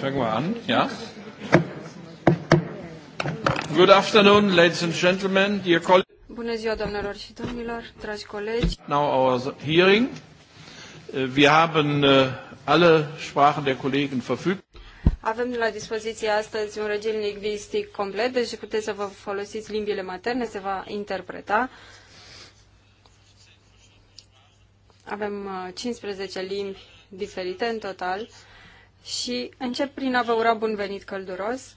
Fangen wir an, ja? Good afternoon, ladies and gentlemen, dear colleagues. Bună ziua, doamnelor și domnilor, dragi colegi. Now our hearing. Äh, wir haben äh, alle Sprachen der Kollegen verfügt. Avem la dispoziție astăzi un regim lingvistic complet, deci puteți să vă folosiți limbile materne, se va interpreta. Avem 15 uh, limbi diferite în total și încep prin a vă ura bun venit călduros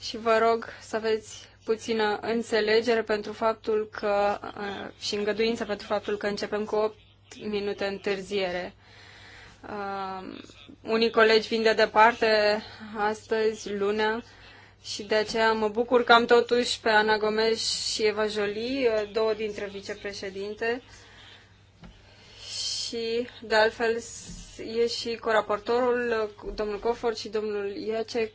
și vă rog să aveți puțină înțelegere pentru faptul că uh, și îngăduință pentru faptul că începem cu 8 minute întârziere. Uh, unii colegi vin de departe astăzi, lunea, și de aceea mă bucur că am totuși pe Ana Gomes și Eva Jolie, uh, două dintre vicepreședinte, și de altfel e și coraportorul, domnul Cofort și domnul Iacek.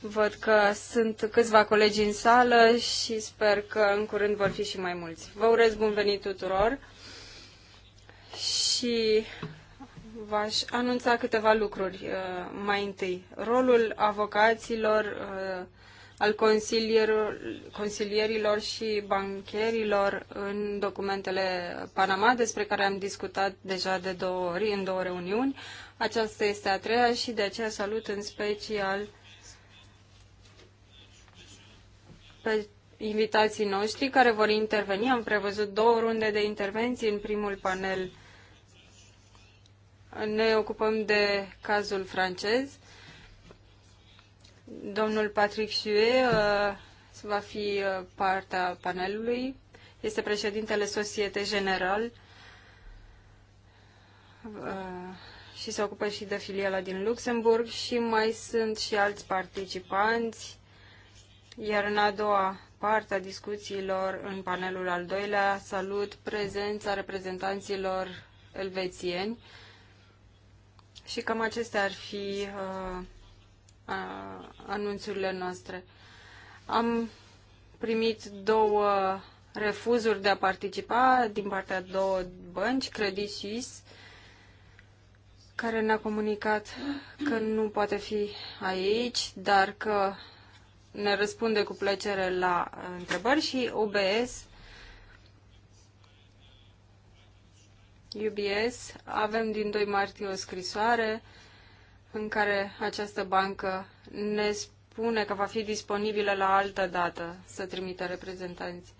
Văd că sunt câțiva colegi în sală și sper că în curând vor fi și mai mulți. Vă urez bun venit tuturor și v-aș anunța câteva lucruri uh, mai întâi. Rolul avocaților uh, al consilierilor și bancherilor în documentele Panama, despre care am discutat deja de două ori, în două reuniuni. Aceasta este a treia și de aceea salut în special pe invitații noștri care vor interveni. Am prevăzut două runde de intervenții în primul panel ne ocupăm de cazul francez Domnul Patrick Sue uh, va fi uh, partea panelului. Este președintele Societe General uh, și se ocupă și de filiala din Luxemburg și mai sunt și alți participanți. Iar în a doua parte a discuțiilor, în panelul al doilea, salut prezența reprezentanților elvețieni. Și cam acestea ar fi uh, anunțurile noastre. Am primit două refuzuri de a participa din partea două bănci, Credit Suisse, care ne-a comunicat că nu poate fi aici, dar că ne răspunde cu plăcere la întrebări și UBS, UBS, avem din 2 martie o scrisoare în care această bancă ne spune că va fi disponibilă la altă dată să trimită reprezentanți.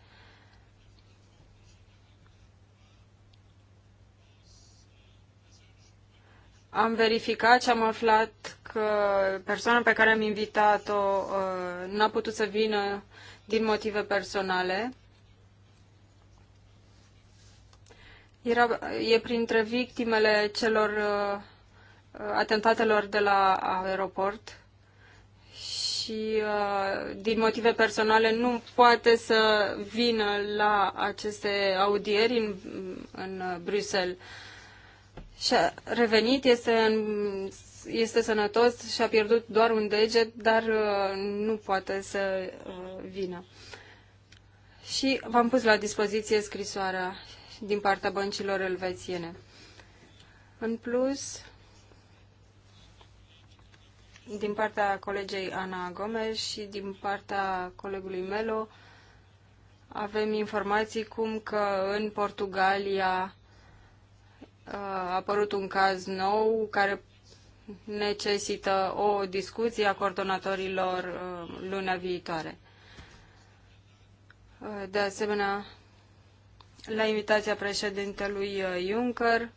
Am verificat și am aflat că persoana pe care am invitat-o uh, n-a putut să vină din motive personale. Era, e printre victimele celor uh, atentatelor de la aeroport și uh, din motive personale nu poate să vină la aceste audieri în, în Bruxelles. Și a revenit, este, în, este sănătos și a pierdut doar un deget, dar uh, nu poate să uh, vină. Și v-am pus la dispoziție scrisoarea din partea băncilor elvețiene. În plus, din partea colegei Ana Gomes și din partea colegului Melo avem informații cum că în Portugalia uh, a apărut un caz nou care necesită o discuție a coordonatorilor uh, luna viitoare. Uh, de asemenea, la invitația președintelui Juncker,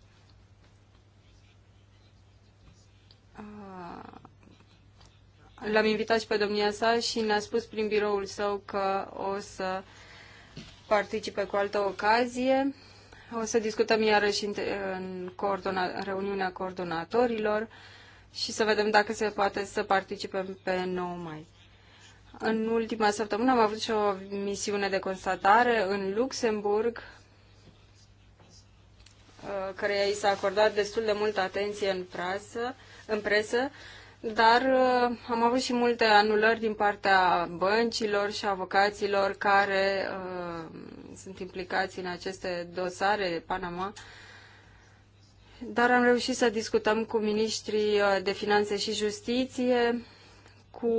L-am invitat și pe domnia sa și ne-a spus prin biroul său că o să participe cu altă ocazie. O să discutăm iarăși în, în coordona, reuniunea coordonatorilor și să vedem dacă se poate să participăm pe 9 mai. În ultima săptămână am avut și o misiune de constatare în Luxemburg, uh, care i s-a acordat destul de multă atenție în prasă, în presă dar uh, am avut și multe anulări din partea băncilor și avocaților care uh, sunt implicați în aceste dosare Panama. Dar am reușit să discutăm cu ministrii uh, de finanțe și justiție, cu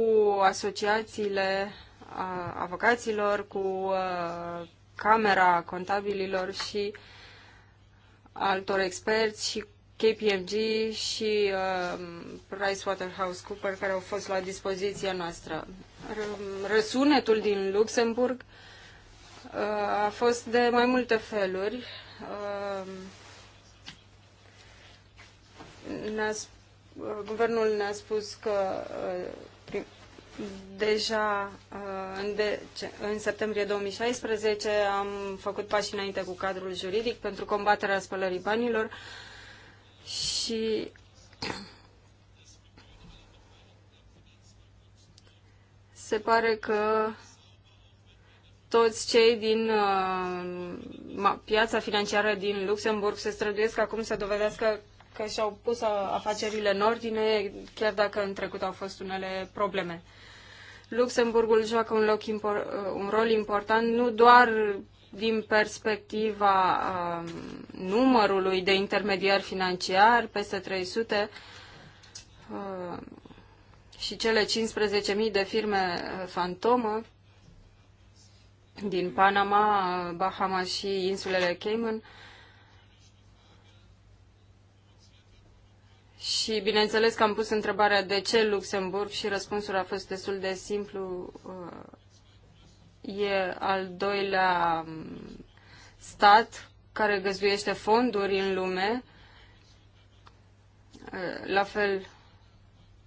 asociațiile uh, avocaților, cu uh, Camera Contabililor și altor experți și KPMG și um, PricewaterhouseCoopers care au fost la dispoziția noastră. răsunetul din Luxemburg uh, a fost de mai multe feluri. Um, ne uh, guvernul ne-a spus că uh, deja în, de, în septembrie 2016 am făcut pași înainte cu cadrul juridic pentru combaterea spălării banilor și se pare că toți cei din uh, piața financiară din Luxemburg se străduiesc acum să dovedească că și-au pus afacerile în ordine, chiar dacă în trecut au fost unele probleme. Luxemburgul joacă un, loc impor- un rol important nu doar din perspectiva um, numărului de intermediari financiari, peste 300, uh, și cele 15.000 de firme uh, fantomă din Panama, uh, Bahama și insulele Cayman. Și bineînțeles că am pus întrebarea de ce Luxemburg și răspunsul a fost destul de simplu. Uh, e al doilea um, stat care găzduiește fonduri în lume. Uh, la fel,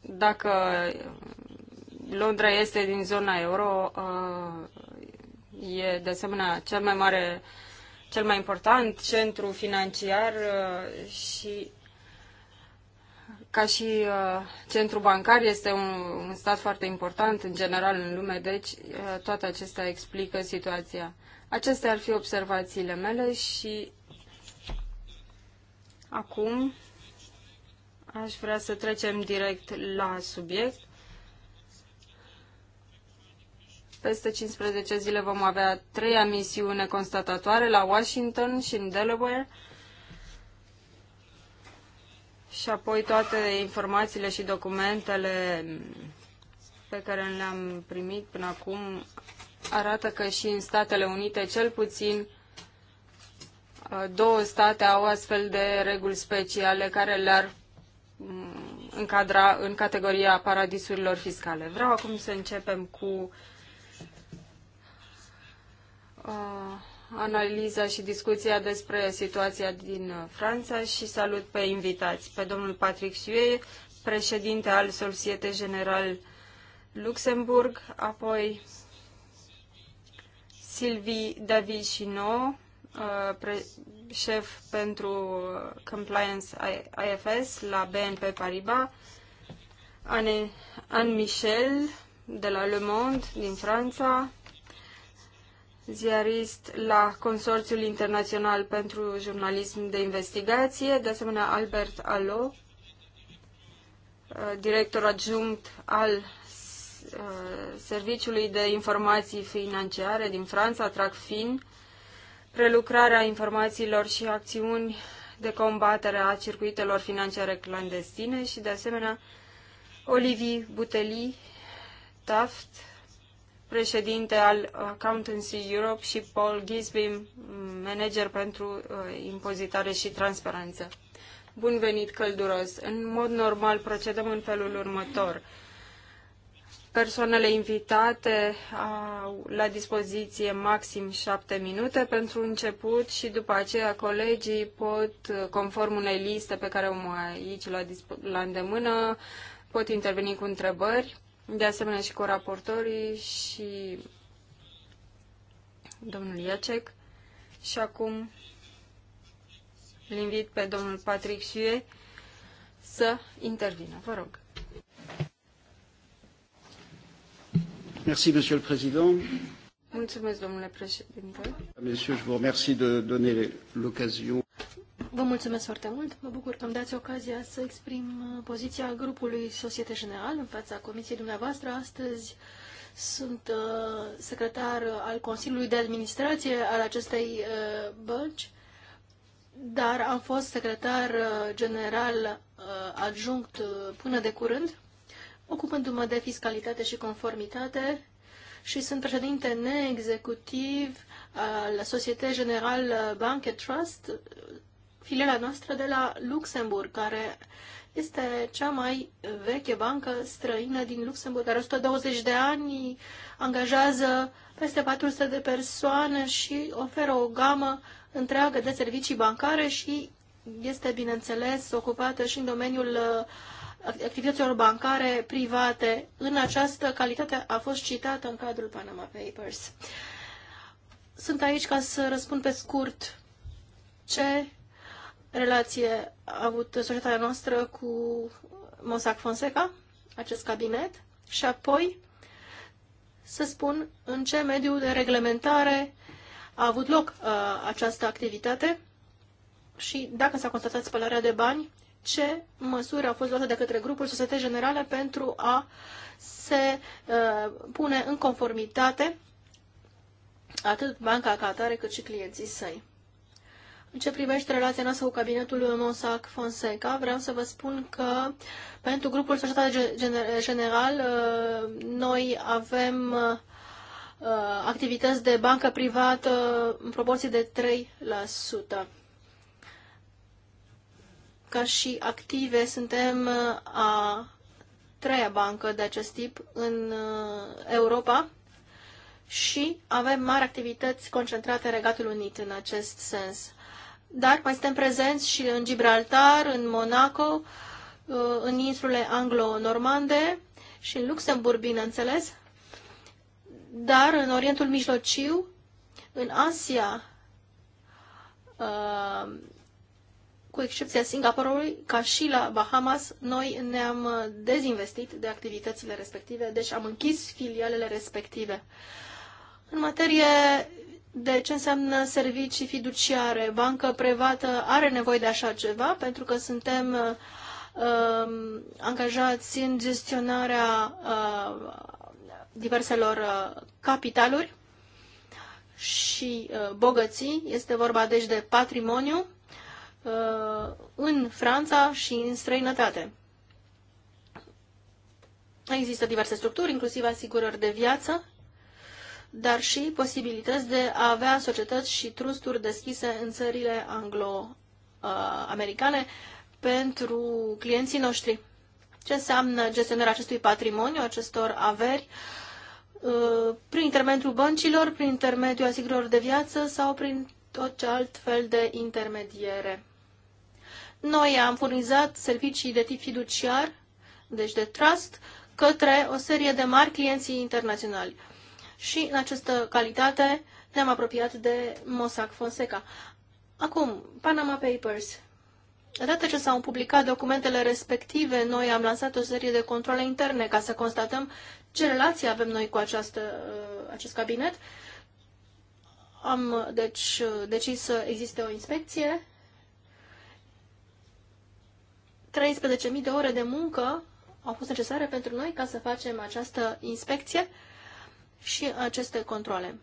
dacă um, Londra este din zona euro, uh, e de asemenea cel mai mare, cel mai important centru financiar uh, și ca și uh, centru bancar, este un, un stat foarte important în general în lume, deci uh, toate acestea explică situația. Acestea ar fi observațiile mele și acum aș vrea să trecem direct la subiect. Peste 15 zile vom avea treia misiune constatatoare la Washington și în Delaware. Uh, și apoi toate informațiile și documentele pe care le-am primit până acum arată că și în Statele Unite cel puțin uh, două state au astfel de reguli speciale care le-ar mm, încadra în categoria paradisurilor fiscale. Vreau acum să începem cu uh, analiza și discuția despre situația din uh, Franța și salut pe invitați, pe domnul Patrick Suie, președinte al Societe General Luxemburg, apoi Sylvie David Chinot, uh, șef pentru uh, Compliance IFS la BNP Paribas, Anne, Anne Michel de la Le Monde din Franța, ziarist la Consorțiul Internațional pentru Jurnalism de Investigație, de asemenea Albert Alo, uh, director adjunct al uh, Serviciului de Informații Financiare din Franța, TRACFIN, prelucrarea informațiilor și acțiuni de combatere a circuitelor financiare clandestine și, de asemenea, Olivier Buteli, Taft, președinte al Accountancy Europe și Paul Gisby, manager pentru uh, impozitare și transparență. Bun venit călduros! În mod normal procedăm în felul următor. Persoanele invitate au la dispoziție maxim șapte minute pentru început și după aceea colegii pot, conform unei liste pe care o am aici la, la îndemână, pot interveni cu întrebări de asemenea și cu raportorii și domnul Iacek. Și acum îl invit pe domnul Patrick Șie să intervină. Vă rog. Merci, Monsieur le Président. Mulțumesc, domnule președinte. Monsieur, je vous remercie de donner l'occasion. Vă mulțumesc foarte mult. Mă bucur că îmi dați ocazia să exprim uh, poziția grupului Societe General în fața comisiei dumneavoastră. Astăzi sunt uh, secretar al Consiliului de Administrație al acestei uh, bănci, dar am fost secretar general adjunct până de curând, ocupându-mă de fiscalitate și conformitate și sunt președinte neexecutiv al Societe General Bank Trust, filiala noastră de la Luxemburg, care este cea mai veche bancă străină din Luxemburg, care 120 de ani angajează peste 400 de persoane și oferă o gamă întreagă de servicii bancare și este, bineînțeles, ocupată și în domeniul uh, activităților bancare private. În această calitate a fost citată în cadrul Panama Papers. Sunt aici ca să răspund pe scurt ce relație a avut societatea noastră cu Mossack Fonseca, acest cabinet, și apoi să spun în ce mediu de reglementare a avut loc uh, această activitate și dacă s-a constatat spălarea de bani, ce măsuri au fost luate de către grupul Societăți Generale pentru a se uh, pune în conformitate atât banca ca atare cât și clienții săi. În ce privește relația noastră cu cabinetul lui Mossack Fonseca, vreau să vă spun că pentru grupul Societate General uh, noi avem uh, activități de bancă privată uh, în proporție de 3%. Ca și active suntem a treia bancă de acest tip în Europa și avem mari activități concentrate în Regatul Unit în acest sens dar mai suntem prezenți și în Gibraltar, în Monaco, uh, în insulele anglo-normande și în Luxemburg, bineînțeles, dar în Orientul Mijlociu, în Asia, uh, cu excepția Singapurului, ca și la Bahamas, noi ne-am uh, dezinvestit de activitățile respective, deci am închis filialele respective. În materie de ce înseamnă servicii fiduciare. Banca privată are nevoie de așa ceva pentru că suntem uh, um, angajați în gestionarea uh, diverselor uh, capitaluri și uh, bogății. Este vorba deci de patrimoniu uh, în Franța și în străinătate. Există diverse structuri, inclusiv asigurări de viață dar și posibilități de a avea societăți și trusturi deschise în țările anglo-americane pentru clienții noștri. Ce înseamnă gestionarea acestui patrimoniu, acestor averi, uh, prin intermediul băncilor, prin intermediul asigurărilor de viață sau prin tot ce alt fel de intermediere. Noi am furnizat servicii de tip fiduciar, deci de trust, către o serie de mari clienții internaționali și în această calitate ne-am apropiat de Mossack Fonseca. Acum, Panama Papers. Odată ce s-au publicat documentele respective, noi am lansat o serie de controle interne ca să constatăm ce relație avem noi cu această, uh, acest cabinet. Am, deci, uh, decis să existe o inspecție. 13.000 de ore de muncă au fost necesare pentru noi ca să facem această inspecție. Uh, și aceste controle.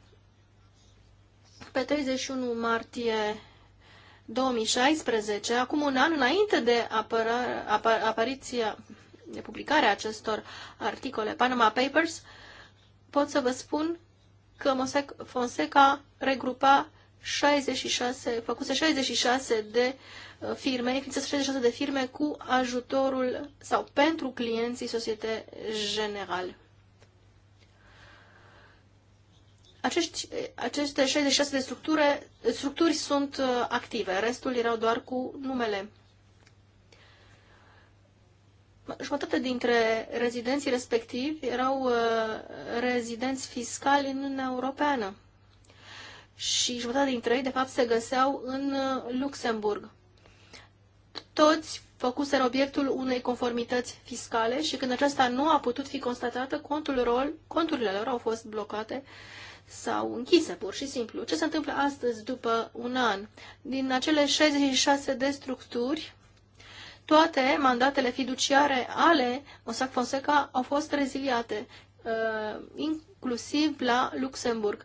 Pe 31 martie 2016, acum un an înainte de apăra, apă, apariția, de publicarea acestor articole Panama Papers, pot să vă spun că Fonseca regrupa 66, făcuse 66 de uh, firme, 66 de firme cu ajutorul sau pentru clienții Societe generale. Acești, aceste 66 de structure, structuri sunt uh, active, restul erau doar cu numele. Jumătate dintre rezidenții respectivi erau uh, rezidenți fiscali în Uniunea Europeană și jumătate dintre ei, de fapt, se găseau în uh, Luxemburg. Toți făcuseră obiectul unei conformități fiscale și când aceasta nu a putut fi constatată, contul rol, conturile lor au fost blocate uh, sau închise pur și simplu. Ce se întâmplă astăzi după un an? Din acele 66 de structuri, toate mandatele fiduciare ale Mossack Fonseca au fost reziliate, uh, inclusiv la Luxemburg.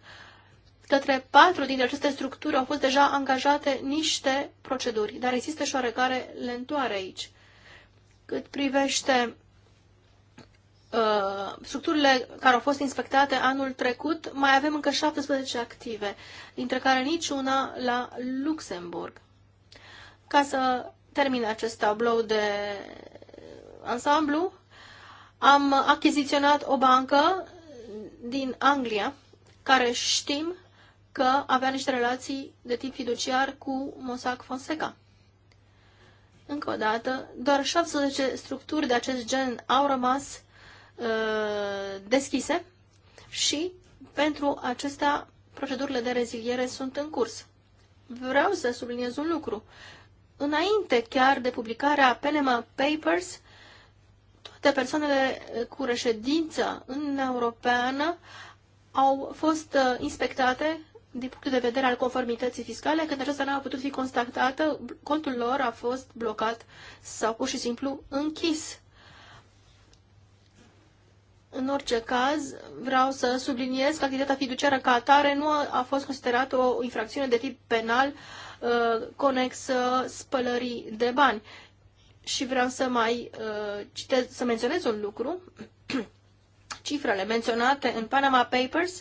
Către patru dintre aceste structuri au fost deja angajate niște proceduri, dar există și oarecare lentoare aici. Cât privește Uh, structurile care au fost inspectate anul trecut, mai avem încă 17 active, dintre care niciuna la Luxemburg. Ca să termin acest tablou de ansamblu, am achiziționat o bancă din Anglia, care știm că avea niște relații de tip fiduciar cu Mossack Fonseca. Încă o dată, doar 17 structuri de acest gen au rămas Uh, deschise și pentru acestea procedurile de reziliere sunt în curs. Vreau să subliniez un lucru. Înainte chiar de publicarea Panama Papers, toate persoanele uh, cu reședință în Europeană au fost uh, inspectate din punct de vedere al conformității fiscale, când aceasta nu a putut fi constatată, contul lor a fost blocat sau pur și simplu închis. În orice caz, vreau să subliniez că activitatea fiduciară ca atare nu a fost considerată o infracțiune de tip penal uh, conexă spălării de bani. Și vreau să mai uh, citez, să menționez un lucru. Cifrele menționate în Panama Papers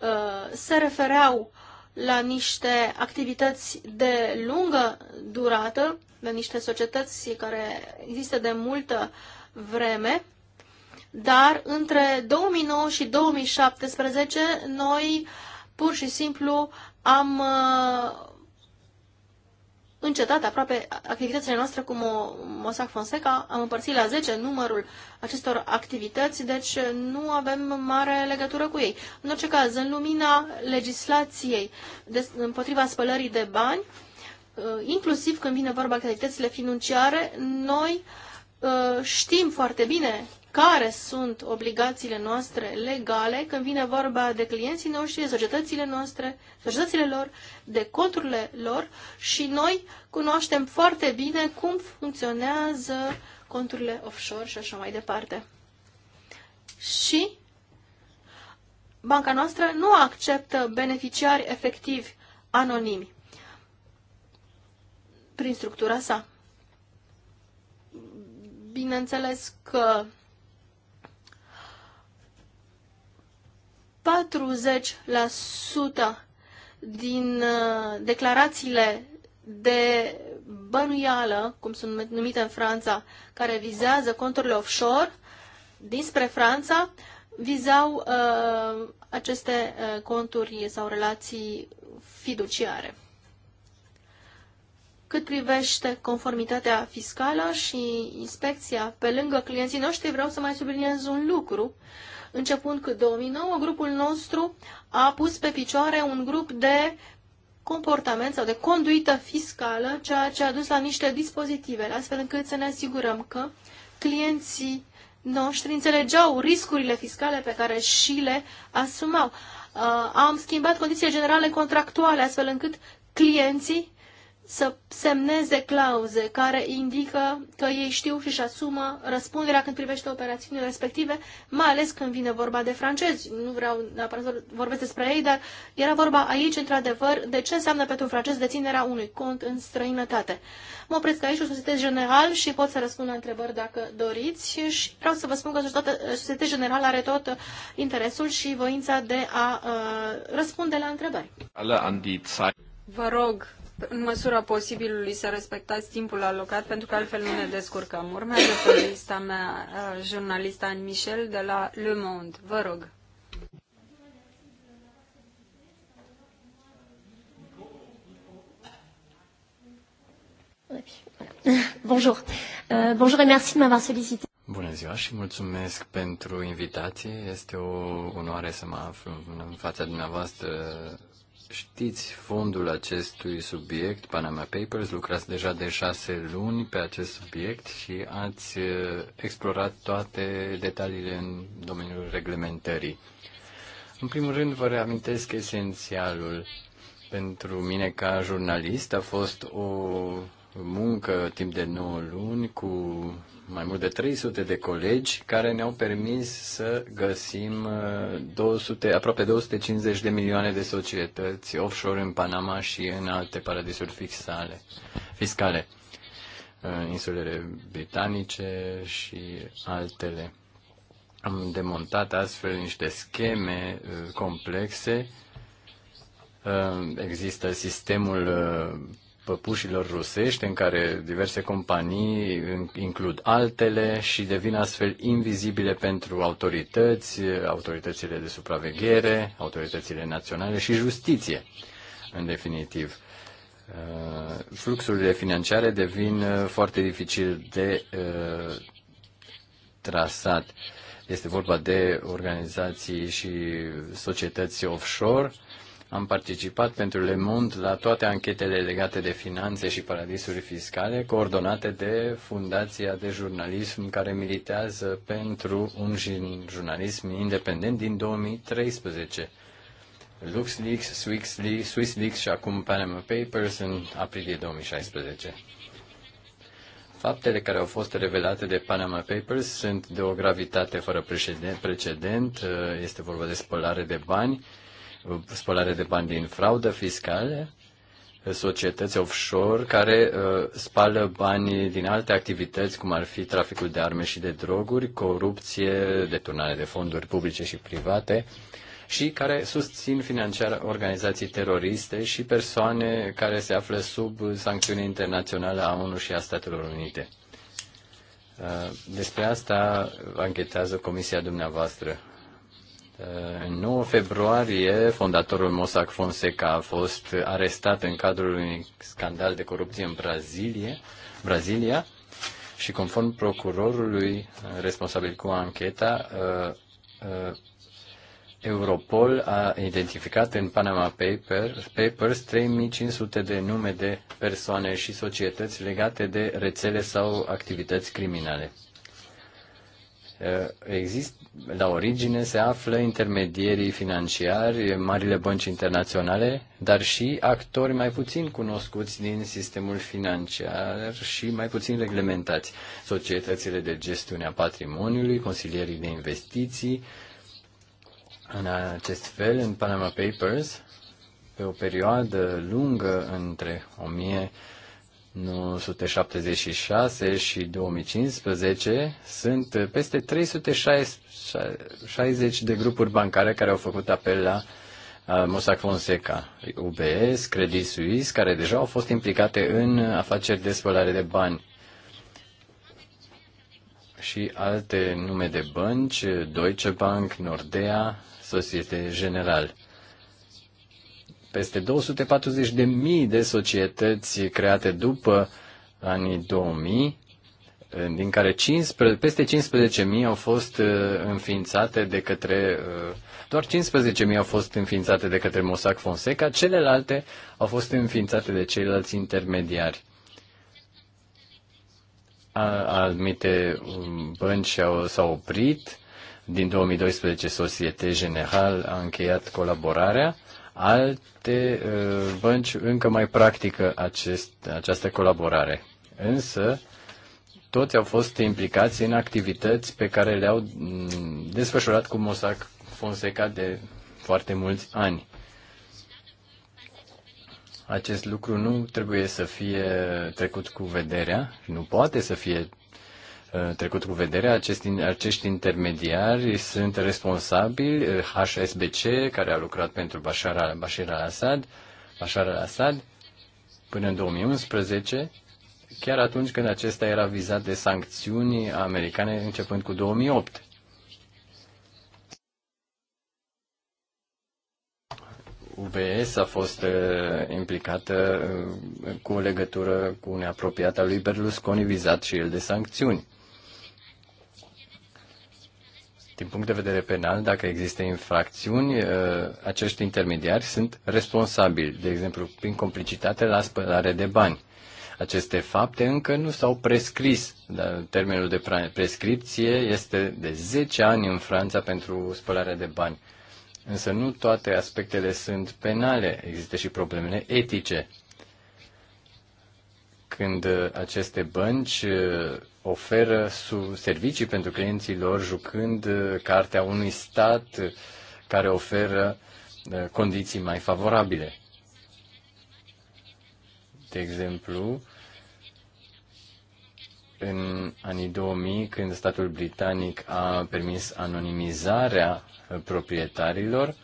uh, se refereau la niște activități de lungă durată, la niște societăți care există de multă vreme dar între 2009 și 2017 noi pur și simplu am uh, încetat aproape activitățile noastre cu Mossack Fonseca, am împărțit la 10 numărul acestor activități, deci nu avem mare legătură cu ei. În orice caz, în lumina legislației de, împotriva spălării de bani, uh, inclusiv când vine vorba de activitățile financiare, noi uh, știm foarte bine care sunt obligațiile noastre legale când vine vorba de clienții noștri, de societățile noastre, societățile lor, de conturile lor și noi cunoaștem foarte bine cum funcționează conturile offshore și așa mai departe. Și banca noastră nu acceptă beneficiari efectivi anonimi prin structura sa. Bineînțeles că 40% din uh, declarațiile de bănuială, cum sunt numite în Franța, care vizează conturile offshore dinspre Franța, vizau uh, aceste uh, conturi sau relații fiduciare. Cât privește conformitatea fiscală și inspecția, pe lângă clienții noștri, vreau să mai subliniez un lucru. Uh, Începând cu 2009, grupul nostru a pus pe picioare un grup de comportament sau de conduită fiscală, ceea ce a dus la niște dispozitive, astfel încât să ne asigurăm că clienții noștri înțelegeau riscurile fiscale pe care și le asumau. Uh, am schimbat condițiile generale contractuale, astfel încât clienții să semneze clauze care indică că ei știu și își asumă răspunderea când privește operațiunile respective, mai ales când vine vorba de francezi. Nu vreau neapărat să vorbesc despre ei, dar era vorba aici, într-adevăr, de ce înseamnă pentru un francez deținerea unui cont în străinătate. Mă opresc aici, o societate general și pot să răspund la întrebări dacă doriți și vreau să vă spun că societatea general are tot uh, interesul și voința de a uh, răspunde la întrebări. Vă rog în măsura posibilului să respectați timpul alocat, pentru că altfel nu ne descurcăm. Urmează pe lista mea uh, jurnalista Anne Michel de la Le Monde. Vă rog. Bonjour. Uh, bonjour et merci de m'avoir sollicité. Bună ziua și mulțumesc pentru invitație. Este o onoare să mă aflu în fața dumneavoastră Știți fondul acestui subiect, Panama Papers, lucrați deja de șase luni pe acest subiect și ați uh, explorat toate detaliile în domeniul reglementării. În primul rând, vă reamintesc esențialul. Pentru mine, ca jurnalist, a fost o muncă timp de 9 luni cu mai mult de 300 de colegi care ne-au permis să găsim 200, uh, aproape 250 de milioane de societăți offshore în Panama și în alte paradisuri fiscale. fiscale uh, insulele britanice și altele. Am demontat astfel niște scheme uh, complexe. Există sistemul păpușilor rusești, în care diverse companii includ altele și devin astfel invizibile pentru autorități, autoritățile de supraveghere, autoritățile naționale și justiție, în definitiv. Uh, fluxurile financiare devin uh, foarte dificil de uh, trasat. Este vorba de organizații și societăți offshore am participat pentru Le Monde la toate anchetele legate de finanțe și paradisuri fiscale, coordonate de Fundația de Jurnalism, care militează pentru un jurnalism independent din 2013. LuxLeaks, SwissLeaks și acum Panama Papers în aprilie 2016. Faptele care au fost revelate de Panama Papers sunt de o gravitate fără precedent, este vorba de spălare de bani, spălare de bani din fraudă fiscale, societăți offshore care uh, spală bani din alte activități, cum ar fi traficul de arme și de droguri, corupție, deturnare de fonduri publice și private și care susțin financiar organizații teroriste și persoane care se află sub sancțiune internațională a ONU și a Statelor Unite. Uh, despre asta anchetează comisia dumneavoastră. În 9 februarie, fondatorul Mossack Fonseca a fost arestat în cadrul unui scandal de corupție în Brazilie, Brazilia și conform procurorului responsabil cu ancheta, uh, uh, Europol a identificat în Panama Papers 3500 de nume de persoane și societăți legate de rețele sau activități criminale. Eh, exist, la origine se află intermedierii financiari, marile bănci internaționale, dar și actori mai puțin cunoscuți din sistemul financiar și mai puțin reglementați. Societățile de gestiune a patrimoniului, consilierii de investiții. În acest fel, în Panama Papers, pe o perioadă lungă între 1000 976 și 2015 sunt peste 360 de grupuri bancare care au făcut apel la uh, Mossack Fonseca, UBS, Credit Suisse, care deja au fost implicate în afaceri de spălare de bani și alte nume de bănci, Deutsche Bank, Nordea, Societe General peste 240.000 de societăți create după anii 2000, din care 15, peste 15.000 au fost uh, înființate de către uh, doar 15.000 au fost înființate de către Mossack Fonseca, celelalte au fost înființate de ceilalți intermediari. Anumite um, bănci s-au oprit. Din 2012, Societe General a încheiat colaborarea Alte uh, bănci încă mai practică acest, această colaborare. Însă, toți au fost implicați în activități pe care le-au mm, desfășurat cu Mossack Fonseca de foarte mulți ani. Acest lucru nu trebuie să fie trecut cu vederea, nu poate să fie Uh, trecut cu vederea, acest, acești intermediari sunt responsabili, HSBC, uh, care a lucrat pentru Bashar, Bashar al-Assad, Bashar al-Assad, până în 2011, chiar atunci când acesta era vizat de sancțiuni americane începând cu 2008. UBS a fost uh, implicată uh, cu o legătură cu un apropiat al lui Berlusconi vizat și el de sancțiuni. Din punct de vedere penal, dacă există infracțiuni, uh, acești intermediari sunt responsabili, de exemplu, prin complicitate la spălare de bani. Aceste fapte încă nu s-au prescris. Da, termenul de prescripție este de 10 ani în Franța pentru spălarea de bani. Însă nu toate aspectele sunt penale, există și problemele etice când uh, aceste bănci uh, oferă servicii pentru clienții lor jucând uh, cartea unui stat care oferă condiții mai favorabile. De exemplu, în anii 2000, când statul britanic a permis anonimizarea proprietarilor,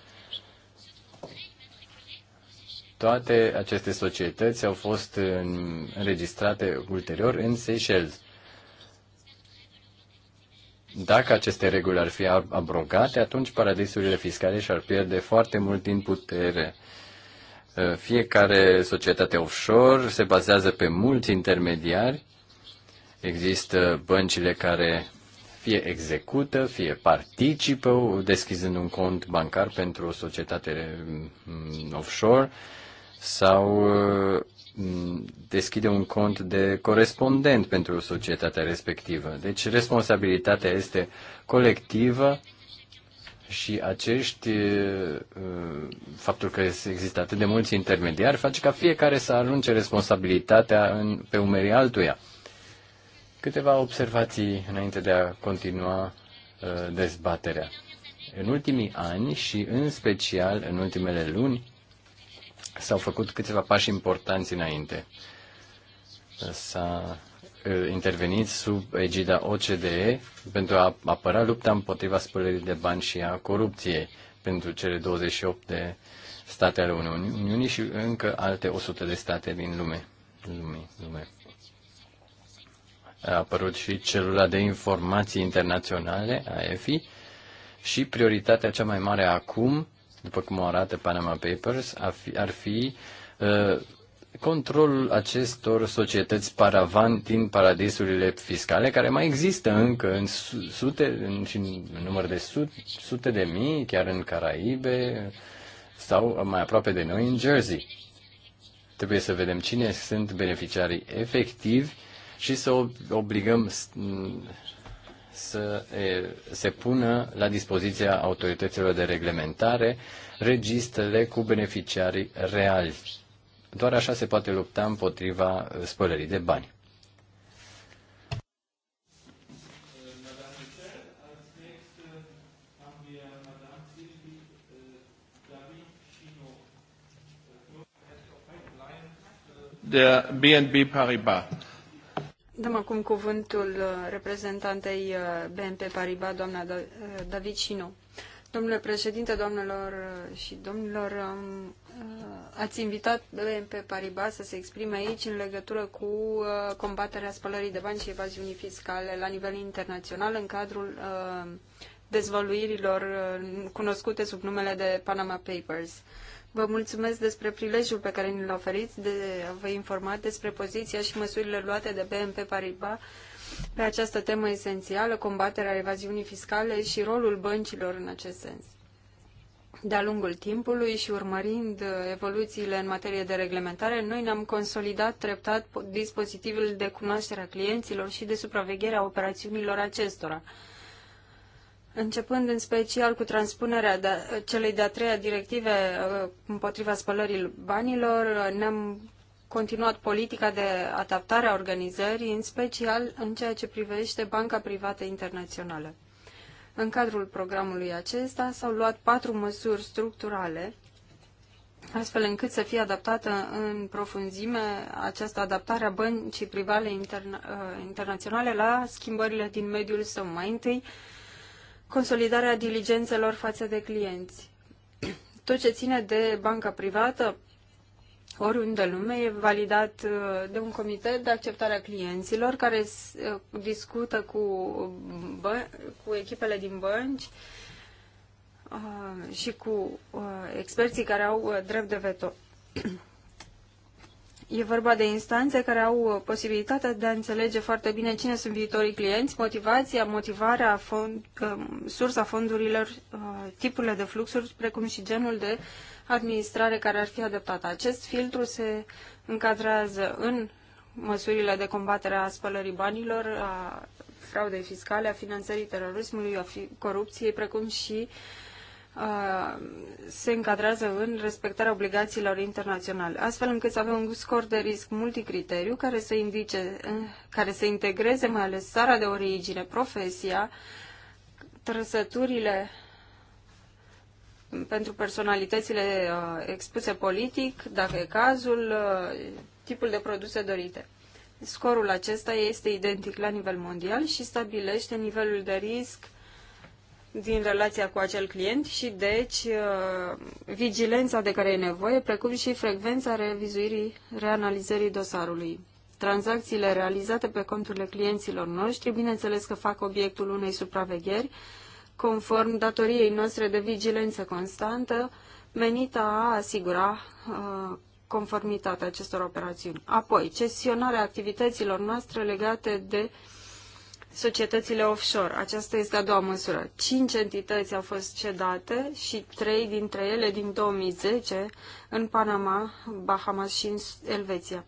toate aceste societăți au fost înregistrate ulterior în Seychelles. Dacă aceste reguli ar fi abrogate, atunci paradisurile fiscale și-ar pierde foarte mult din putere. Ă, fiecare societate offshore se bazează pe mulți intermediari. Există băncile care fie execută, fie participă, deschizând un cont bancar pentru o societate mm, offshore sau uh, deschide un cont de corespondent pentru societatea respectivă. Deci responsabilitatea este colectivă și acești, uh, faptul că există atât de mulți intermediari, face ca fiecare să arunce responsabilitatea în, pe umerii altuia. Câteva observații înainte de a continua uh, dezbaterea. În ultimii ani și în special în ultimele luni, s-au făcut câțiva pași importanți înainte. S-a intervenit sub egida OCDE pentru a apăra lupta împotriva spălării de bani și a corupției pentru cele 28 de state ale Uniunii și încă alte 100 de state din lume. lume, lume. A apărut și celula de informații internaționale, EFi și prioritatea cea mai mare acum după cum arată Panama Papers, ar fi, ar fi uh, controlul acestor societăți paravan din paradisurile fiscale, care mai există încă în sute, în, în număr de sute, sute de mii, chiar în Caraibe sau mai aproape de noi în Jersey. Trebuie să vedem cine sunt beneficiarii efectivi și să obligăm să se pună la dispoziția autorităților de reglementare registrele cu beneficiarii reali. Doar așa se poate lupta împotriva spălării de bani. der BNB Paribas. Dăm acum cuvântul uh, reprezentantei uh, BNP Paribas, doamna da, uh, David Șinu. Domnule președinte, domnilor și domnilor, um, ați invitat BNP Paribas să se exprime aici în legătură cu combaterea spălării de bani și evaziunii fiscale la nivel internațional în cadrul dezvăluirilor cunoscute sub numele de Panama Papers. Vă mulțumesc despre prilejul pe care ni l oferiți de a vă informa despre poziția și măsurile luate de BNP Paribas pe această temă esențială, combaterea evaziunii fiscale și rolul băncilor în acest sens. De-a lungul timpului și urmărind evoluțiile în materie de reglementare, noi ne-am consolidat treptat dispozitivul de cunoaștere a clienților și de supraveghere a operațiunilor acestora începând în special cu transpunerea de, celei de-a treia directive uh, împotriva spălării banilor, ne-am continuat politica de adaptare a organizării, în special în ceea ce privește Banca Privată Internațională. În cadrul programului acesta s-au luat patru măsuri structurale, astfel încât să fie adaptată în profunzime această adaptare a băncii private interna- uh, internaționale la schimbările din mediul său. Mai întâi, uh, consolidarea diligențelor față de clienți. Tot ce ține de banca privată, oriunde lume, e validat uh, de un comitet de acceptare a clienților care uh, discută cu, cu echipele din bănci uh, și cu experții care au drept de veto. E vorba de instanțe care au posibilitatea de a înțelege foarte bine cine sunt viitorii clienți, motivația, motivarea, fond, sursa fondurilor, uh, tipurile de fluxuri, precum și genul de administrare care ar fi adaptată. Acest filtru se încadrează în măsurile de combatere a spălării banilor, a fraudei fiscale, a finanțării terorismului, a corupției, precum și uh, se încadrează în respectarea obligațiilor internaționale, astfel încât să avem un scor de risc multicriteriu care să, indice, care să integreze mai ales țara de origine, profesia, trăsăturile pentru personalitățile expuse politic, dacă e cazul, tipul de produse dorite. Scorul acesta este identic la nivel mondial și stabilește nivelul de risc din relația cu acel client și deci uh, vigilența de care e nevoie, precum și frecvența revizuirii, reanalizării dosarului. Tranzacțiile realizate pe conturile clienților noștri, bineînțeles că fac obiectul unei supravegheri, conform datoriei noastre de vigilență constantă, menită a asigura uh, conformitatea acestor operațiuni. Apoi, cesionarea activităților noastre legate de uh, societățile offshore. Aceasta este a doua măsură. Cinci entități au fost cedate și trei dintre ele din 2010 în Panama, Bahamas și în Elveția.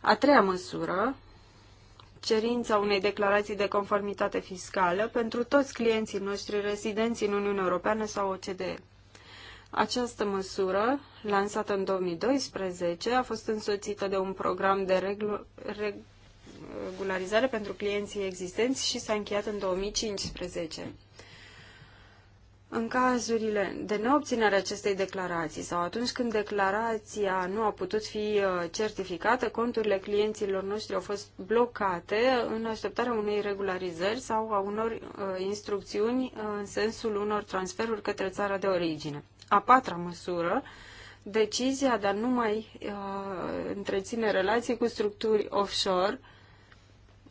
A treia măsură, cerința unei declarații de conformitate fiscală pentru toți clienții noștri rezidenți în Uniunea Europeană sau OCDE. Această măsură, lansată în 2012, a fost însoțită de un program de Reg- regularizare pentru clienții existenți și s-a încheiat în 2015. În cazurile de neobținere acestei declarații sau atunci când declarația nu a putut fi uh, certificată, conturile clienților noștri au fost blocate în așteptarea unei regularizări sau a unor uh, instrucțiuni uh, în sensul unor transferuri către țara de origine. A patra măsură, decizia de a nu mai întreține relații cu structuri offshore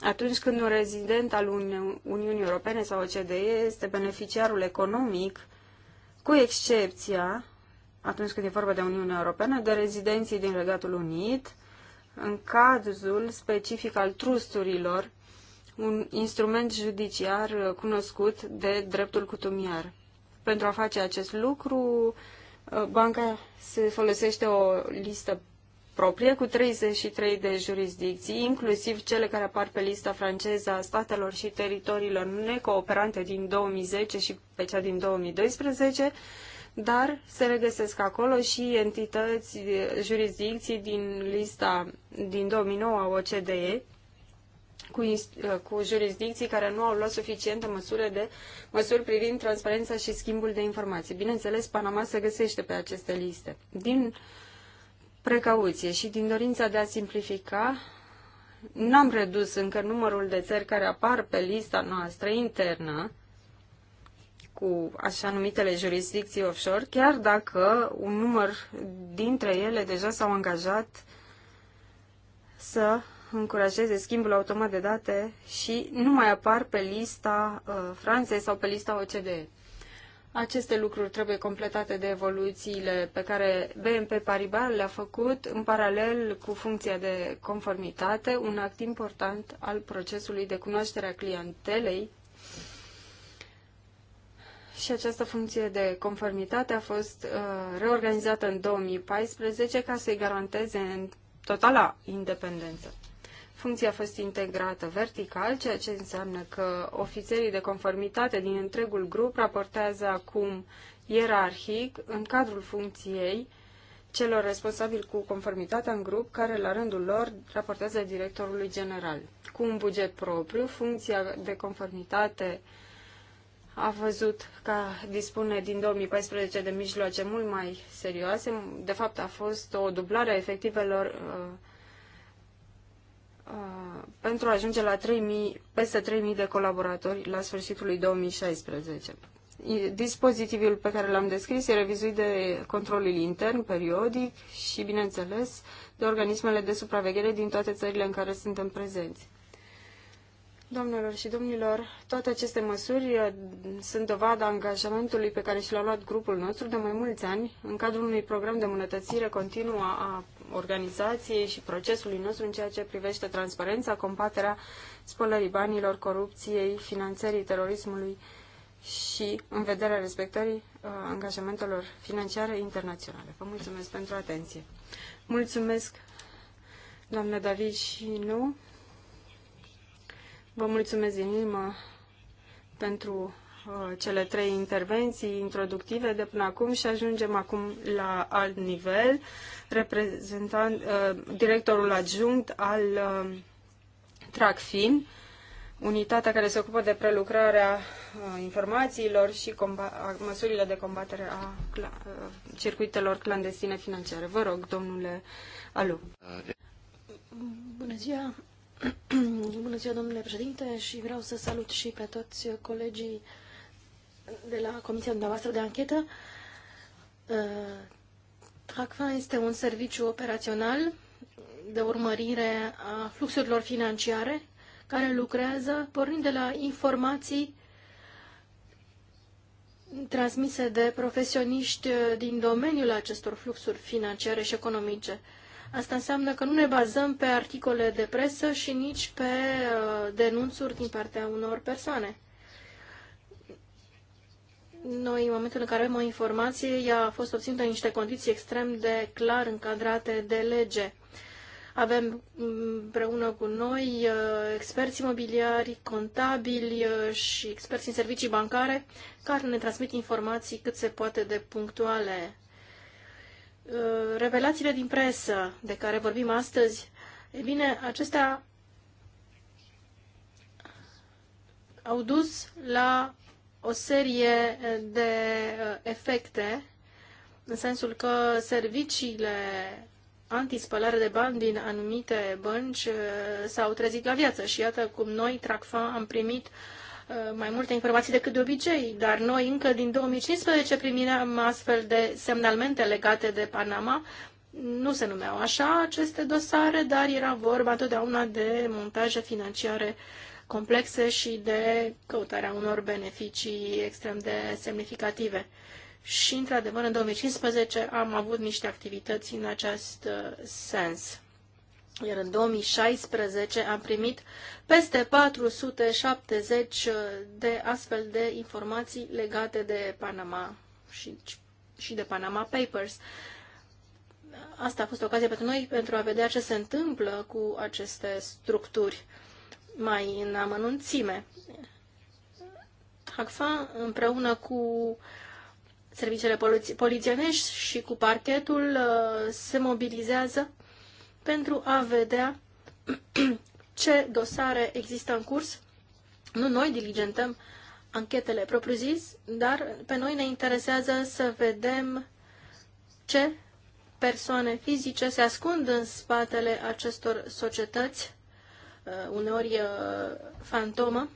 atunci când un rezident al Uni Uniunii Europene sau OCDE este beneficiarul economic, cu excepția, atunci când e vorba de Uniunea Europeană, de rezidenții din Regatul Unit, în cazul specific al trusturilor, un instrument judiciar cunoscut de dreptul cutumiar. Pentru a face acest lucru, banca se folosește o listă proprie cu 33 de jurisdicții, inclusiv cele care apar pe lista franceză a statelor și teritoriilor necooperante din 2010 și pe cea din 2012, dar se regăsesc acolo și entități, jurisdicții din lista din 2009 a OCDE, cu, cu jurisdicții care nu au luat suficiente măsuri de măsuri privind transparența și schimbul de informații. Bineînțeles, Panama se găsește pe aceste liste. Din precauție și din dorința de a simplifica, n-am redus încă numărul de țări care apar pe lista noastră internă cu așa numitele jurisdicții offshore, chiar dacă un număr dintre ele deja s-au angajat să încurajeze schimbul automat de date și nu mai apar pe lista uh, Franței sau pe lista OCDE. Aceste lucruri trebuie completate de evoluțiile pe care BNP Paribas le-a făcut în paralel cu funcția de conformitate, un act important al procesului de cunoaștere a clientelei. Și această funcție de conformitate a fost uh, reorganizată în 2014 ca să-i garanteze în totala independență. Funcția a fost integrată vertical, ceea ce înseamnă că ofițerii de conformitate din întregul grup raportează acum ierarhic în cadrul funcției celor responsabili cu conformitatea în grup, care la rândul lor raportează directorului general. Cu un buget propriu, funcția de conformitate a văzut că dispune din 2014 de mijloace mult mai serioase. De fapt, a fost o dublare a efectivelor uh, Uh, pentru a ajunge la 3000, peste 3.000 de colaboratori la sfârșitul lui 2016. Dispozitivul pe care l-am descris e revizuit de controlul intern, periodic și, bineînțeles, de organismele de supraveghere din toate țările în care suntem prezenți. Domnilor și domnilor, toate aceste măsuri uh, sunt dovada angajamentului pe care și l-a luat grupul nostru de mai mulți ani în cadrul unui program de îmbunătățire continuă a organizației și procesului nostru în ceea ce privește transparența, combaterea spălării banilor, corupției, finanțării terorismului și în vederea respectării uh, angajamentelor financiare internaționale. Vă mulțumesc pentru atenție. Mulțumesc, doamnă David și nu. Vă mulțumesc din inimă pentru uh, cele trei intervenții introductive de până acum și ajungem acum la alt nivel. Reprezentant, uh, directorul adjunct al uh, TRACFIN, unitatea care se ocupă de prelucrarea informațiilor și măsurile de combatere a circuitelor clandestine financiare. Vă rog, domnule Alu. Bună ziua! Bună ziua, domnule președinte, și vreau să salut și pe toți colegii de la Comisia dumneavoastră de anchetă. Uh, TRACFA este un serviciu operațional de urmărire a fluxurilor financiare care lucrează pornind de la informații transmise de profesioniști din domeniul acestor fluxuri financiare și economice. Asta înseamnă că nu ne bazăm pe articole de presă și nici pe uh, denunțuri din partea unor persoane. Noi, în momentul în care avem o informație, ea a fost obținută în niște condiții extrem de clar încadrate de lege. Avem mm, împreună cu noi uh, experți imobiliari, contabili uh, și experți în servicii bancare care ne transmit informații cât se poate de punctuale Uh, revelațiile din presă de care vorbim astăzi, e bine, acestea au dus la o serie de uh, efecte, în sensul că serviciile antispălare de bani din anumite bănci uh, s-au trezit la viață și iată cum noi, Tracfa, am primit uh, Uh, mai multe informații decât de obicei, dar noi încă din 2015 primineam astfel de semnalmente legate de Panama. Nu se numeau așa aceste dosare, dar era vorba totdeauna de montaje financiare complexe și de căutarea unor beneficii extrem de semnificative. Și, într-adevăr, în 2015 am avut niște activități în acest uh, sens. Iar în 2016 am primit peste 470 de astfel de informații legate de Panama și, și de Panama Papers. Asta a fost ocazia pentru noi pentru a vedea ce se întâmplă cu aceste structuri mai în amănunțime. Hacfa, împreună cu serviciile poliționești și cu parchetul, se mobilizează pentru a vedea ce dosare există în curs. Nu noi diligentăm anchetele propriu-zis, dar pe noi ne interesează să vedem ce persoane fizice se ascund în spatele acestor societăți, uh, uneori uh, fantomă.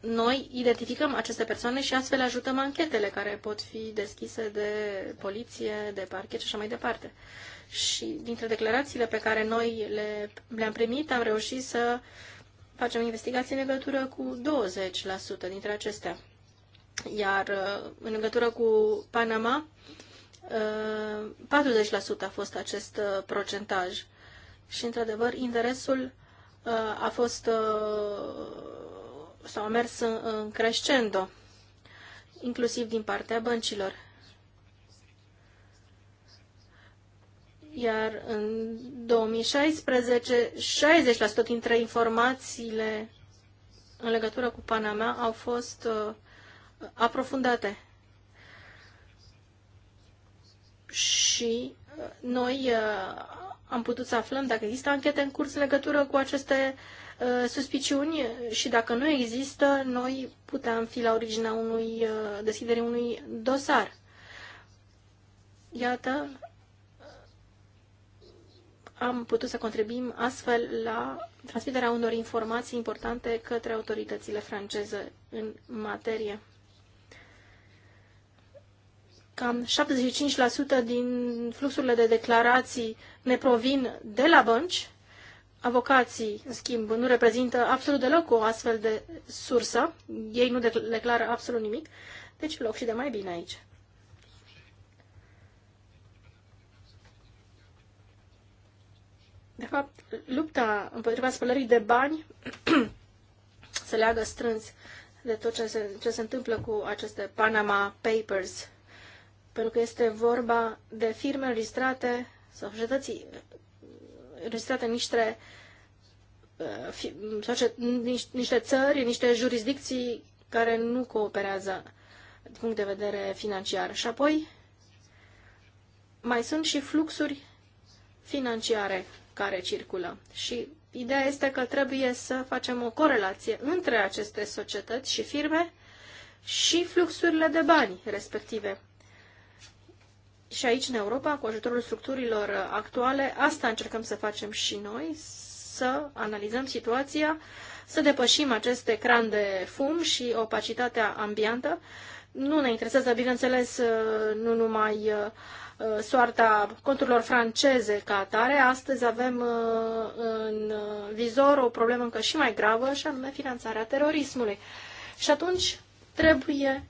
Noi identificăm aceste persoane și astfel ajutăm anchetele care pot fi deschise de poliție, de parchet și așa mai departe și dintre declarațiile pe care noi le, le-am primit, am reușit să facem investigații în legătură cu 20% dintre acestea. Iar uh, în legătură cu Panama, 40% uh, a fost acest uh, procentaj. Și, într-adevăr, interesul a fost sau a mers în crescendo, inclusiv din partea băncilor. iar în 2016 60% dintre informațiile în legătură cu Panama au fost uh, aprofundate. Și uh, noi uh, am putut să aflăm dacă există anchete în curs în legătură cu aceste uh, suspiciuni și dacă nu există, noi puteam fi la originea unui uh, deschiderii unui dosar. Iată, am putut să contribuim astfel la transmiterea unor informații importante către autoritățile franceze în materie. Cam 75% din fluxurile de declarații ne provin de la bănci. Avocații, în schimb, nu reprezintă absolut deloc o astfel de sursă. Ei nu declară absolut nimic. Deci loc și de mai bine aici. De fapt, lupta împotriva spălării de bani se leagă strâns de tot ce se, ce se întâmplă cu aceste Panama Papers, pentru că este vorba de firme înregistrate sau societății uh, înregistrate în niște, uh, niște țări, niște jurisdicții care nu cooperează din punct de vedere financiar. Și apoi mai sunt și fluxuri financiare care circulă. Și ideea este că trebuie să facem o corelație între aceste societăți și firme și fluxurile de bani respective. Și aici, în Europa, cu ajutorul structurilor actuale, asta încercăm să facem și noi, să analizăm situația, să depășim acest ecran de fum și opacitatea ambiantă. Nu ne interesează, bineînțeles, nu numai uh, Uh, soarta conturilor franceze ca atare. Astăzi avem uh, în vizor o problemă încă și mai gravă, și anume finanțarea terorismului. Și atunci trebuie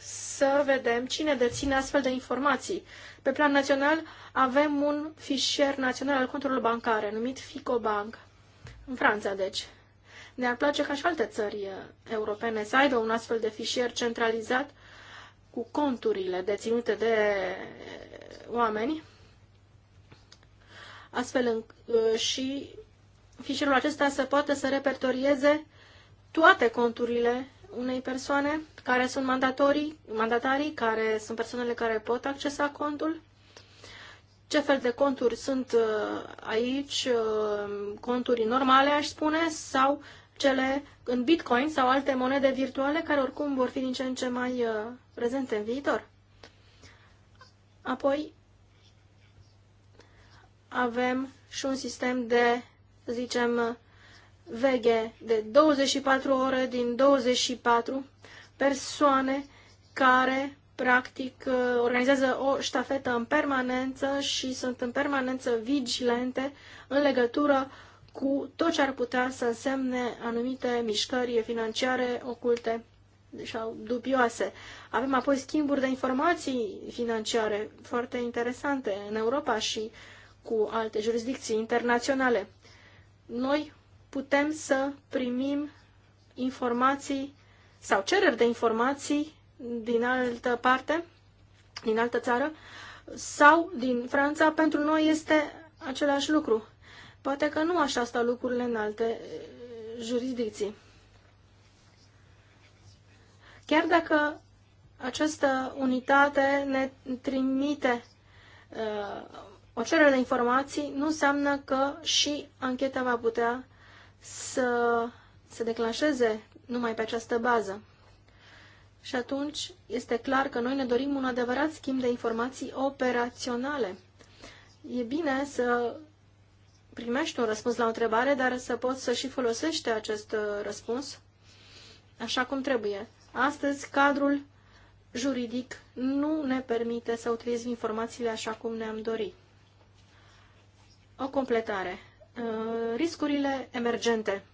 să vedem cine deține astfel de informații. Pe plan național avem un fișier național al conturilor bancare, numit FICOBank, în Franța, deci. Ne-ar place ca și alte țări uh, europene să aibă un astfel de fișier centralizat cu conturile deținute de oameni, astfel în, uh, și fișierul acesta să poată să repertorieze toate conturile unei persoane, care sunt mandatorii, mandatarii, care sunt persoanele care pot accesa contul, ce fel de conturi sunt uh, aici, uh, conturi normale, aș spune, sau cele în bitcoin sau alte monede virtuale, care oricum vor fi din ce în ce mai prezente în viitor. Apoi avem și un sistem de, zicem, veghe de 24 ore din 24 persoane care practic organizează o ștafetă în permanență și sunt în permanență vigilente în legătură cu tot ce ar putea să însemne anumite mișcări financiare oculte sau dubioase. Avem apoi schimburi de informații financiare foarte interesante în Europa și cu alte jurisdicții internaționale. Noi putem să primim informații sau cereri de informații din altă parte, din altă țară sau din Franța, pentru noi este același lucru. Poate că nu așa stau lucrurile în alte eh, jurisdicții. Chiar dacă această unitate ne trimite uh, o cerere de informații, nu înseamnă că și ancheta va putea să se declanșeze numai pe această bază. Și atunci este clar că noi ne dorim un adevărat schimb de informații operaționale. E bine să primești un răspuns la o întrebare, dar să poți să și folosești acest uh, răspuns așa cum trebuie. Astăzi, cadrul juridic nu ne permite să utilizăm informațiile așa cum ne-am dorit. O completare. Uh, riscurile emergente.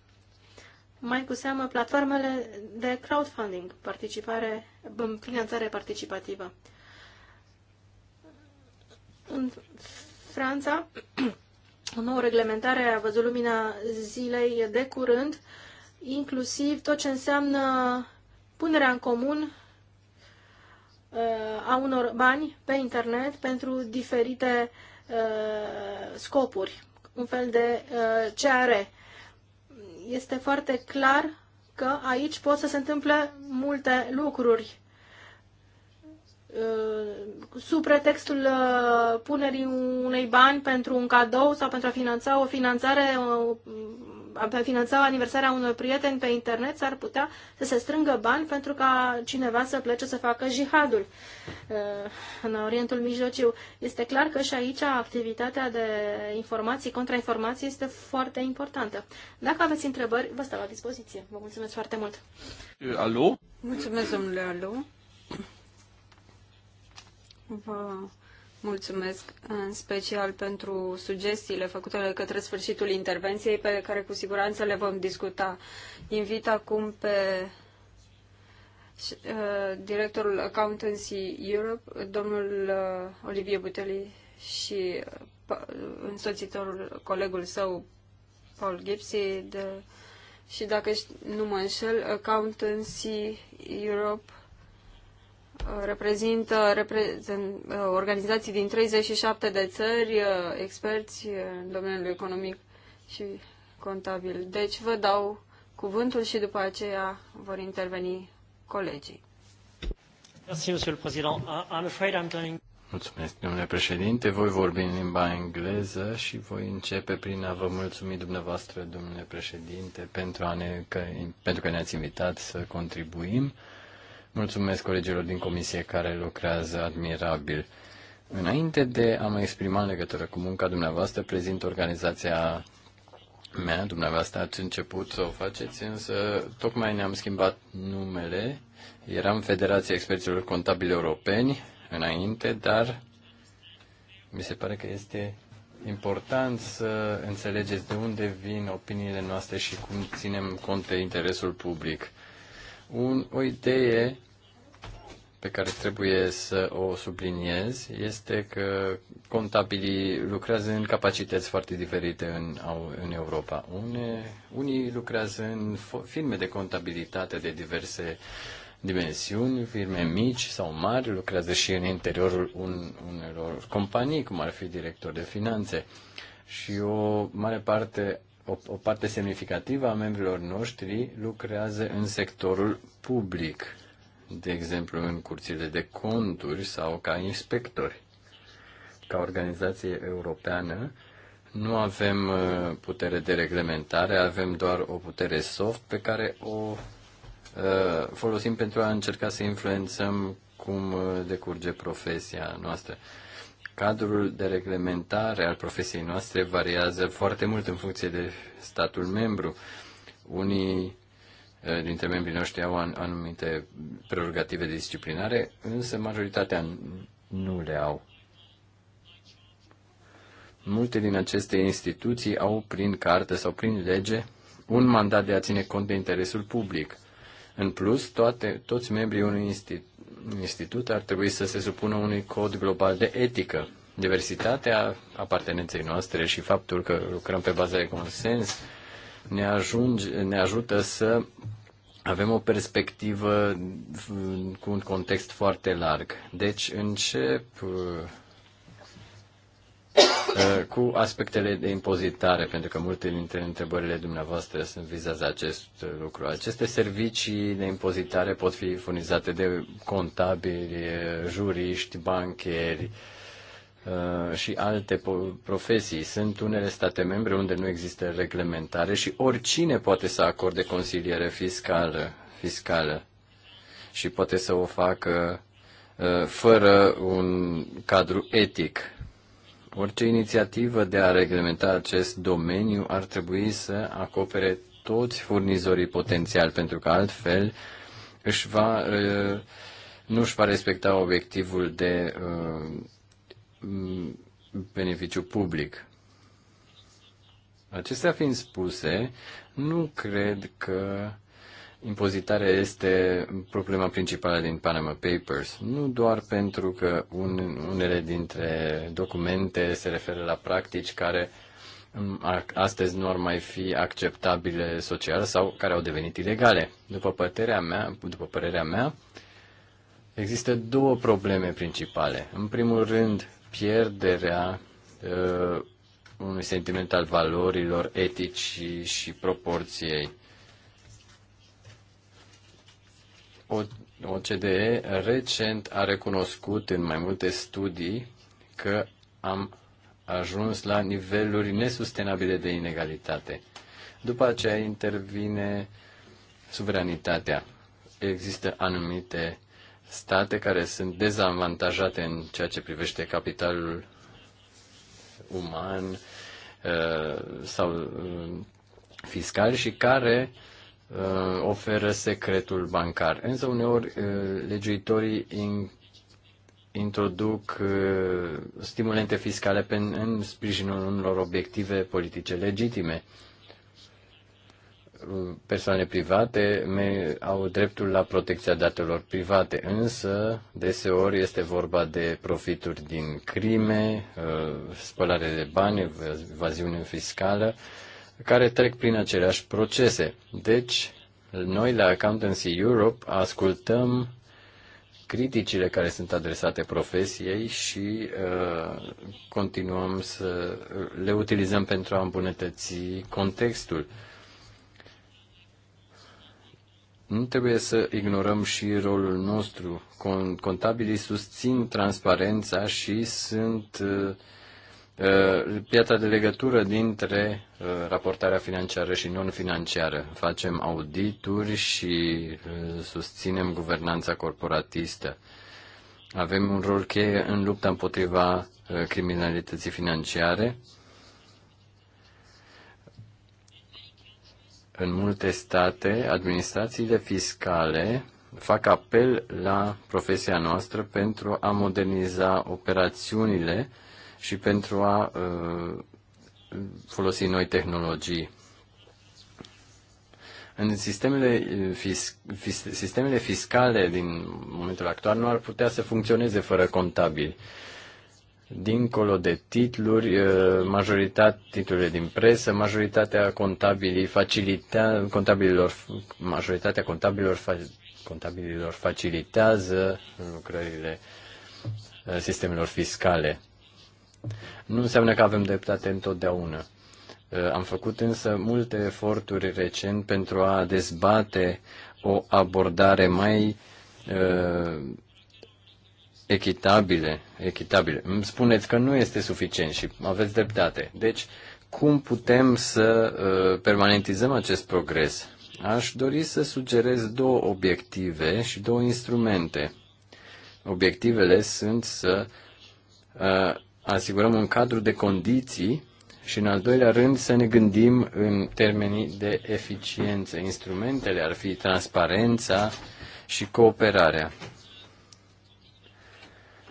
Mai cu seamă platformele de crowdfunding, participare, finanțare participativă. În Franța, o nouă reglementare a văzut lumina zilei de curând, inclusiv tot ce înseamnă punerea în comun Uh, a unor bani pe internet pentru diferite uh, scopuri, un fel de uh, CR. Este foarte clar că aici pot să se întâmple multe lucruri sub pretextul punerii unei bani pentru un cadou sau pentru a finanța o finanțare finanțau aniversarea unor prieteni pe internet, s-ar putea să se strângă bani pentru ca cineva să plece să facă jihadul uh, în Orientul Mijlociu. Este clar că și aici activitatea de informații, contrainformații este foarte importantă. Dacă aveți întrebări, vă stau la dispoziție. Vă mulțumesc foarte mult. Alo? Mulțumesc, domnule Alo. Vă Mulțumesc în special pentru sugestiile făcute de către sfârșitul intervenției, pe care cu siguranță le vom discuta. Invit acum pe uh, directorul Accountancy Europe, domnul uh, Olivier Buteli și uh, însoțitorul, colegul său, Paul Gipsy, de, și dacă nu mă înșel, Accountancy Europe reprezintă uh, organizații din 37 de țări, uh, experți uh, în domeniul economic și contabil. Deci vă dau cuvântul și după aceea vor interveni colegii. Mulțumesc, domnule președinte. Voi vorbi în limba engleză și voi începe prin a vă mulțumi dumneavoastră, domnule președinte, pentru, a ne, că, pentru că ne-ați invitat să contribuim. Uh, Mulțumesc colegilor din comisie care lucrează admirabil. Înainte de a mă exprima în legătură cu munca dumneavoastră, prezint organizația mea, dumneavoastră ați început să o faceți, însă tocmai ne-am schimbat numele. Eram Federația Experților Contabili Europeni înainte, dar mi se pare că este important să înțelegeți de unde vin opiniile noastre și cum ținem cont de interesul public. Un, o idee pe care trebuie să o subliniez este că contabilii lucrează în capacități foarte diferite în, în Europa. Une, unii lucrează în firme de contabilitate de diverse dimensiuni, firme mici sau mari, lucrează și în interiorul un, unor companii, cum ar fi director de finanțe. Și o mare parte o, o parte semnificativă a membrilor noștri lucrează în sectorul public, de exemplu în curțile de conturi sau ca inspectori. Ca organizație europeană, nu avem uh, putere de reglementare, avem doar o putere soft pe care o uh, folosim pentru a încerca să influențăm cum uh, decurge profesia noastră cadrul de reglementare al profesiei noastre variază foarte mult în funcție de statul membru. Unii eh, dintre membrii noștri au anumite prerogative disciplinare, însă majoritatea nu le au. Multe din aceste instituții au prin carte sau prin lege un mandat de a ține cont de interesul public. În plus, toate, toți membrii unui institut institut ar trebui să se supună unui cod global de etică. Diversitatea apartenenței noastre și faptul că lucrăm pe baza de consens ne, ajunge, ne ajută să avem o perspectivă cu un context foarte larg. Deci încep Eh, cu aspectele de impozitare, pentru că multe dintre întrebările dumneavoastră sunt vizează acest lucru. Aceste servicii de impozitare pot fi furnizate de contabili, juriști, bancheri eh, și alte profesii. Sunt unele state membre unde nu există reglementare și oricine poate să acorde consiliere fiscală, fiscală și poate să o facă eh, fără un cadru etic Orice inițiativă de a reglementa acest domeniu ar trebui să acopere toți furnizorii potențiali, pentru că altfel își va, uh, nu își va respecta obiectivul de uh, beneficiu public. Acestea fiind spuse, nu cred că impozitarea este problema principală din Panama Papers, nu doar pentru că un, unele dintre documente se referă la practici care mm, astăzi nu ar mai fi acceptabile social sau care au devenit ilegale. După părerea mea, după părerea mea există două probleme principale. În primul rând, pierderea uh, unui sentiment al valorilor și, și proporției OCDE recent a recunoscut în mai multe studii că am ajuns la niveluri nesustenabile de inegalitate. După aceea intervine suveranitatea. Există anumite state care sunt dezavantajate în ceea ce privește capitalul uman uh, sau uh, fiscal și care Uh, oferă secretul bancar. Însă uneori uh, legiuitorii introduc uh, stimulente fiscale în sprijinul unor obiective politice legitime. Persoane private au dreptul la protecția datelor private, însă deseori este vorba de profituri din crime, spălare de bani, evaziune fiscală, care trec prin aceleași procese. Deci, noi la Accountancy Europe ascultăm criticile care sunt adresate profesiei și uh, continuăm să le utilizăm pentru a îmbunătăți contextul. Nu trebuie să ignorăm și rolul nostru. Contabilii susțin transparența și sunt uh, Uh, piața de legătură dintre uh, raportarea financiară și non-financiară. Facem audituri și uh, susținem guvernanța corporatistă. Avem un rol cheie în lupta împotriva criminalității financiare. În multe state, administrațiile fiscale fac apel la profesia noastră pentru a moderniza operațiunile și pentru a uh, folosi noi tehnologii. În sistemele, uh, fis, fis, sistemele fiscale din momentul actual nu ar putea să funcționeze fără contabili. Dincolo de titluri, uh, majoritatea titlurile din presă, majoritatea contabilii facilita, contabililor, majoritatea contabililor, contabililor facilitează lucrările sistemelor fiscale. Nu înseamnă că avem dreptate întotdeauna. Uh, am făcut însă multe eforturi recent pentru a dezbate o abordare mai uh, echitabile, echitabile. Îmi spuneți că nu este suficient și aveți dreptate. Deci, cum putem să uh, permanentizăm acest progres? Aș dori să sugerez două obiective și două instrumente. Obiectivele sunt să uh, asigurăm un cadru de condiții și, în al doilea rând, să ne gândim în termenii de eficiență. Instrumentele ar fi transparența și cooperarea.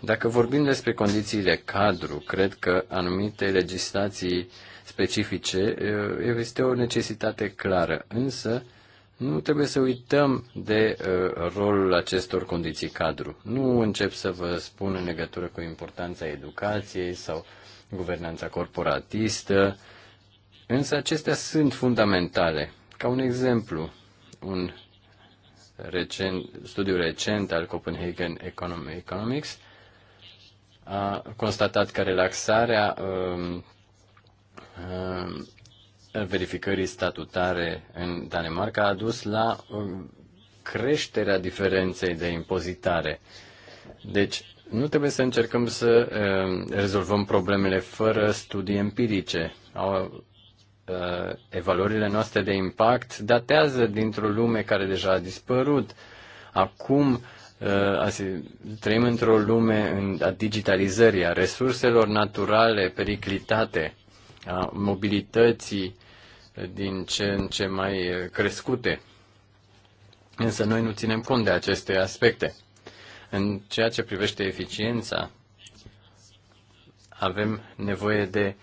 Dacă vorbim despre condițiile cadru, cred că anumite legislații specifice eh, este o necesitate clară, însă nu trebuie să uităm de uh, rolul acestor condiții cadru. Nu încep să vă spun în legătură cu importanța educației sau guvernanța corporatistă, însă acestea sunt fundamentale. Ca un exemplu, un recent, studiu recent al Copenhagen Economics a constatat că relaxarea uh, uh, verificării statutare în Danemarca a dus la um, creșterea diferenței de impozitare. Deci, nu trebuie să încercăm să um, rezolvăm problemele fără studii empirice. Uh, evaluările noastre de impact datează dintr-o lume care deja a dispărut. Acum uh, trăim într-o lume a digitalizării, a resurselor naturale periclitate, a mobilității din ce în ce mai uh, crescute. Însă noi nu ținem cont de aceste aspecte. În ceea ce privește eficiența, avem nevoie de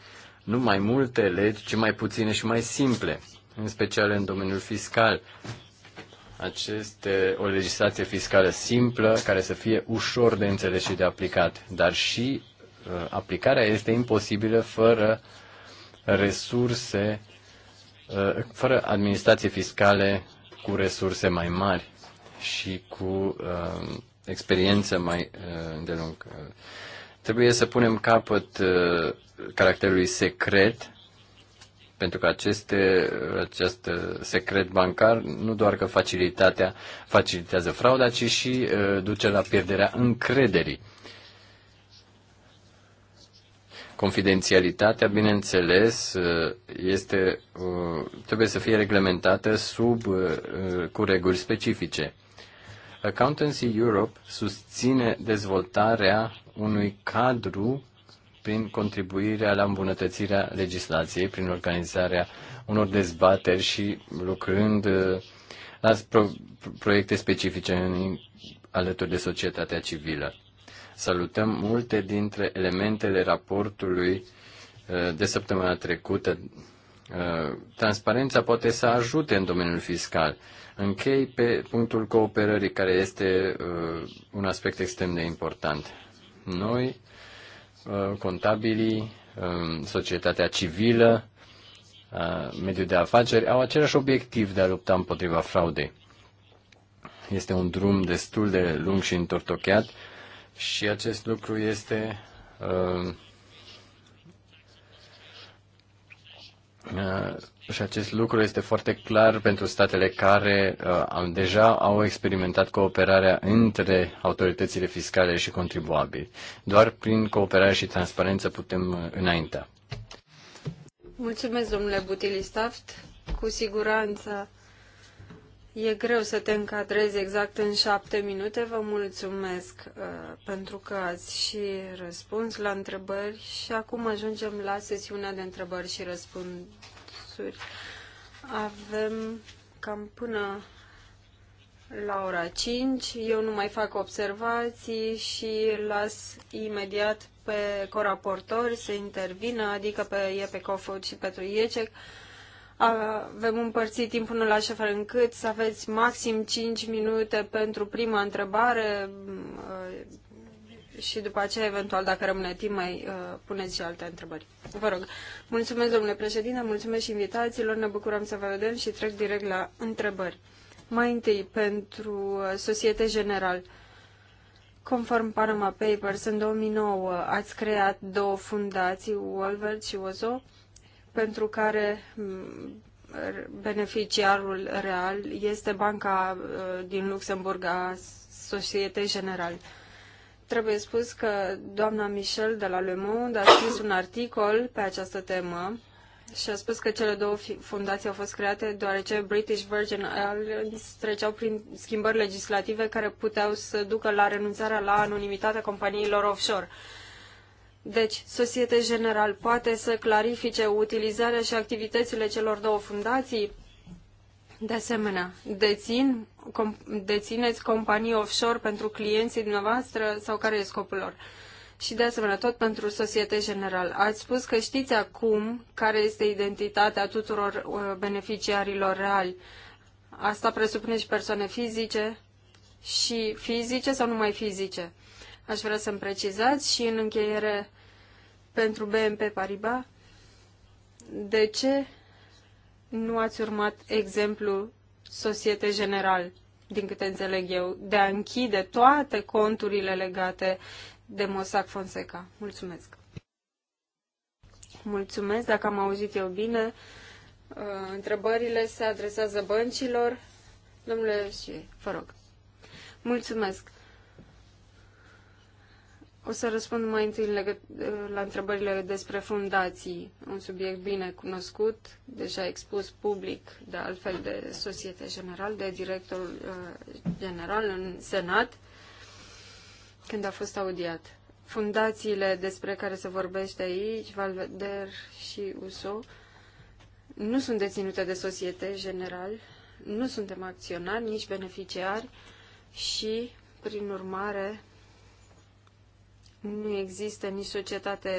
nu mai multe legi, ci mai puține și mai simple, în special în domeniul fiscal. Aceste, o legislație fiscală simplă, care să fie ușor de înțeles și de aplicat, dar și uh, aplicarea este imposibilă fără resurse Uh, fără administrații fiscale cu resurse mai mari și cu uh, experiență mai uh, îndelungă. Trebuie să punem capăt uh, caracterului secret, pentru că aceste, acest secret bancar nu doar că facilitatea facilitează frauda, ci și uh, duce la pierderea încrederii. Confidențialitatea, bineînțeles, uh, este, uh, trebuie să fie reglementată sub, uh, cu reguli specifice. Accountancy Europe susține dezvoltarea unui cadru prin contribuirea la îmbunătățirea legislației, prin organizarea unor dezbateri și lucrând la proiecte specifice în, alături de societatea civilă. Salutăm multe dintre elementele raportului uh, de săptămâna trecută. Uh, transparența poate să ajute în domeniul fiscal. Închei pe punctul cooperării, care este uh, un aspect extrem de important. Noi, contabilii, um, societatea civilă, mediul de afaceri, au același obiectiv de a lupta împotriva fraudei. Este un drum destul de lung și întortocheat și acest lucru este uh, uh, și acest lucru este foarte clar pentru statele care uh, deja au experimentat cooperarea între autoritățile fiscale și contribuabili. Doar prin cooperare și transparență putem uh, înainta. Mulțumesc, domnule Butilistaft. Cu siguranță E greu să te încadrezi exact în șapte minute. Vă mulțumesc uh, pentru că ați și răspuns la întrebări și acum ajungem la sesiunea de întrebări și răspunsuri. Avem cam până la ora 5. Eu nu mai fac observații și las imediat pe coraportori să intervină, adică pe Iepe Cofut și Petru Iecec. Uh, avem împărțit timpul în așa fel încât să aveți maxim 5 minute pentru prima întrebare uh, și după aceea, eventual, dacă rămâne timp, mai uh, puneți și alte întrebări. Vă rog. Mulțumesc, domnule președinte, mulțumesc și invitațiilor, ne bucurăm să vă vedem și trec direct la întrebări. Mai întâi, pentru uh, Societe General. Conform Panama Papers, în 2009 ați creat două fundații, Wolvert și Ozo, pentru care beneficiarul real este banca uh, din Luxemburg a Societei Generale. Trebuie spus că doamna Michel de la Le Monde a scris un articol pe această temă și a spus că cele două fundații au fost create deoarece British Virgin Islands treceau prin schimbări legislative care puteau să ducă la renunțarea la anonimitatea companiilor offshore. Deci, Societe General poate să clarifice utilizarea și activitățile celor două fundații? De asemenea, dețin, com, dețineți companii offshore pentru clienții dumneavoastră sau care e scopul lor? Și de asemenea, tot pentru Societe General. Ați spus că știți acum care este identitatea tuturor uh, beneficiarilor reali. Asta presupune și persoane fizice și fizice sau numai fizice? Aș vrea să-mi precizați și în încheiere pentru BNP Paribas, de ce nu ați urmat exemplu Societe General, din câte înțeleg eu, de a închide toate conturile legate de Mossack Fonseca? Mulțumesc! Mulțumesc, dacă am auzit eu bine, uh, întrebările se adresează băncilor. Domnule și vă rog. Mulțumesc. O să răspund mai întâi la întrebările despre fundații, un subiect bine cunoscut, deja expus public, de altfel de societate General, de directorul uh, general în Senat, când a fost audiat. Fundațiile despre care se vorbește aici, Valveder și USO, nu sunt deținute de Societe General, nu suntem acționari, nici beneficiari și, prin urmare, nu există nici societate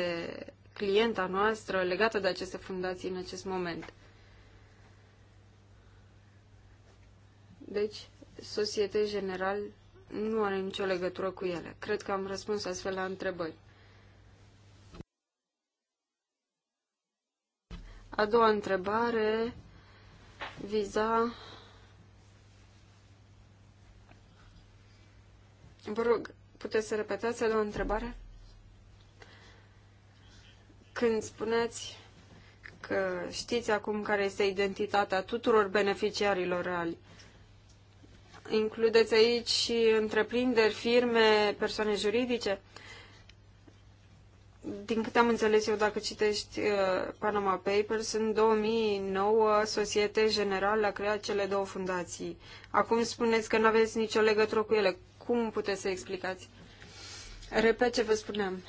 clienta noastră legată de aceste fundații în acest moment. Deci, Societe General nu are nicio legătură cu ele. Cred că am răspuns astfel la întrebări. A doua întrebare viza... Vă rog, Puteți să repetați o întrebare? Când spuneți că știți acum care este identitatea tuturor beneficiarilor reali, includeți aici și întreprinderi, firme, persoane juridice? Din câte am înțeles eu, dacă citești uh, Panama Papers, în 2009 Societe Generală a creat cele două fundații. Acum spuneți că nu aveți nicio legătură cu ele. Cum puteți să explicați? Repet ce vă spuneam.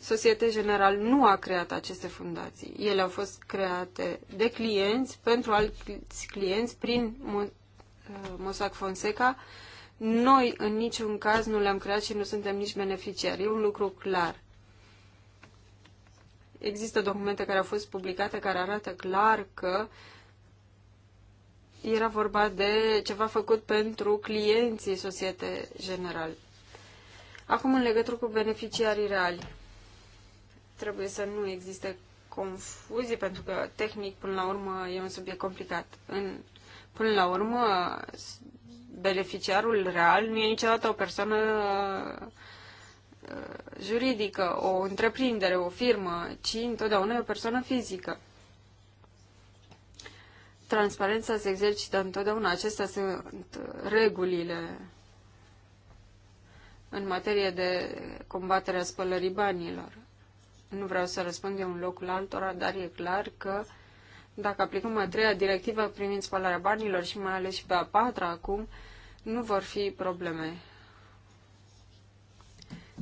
Societe General nu a creat aceste fundații. Ele au fost create de clienți pentru alți clienți prin uh, Mossack Fonseca. Noi în niciun caz nu le-am creat și nu suntem nici beneficiari. E un lucru clar. Există documente care au fost publicate care arată clar că era vorba de ceva făcut pentru clienții Societe General. Acum, în legătură cu beneficiarii reali, trebuie să nu existe confuzii, pentru că tehnic, până la urmă, e un subiect complicat. În, până la urmă, beneficiarul real nu e niciodată o persoană uh, juridică, o întreprindere, o firmă, ci întotdeauna e o persoană fizică. Transparența se exercită întotdeauna. Acestea sunt uh, regulile în materie de combaterea spălării banilor. Nu vreau să răspund eu în locul altora, dar e clar că dacă aplicăm a treia directivă privind spălarea banilor și mai ales și pe a patra acum, nu vor fi probleme.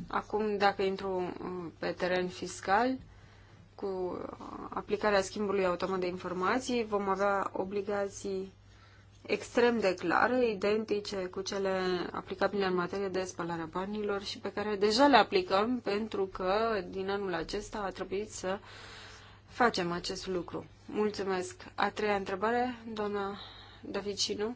Acum, dacă intru uh, pe teren fiscal, cu uh, aplicarea schimbului automat de informații, vom avea obligații extrem de clare, identice cu cele aplicabile în materie de spălare a banilor și pe care deja le aplicăm pentru că din anul acesta a trebuit să facem acest lucru. Mulțumesc. A treia întrebare, doamna Davicinu.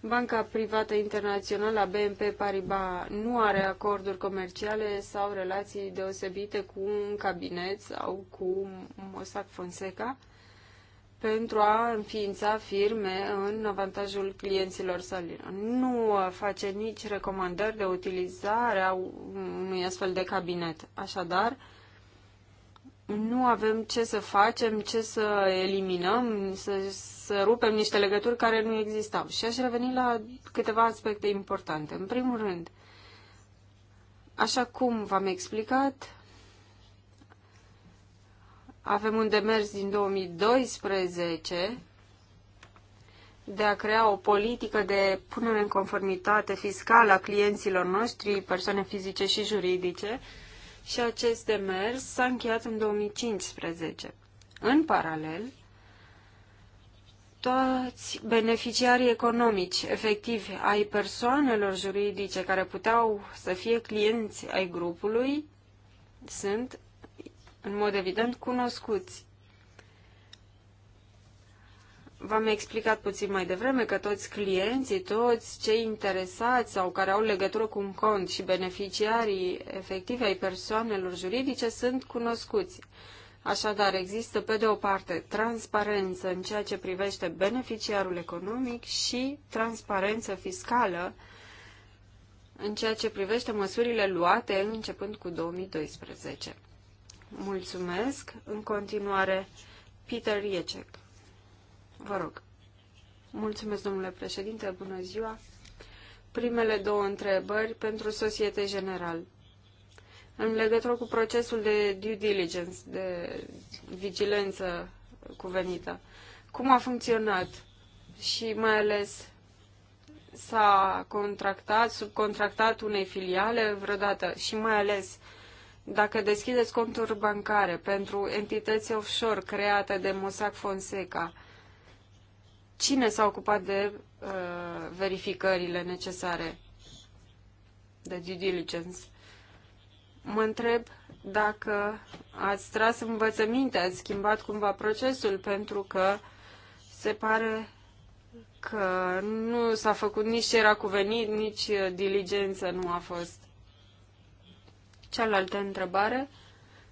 Banca privată internațională BNP Paribas nu are acorduri comerciale sau relații deosebite cu un cabinet sau cu Mossack Fonseca? pentru a înființa firme în avantajul clienților săi. Nu face nici recomandări de utilizare a unui astfel de cabinet. Așadar, nu avem ce să facem, ce să eliminăm, să, să rupem niște legături care nu existau. Și aș reveni la câteva aspecte importante. În primul rând, așa cum v-am explicat, avem un demers din 2012 de a crea o politică de punere în conformitate fiscală a clienților noștri, persoane fizice și juridice, și acest demers s-a încheiat în 2015. În paralel, toți beneficiarii economici efectivi ai persoanelor juridice care puteau să fie clienți ai grupului sunt în mod evident, cunoscuți. V-am explicat puțin mai devreme că toți clienții, toți cei interesați sau care au legătură cu un cont și beneficiarii efective ai persoanelor juridice sunt cunoscuți. Așadar, există pe de o parte transparență în ceea ce privește beneficiarul economic și transparență fiscală în ceea ce privește măsurile luate începând cu 2012. Mulțumesc. În continuare, Peter Iecek. Vă rog. Mulțumesc, domnule președinte. Bună ziua. Primele două întrebări pentru Societe General. În legătură cu procesul de due diligence, de vigilență cuvenită, cum a funcționat și mai ales s-a contractat, subcontractat unei filiale vreodată și mai ales uh, dacă deschideți conturi bancare pentru entități offshore create de Mossack Fonseca, cine s-a ocupat de uh, verificările necesare de due diligence? Mă întreb dacă ați tras învățăminte, ați schimbat cumva procesul, pentru că se pare că nu s-a făcut nici ce era cuvenit, nici uh, diligență nu a fost cealaltă întrebare,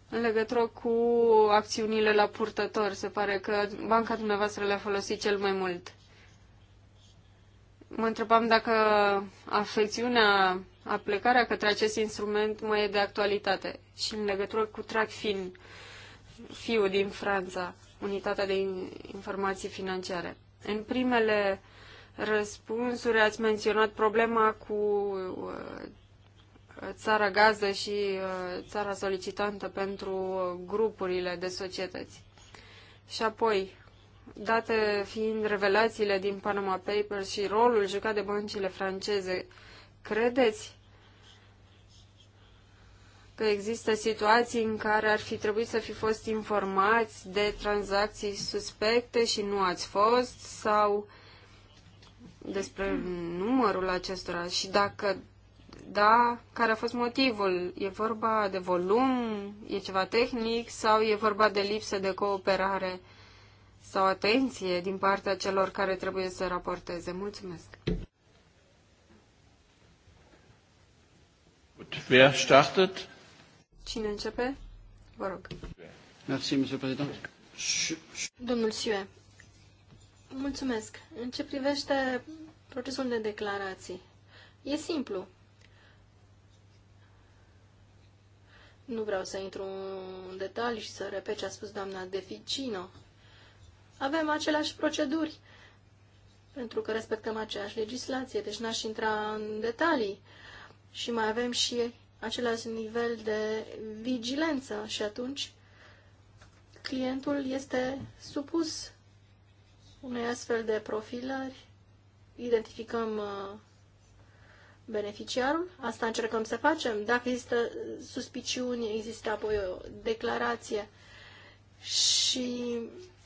în legătură cu acțiunile la purtător, se pare că banca dumneavoastră le-a folosit cel mai mult. Mă întrebam dacă afecțiunea, aplicarea către acest instrument mai e de actualitate și în legătură cu TracFin, fiul din Franța, Unitatea de Informații Financiare. În primele răspunsuri ați menționat problema cu uh, țara gazdă și uh, țara solicitantă pentru grupurile de societăți. Și apoi, date fiind revelațiile din Panama Papers și rolul jucat de băncile franceze, credeți că există situații în care ar fi trebuit să fi fost informați de tranzacții suspecte și nu ați fost sau despre numărul acestora și dacă da care a fost motivul. E vorba de volum, e ceva tehnic sau e vorba de lipsă de cooperare sau atenție din partea celor care trebuie să raporteze. Mulțumesc. Wer startet? Cine începe? Vă rog. Merci, monsieur président. Domnul Sue. Mulțumesc. În ce privește procesul de declarații, e simplu. Nu vreau să intru în detalii și să repet ce a spus doamna Deficino. Avem aceleași proceduri, pentru că respectăm aceeași legislație, deci n-aș intra în detalii. Și mai avem și același nivel de vigilență și atunci clientul este supus unei astfel de profilări. Identificăm uh, beneficiarul. Asta încercăm să facem. Dacă există suspiciuni, există apoi o declarație. Și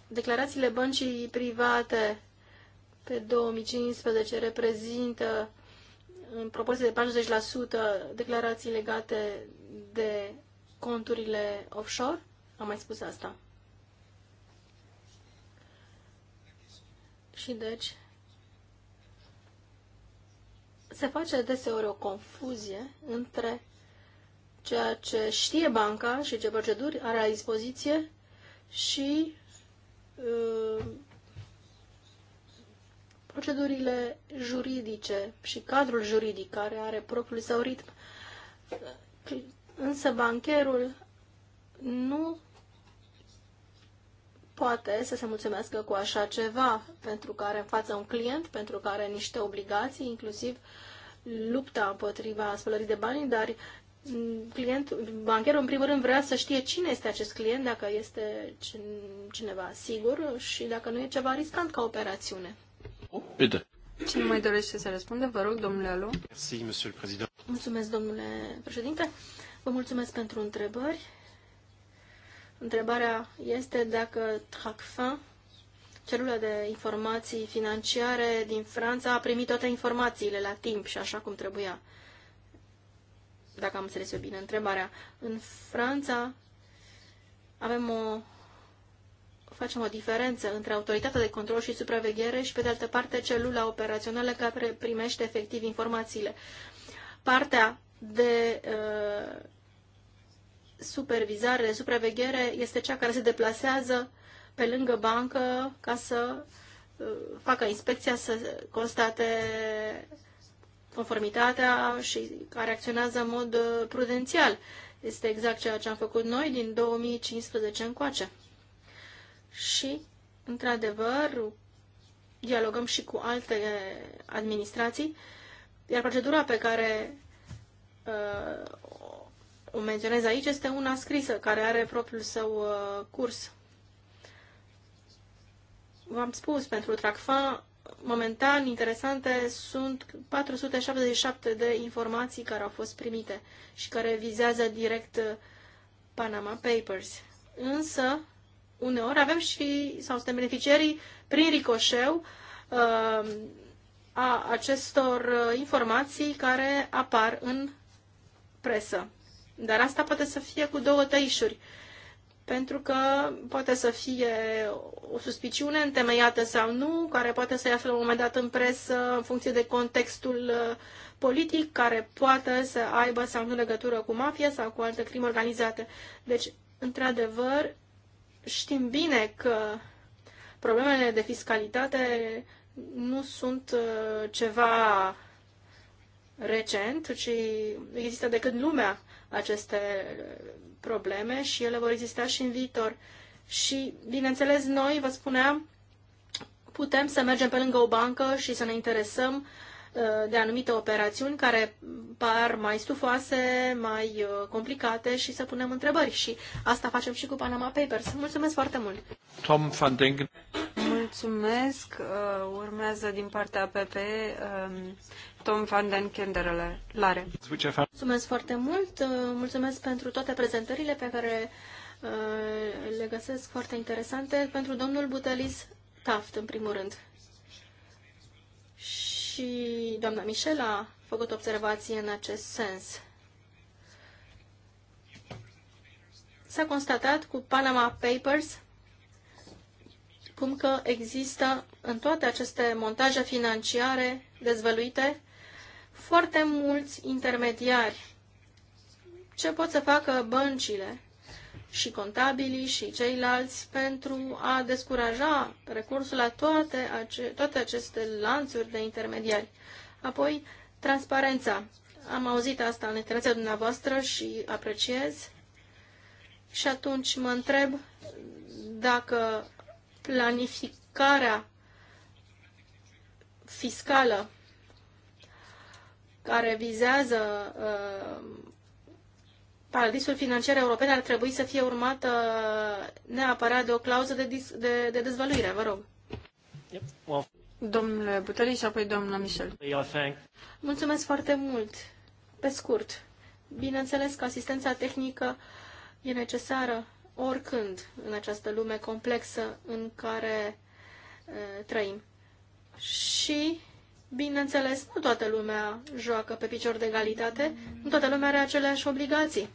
declarațiile băncii private pe 2015 reprezintă în proporție de 40% declarații legate de conturile offshore. Am mai spus asta. Și deci se face deseori o confuzie între ceea ce știe banca și ce proceduri are la dispoziție și uh, procedurile juridice și cadrul juridic care are propriul său ritm. Însă bancherul nu poate să se mulțumească cu așa ceva, pentru că are în față un client, pentru că are niște obligații, inclusiv uh, lupta împotriva spălării de bani, dar clientul, bancherul în primul rând vrea să știe cine este acest client, dacă este cineva sigur și dacă nu e ceva riscant ca operațiune. bine. Cine mai dorește să răspunde? Vă rog, domnule Alu. Merci, monsieur le président. Mulțumesc, domnule președinte. Vă mulțumesc pentru întrebări. Întrebarea este dacă Tracfin Celula de informații financiare din Franța a primit toate informațiile la timp și așa cum trebuia. Dacă am înțeles eu bine întrebarea. În Franța avem o facem o diferență între autoritatea de control și supraveghere și, pe de altă parte, celula operațională care primește efectiv informațiile. Partea de uh, supervizare, de supraveghere, este cea care se deplasează pe lângă bancă ca să uh, facă inspecția să constate conformitatea și care acționează în mod uh, prudențial. Este exact ceea ce am făcut noi din 2015 încoace. Și, într-adevăr, dialogăm și cu alte administrații, iar procedura pe care uh, o menționez aici este una scrisă, care are propriul său uh, curs v-am spus, pentru TRACFA, momentan interesante sunt 477 de informații care au fost primite și care vizează direct Panama Papers. Însă, uneori avem și, sau suntem beneficiarii prin ricoșeu uh, a acestor uh, informații care apar în presă. Dar asta poate să fie cu două tăișuri. Uh, pentru că poate să fie o suspiciune întemeiată sau nu, care poate să iasă la un moment dat în presă în funcție de contextul uh, politic, care poate să aibă sau nu legătură cu mafia sau cu alte crime organizate. Deci, într-adevăr, știm bine că problemele de fiscalitate nu sunt uh, ceva recent, ci există de când lumea aceste probleme și ele vor exista și în viitor. Și, bineînțeles, noi, vă spuneam, putem să mergem pe lângă o bancă și să ne interesăm uh, de anumite operațiuni care par mai stufoase, mai uh, complicate și să punem întrebări. Și asta facem și cu Panama Papers. Mulțumesc foarte mult! Tom van Mulțumesc. Uh, urmează din partea PPE um, Tom van den Kenderele. Lare. Mulțumesc foarte mult. Uh, mulțumesc pentru toate prezentările pe care uh, le găsesc foarte interesante. Pentru domnul Butelis Taft, în primul rând. Și doamna Michela a făcut observație în acest sens. S-a constatat cu Panama Papers cum că există în toate aceste montaje financiare dezvăluite foarte mulți intermediari. Ce pot să facă băncile și contabilii și ceilalți pentru a descuraja recursul la toate, ace- toate aceste lanțuri de intermediari? Apoi, transparența. Am auzit asta în intervenția dumneavoastră și apreciez. Și atunci mă întreb dacă planificarea fiscală care vizează uh, paradisul financiar european ar trebui să fie urmată uh, neapărat de o clauză de, dis- de, de dezvăluire, vă rog. Domnule Butări și apoi domnul Michel. Mulțumesc foarte mult. Pe scurt, bineînțeles că asistența tehnică e necesară oricând în această lume complexă în care e, trăim. Și, bineînțeles, nu toată lumea joacă pe picior de egalitate, nu toată lumea are aceleași obligații.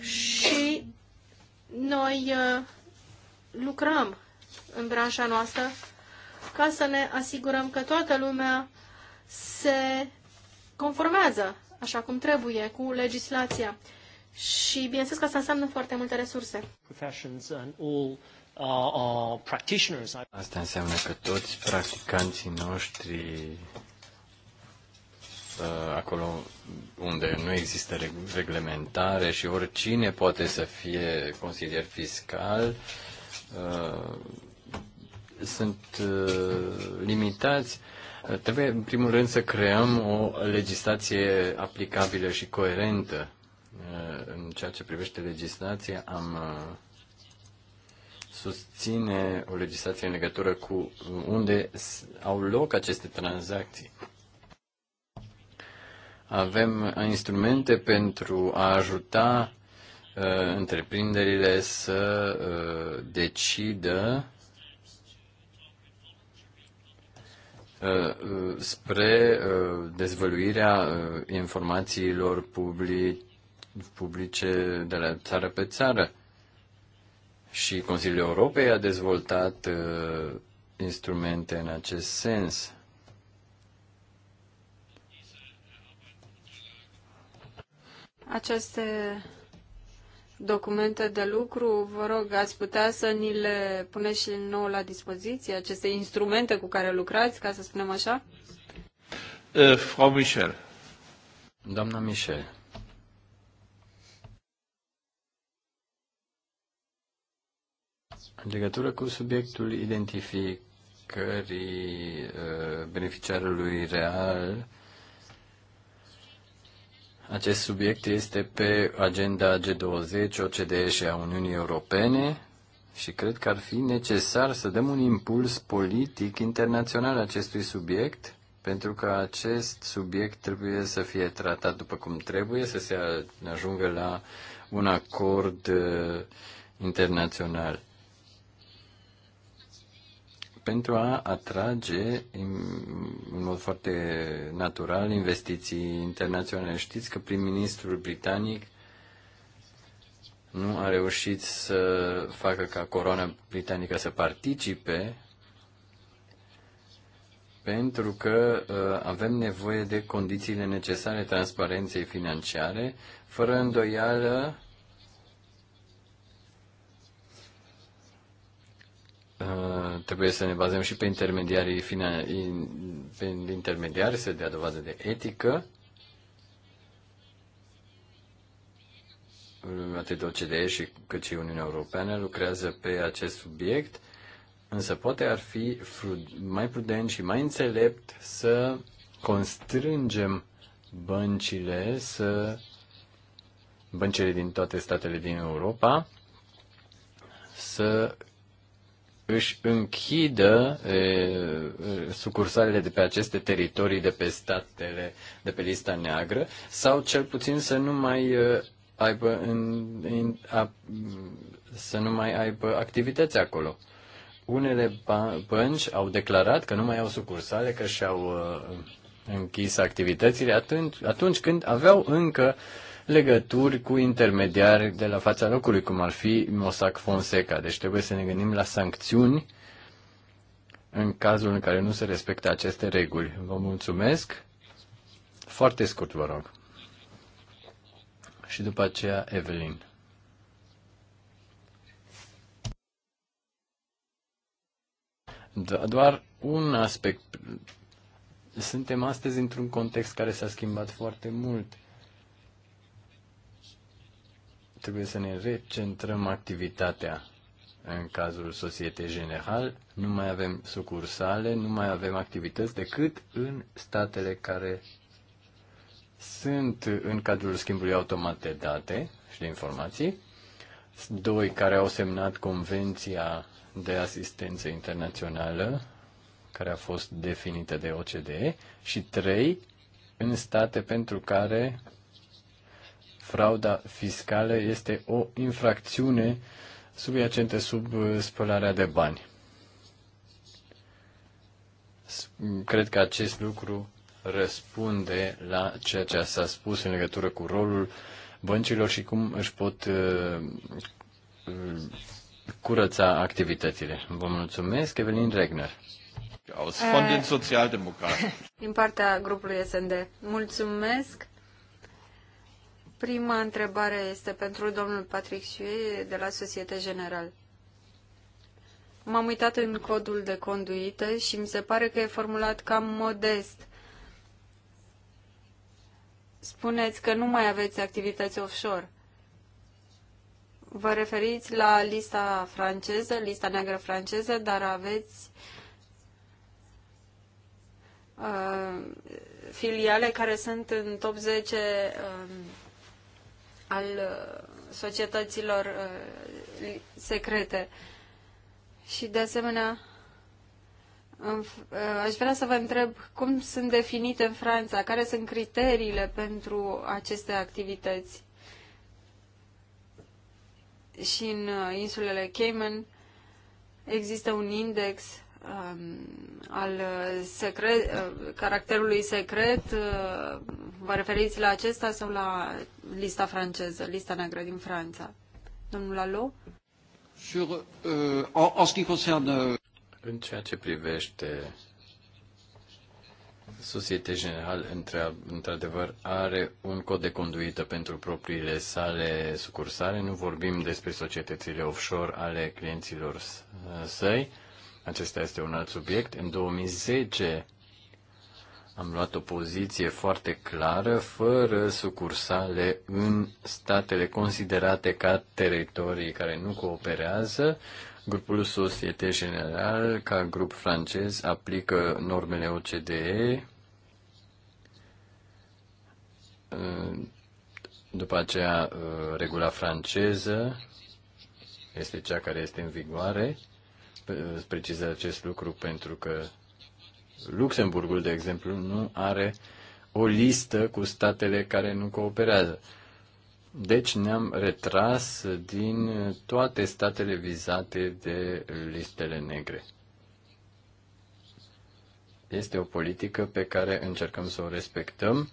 Și noi e, lucrăm în branșa noastră ca să ne asigurăm că toată lumea se conformează așa cum trebuie cu legislația. Și bineînțeles că asta înseamnă foarte multe resurse. Uh, asta înseamnă că toți practicanții noștri uh, acolo unde nu există reglementare și oricine poate să fie consilier fiscal uh, sunt limitați. Trebuie, în primul rând, să creăm o legislație aplicabilă și coerentă Eh, în ceea ce privește legislația, am eh, susține o legislație în legătură cu unde au loc aceste tranzacții. Avem instrumente pentru a ajuta uh, întreprinderile să uh, decidă spre dezvăluirea informațiilor publice publice de la țară pe țară. Și Consiliul Europei a dezvoltat uh, instrumente în acest sens. Aceste documente de lucru, vă rog, ați putea să ni le puneți și nou la dispoziție, aceste instrumente cu care lucrați, ca să spunem așa? Uh, Frau Michel. Doamna Michel. În legătură cu subiectul identificării uh, beneficiarului real, acest subiect este pe agenda G20, OCDE și a Uniunii Europene și cred că ar fi necesar să dăm un impuls politic internațional acestui subiect, pentru că acest subiect trebuie să fie tratat după cum trebuie, să se ajungă la un acord uh, internațional pentru a atrage în mod foarte natural investiții internaționale. Știți că prim-ministrul britanic nu a reușit să facă ca corona britanică să participe pentru că uh, avem nevoie de condițiile necesare transparenței financiare. Fără îndoială, Uh, trebuie să ne bazăm și pe intermediarii pe intermediari să dea dovadă de etică. Atât OCDE și cât și Uniunea Europeană lucrează pe acest subiect, însă poate ar fi mai prudent și mai înțelept să constrângem băncile să băncile din toate statele din Europa să își închidă e, sucursalele de pe aceste teritorii de pe statele de pe lista neagră sau cel puțin să nu mai aibă în, în, a, să nu mai aibă activități acolo. Unele bănci au declarat că nu mai au sucursale, că și-au închis activitățile atunci, atunci când aveau încă uh, legături cu intermediari de la fața locului, cum ar fi Mossack Fonseca. Deci trebuie să ne gândim la sancțiuni în cazul în care nu se respectă aceste reguli. Vă mulțumesc. Foarte scurt, vă rog. Și după aceea, Evelyn. Doar un aspect. Suntem astăzi într-un context care s-a schimbat foarte mult trebuie să ne recentrăm activitatea în cazul Societe General. Nu mai avem sucursale, nu mai avem activități decât în statele care sunt în cadrul schimbului automat de date și de informații, doi care au semnat Convenția de Asistență Internațională, care a fost definită de OCDE, și trei în state pentru care frauda fiscală este o infracțiune subiacentă sub uh, spălarea de bani. Cred că acest lucru răspunde la ceea ce s-a spus în legătură cu rolul băncilor și cum își pot uh, uh, curăța activitățile. Vă mulțumesc, Evelin Regner. Aus von den Sozialdemokraten. Din partea grupului SND. Mulțumesc. Prima întrebare este pentru domnul Patrick Sue de la Societe General. M-am uitat în codul de conduită și mi se pare că e formulat cam modest. Spuneți că nu mai aveți activități offshore. Vă referiți la lista franceză, lista neagră franceză, dar aveți uh, filiale care sunt în top 10 uh, um, al uh, societăților uh, secrete. Și de asemenea, uh, aș vrea să vă întreb cum sunt definite în Franța, care sunt criteriile pentru aceste activități și în insulele Cayman există un index Um, al secret, uh, caracterului secret, uh, vă referiți la acesta sau la lista franceză, lista neagră din Franța? Domnul Alo? Sur, uh, en, ce concerne... Uh, În ceea ce privește Societe General, într-adevăr, are un cod de conduită pentru propriile sale sucursale. Nu vorbim despre societățile offshore ale clienților săi. Uh, acesta este un alt subiect. În 2010 am luat o poziție foarte clară, fără sucursale în statele considerate ca teritorii care nu cooperează. Grupul Societe General, ca grup francez, aplică normele OCDE. După aceea, regula franceză este cea care este în vigoare precizez acest lucru pentru că Luxemburgul, de exemplu, nu are o listă cu statele care nu cooperează. Deci ne-am retras din toate statele vizate de listele negre. Este o politică pe care încercăm să o respectăm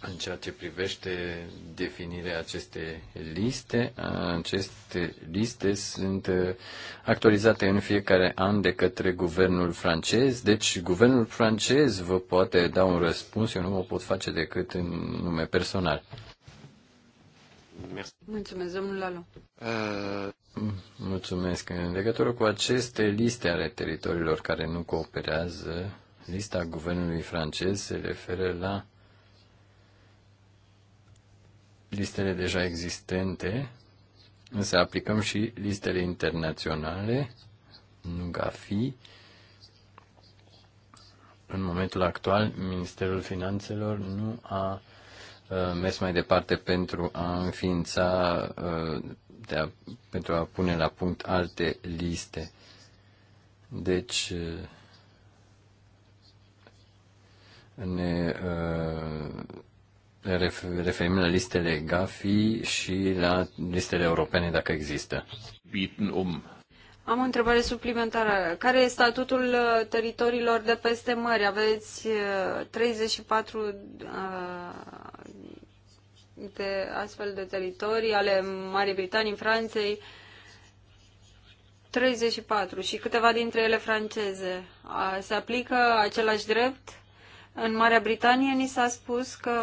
în ceea ce privește definirea acestei liste, aceste liste sunt uh, actualizate în fiecare an de către guvernul francez, deci guvernul francez vă poate da un răspuns, eu nu o pot face decât în nume personal. Mulțumesc, domnul Lalo. Uh, mulțumesc. În legătură cu aceste liste ale teritoriilor care nu cooperează, lista guvernului francez se referă la listele deja existente, însă aplicăm și listele internaționale, nu GAFI. În momentul actual, Ministerul Finanțelor nu a uh, mers mai departe pentru a înființa, uh, de a, pentru a pune la punct alte liste. Deci, uh, ne uh, referim la listele GAFI și la listele europene, dacă există. Um. Am o întrebare suplimentară. Care este statutul uh, teritoriilor de peste mări? Aveți 34 uh, uh, de astfel de teritorii ale Marii Britanii, Franței, 34 și câteva dintre ele franceze. Se aplică același drept? În Marea Britanie ni s-a spus că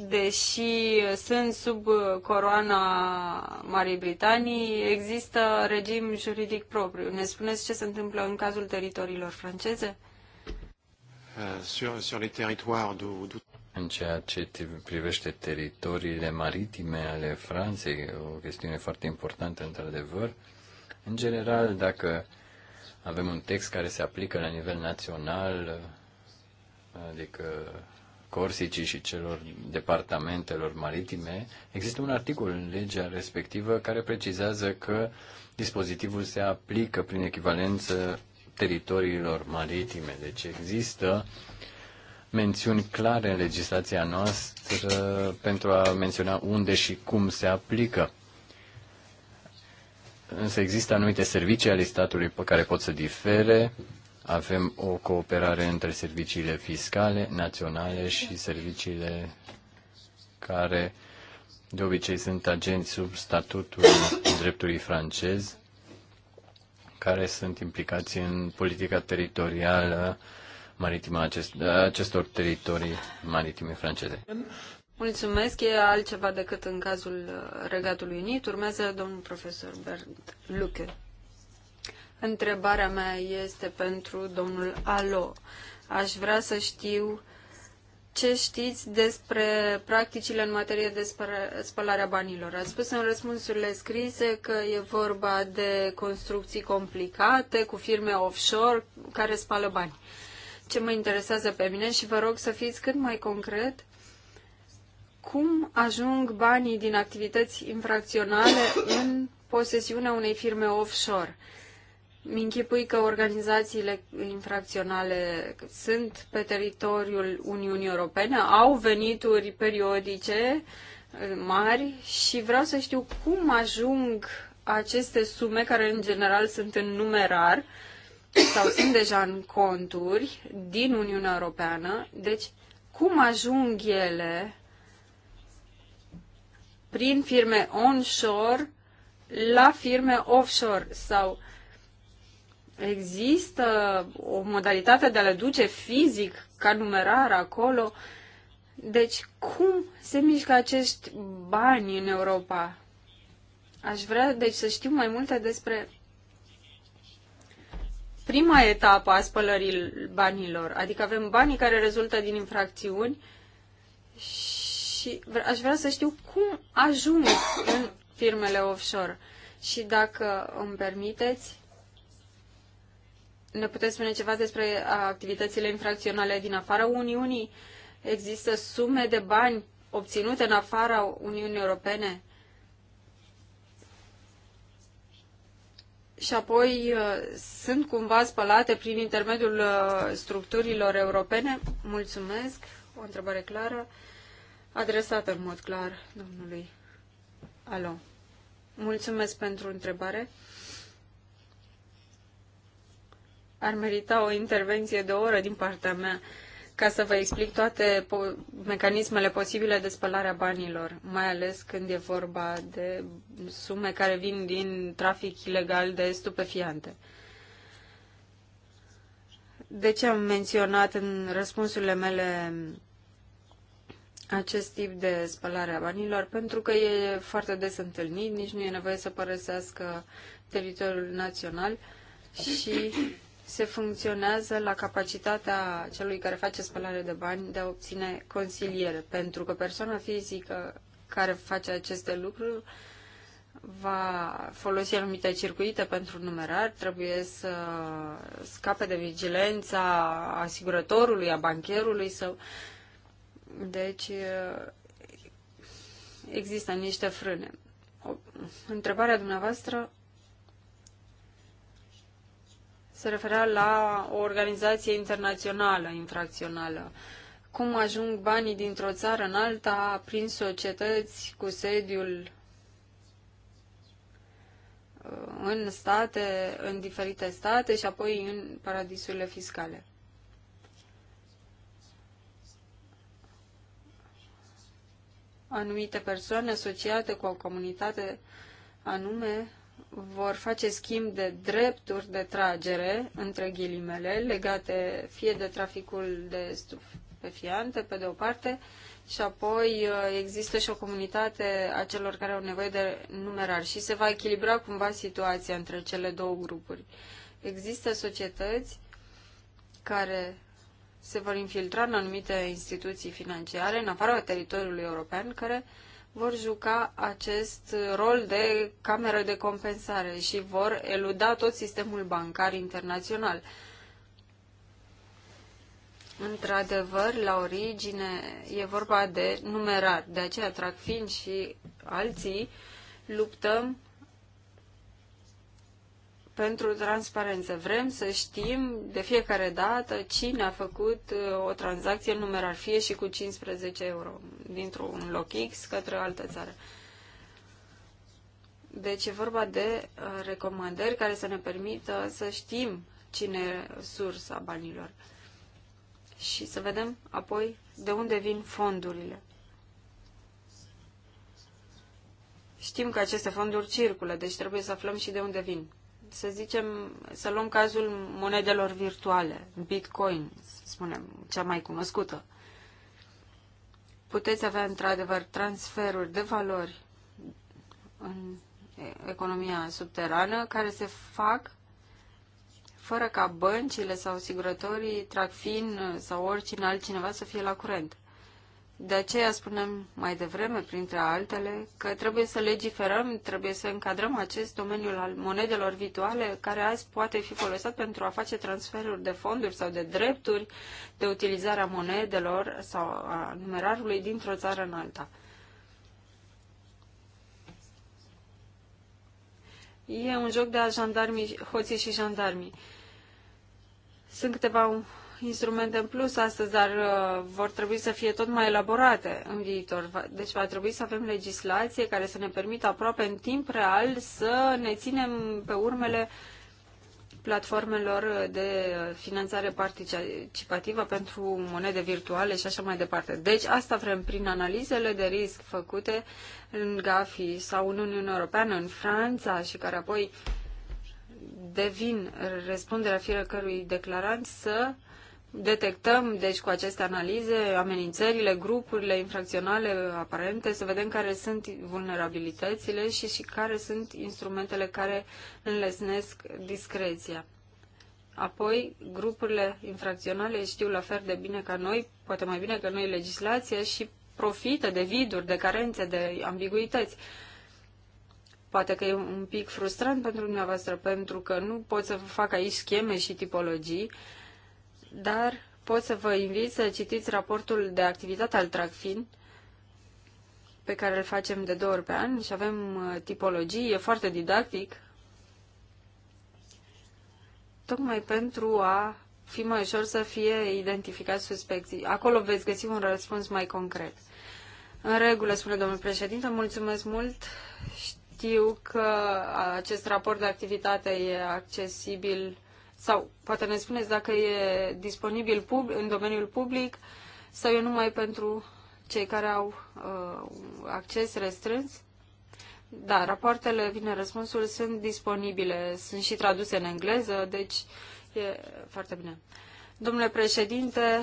deși sunt sub coroana Marii Britanii, există regim juridic propriu. Ne spuneți ce se întâmplă în cazul teritoriilor franceze? Uh, sur, sur în ceea ce privește teritoriile maritime ale Franței, o chestiune foarte importantă, într-adevăr. În general, dacă avem un text care se aplică la nivel național, uh, adică Corsicii și celor departamentelor maritime, există un articol în legea respectivă care precizează că dispozitivul se aplică prin echivalență teritoriilor maritime. Deci există mențiuni clare în legislația noastră pentru a menționa unde și cum se aplică. Însă există anumite servicii ale statului pe care pot să difere avem o cooperare între serviciile fiscale naționale și serviciile care de obicei sunt agenți sub statutul dreptului francez, care sunt implicați în politica teritorială maritimă acest, acestor teritorii maritime franceze. Mulțumesc, e altceva decât în cazul Regatului Unit. Urmează domnul profesor Bernd Lucke. Întrebarea mea este pentru domnul Alo. Aș vrea să știu ce știți despre practicile în materie de spălarea banilor. Ați spus în răspunsurile scrise că e vorba de construcții complicate cu firme offshore care spală bani. Ce mă interesează pe mine și vă rog să fiți cât mai concret, cum ajung banii din activități infracționale în posesiunea unei firme offshore? închipui că organizațiile infracționale sunt pe teritoriul Uniunii Europene, au venituri periodice uh, mari și vreau să știu cum ajung aceste sume, care în general sunt în numerar sau sunt deja în conturi din Uniunea Europeană, deci cum ajung ele prin firme onshore la firme offshore sau uh, Există o modalitate de a le duce fizic ca numerar acolo. Deci, cum se mișcă acești bani în Europa? Aș vrea, deci, să știu mai multe despre prima etapă a spălării banilor. Adică avem banii care rezultă din infracțiuni și aș vrea să știu cum ajung în firmele offshore. Și dacă îmi permiteți, ne puteți spune ceva despre activitățile infracționale din afara Uniunii? Există sume de bani obținute în afara Uniunii Europene? Și apoi uh, sunt cumva spălate prin intermediul uh, structurilor europene? Mulțumesc. O întrebare clară, adresată în mod clar domnului Alo. Mulțumesc pentru întrebare. ar merita o intervenție de o oră din partea mea ca să vă explic toate po- mecanismele posibile de spălare a banilor, mai ales când e vorba de sume care vin din trafic ilegal de stupefiante. De ce am menționat în răspunsurile mele acest tip de spălare a banilor? Pentru că e foarte des întâlnit, nici nu e nevoie să părăsească teritoriul național și se funcționează la capacitatea celui care face spălare de bani de a obține consiliere, pentru că persoana fizică care face aceste lucruri va folosi anumite circuite pentru numerar, trebuie să scape de vigilența asigurătorului, a bancherului sau... Deci există niște frâne. O... Întrebarea dumneavoastră se referea la o organizație internațională infracțională. Cum ajung banii dintr-o țară în alta prin societăți cu sediul uh, în state, în diferite state și apoi în paradisurile fiscale. Anumite persoane asociate cu o comunitate anume vor face schimb de drepturi de tragere, între ghilimele, legate fie de traficul de stupefiante, pe de o parte, și apoi uh, există și o comunitate a celor care au nevoie de numerar și se va echilibra cumva situația între cele două grupuri. Există societăți care se vor infiltra în anumite instituții financiare, în afara teritoriului european, care uh, vor juca acest rol de cameră de compensare și vor eluda tot sistemul bancar internațional. Într-adevăr, la origine e vorba de numerar, de aceea fiind și alții luptăm pentru transparență. Vrem să știm de fiecare dată cine a făcut uh, o tranzacție în numerar, fie și cu 15 euro, dintr-un loc X către o altă țară. Deci e vorba de uh, recomandări care să ne permită să știm cine e sursa banilor și să vedem apoi de unde vin fondurile. Știm că aceste fonduri circulă, deci trebuie să aflăm și de unde vin să zicem, să luăm cazul monedelor virtuale, Bitcoin, să spunem, cea mai cunoscută. Puteți avea, într-adevăr, transferuri de valori în economia subterană care se fac fără ca băncile sau asigurătorii, tracfin sau oricine altcineva să fie la curent. De aceea spunem mai devreme, printre altele, că trebuie să legiferăm, trebuie să încadrăm acest domeniu al monedelor virtuale, care azi poate fi folosit pentru a face transferuri de fonduri sau de drepturi de utilizarea monedelor sau a numerarului dintr-o țară în alta. E un joc de jandarmii, hoții și jandarmii. Sunt câteva instrumente în plus astăzi, dar uh, vor trebui să fie tot mai elaborate în viitor. Deci va trebui să avem legislație care să ne permită aproape în timp real să ne ținem pe urmele platformelor de finanțare participativă pentru monede virtuale și așa mai departe. Deci asta vrem prin analizele de risc făcute în GAFI sau în Uniunea Europeană, în Franța și care apoi devin răspunderea fiecărui declarant să detectăm, deci, cu aceste analize, amenințările, grupurile infracționale aparente, să vedem care sunt vulnerabilitățile și, și care sunt instrumentele care înlesnesc discreția. Apoi, grupurile infracționale știu la fel de bine ca noi, poate mai bine că noi, legislația și profită de viduri, de carențe, de ambiguități. Poate că e un pic frustrant pentru dumneavoastră, pentru că nu pot să fac aici scheme și tipologii, uh, dar pot să vă invit să citiți raportul de activitate al Tracfin, pe care îl facem de două ori pe an și avem uh, tipologii, e foarte didactic, tocmai pentru a fi mai ușor să fie identificați suspecții. Acolo veți găsi un răspuns mai concret. În regulă, spune domnul președinte, mulțumesc mult. Știu că uh, acest raport de activitate e accesibil sau poate ne spuneți dacă e disponibil pub, în domeniul public sau e numai pentru cei care au uh, acces restrâns? Da, rapoartele, vine răspunsul, sunt disponibile, sunt și traduse în engleză, deci e foarte bine. Domnule președinte,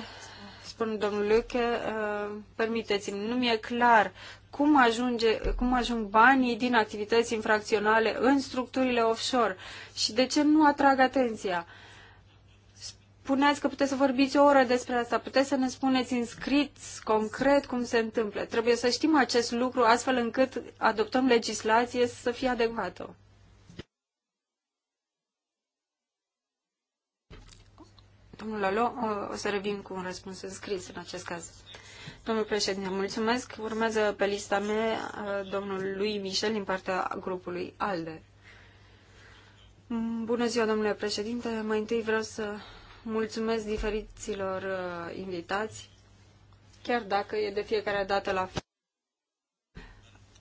spun domnul Luche, uh, permiteți-mi, nu mi-e clar cum, ajunge, cum ajung banii din activități infracționale în structurile offshore și de ce nu atrag atenția. Spuneați că puteți să vorbiți o oră despre asta, puteți să ne spuneți în scris concret cum se întâmplă. Trebuie să știm acest lucru astfel încât adoptăm legislație să fie adecvată. Domnul Lalo, o să revin cu un răspuns în scris în acest caz. Domnul președinte, mulțumesc. Urmează pe lista mea uh, domnul lui Michel din partea grupului ALDE. Mm, bună ziua, domnule președinte. Mai întâi vreau să mulțumesc diferiților uh, invitați, chiar dacă e de fiecare dată la fel.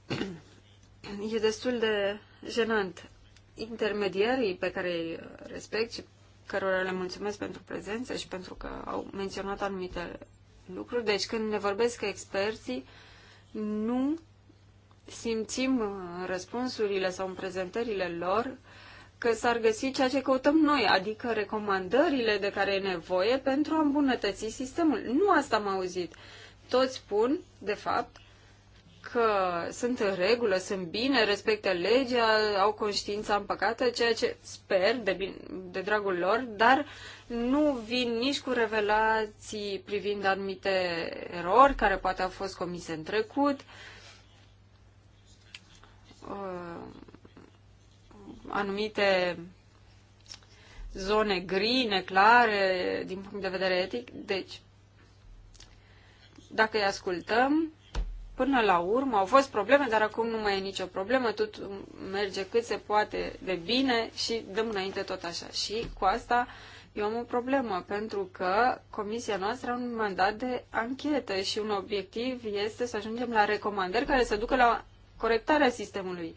E destul de jenant. Intermediarii pe care îi respect și cărora le mulțumesc pentru prezență și pentru că au menționat anumite lucruri. Deci când ne vorbesc experții, nu simțim uh, răspunsurile sau în prezentările lor că s-ar găsi ceea ce căutăm noi, adică recomandările de care e nevoie pentru a îmbunătăți sistemul. Nu asta am auzit. Toți spun, de fapt, că sunt în regulă, sunt bine, respectă legea, au conștiința împăcată, ceea ce sper de, bine, de dragul lor, dar nu vin nici cu revelații privind anumite erori care poate au fost comise în trecut. Uh, anumite zone gri, neclare, din punct de vedere etic. Deci, dacă îi ascultăm, Până la urmă au fost probleme, dar acum nu mai e nicio problemă, tot merge cât se poate de bine și dăm înainte tot așa. Și cu asta eu am o problemă, pentru că comisia noastră are un mandat de anchetă și un obiectiv este să ajungem la recomandări care să ducă la corectarea sistemului.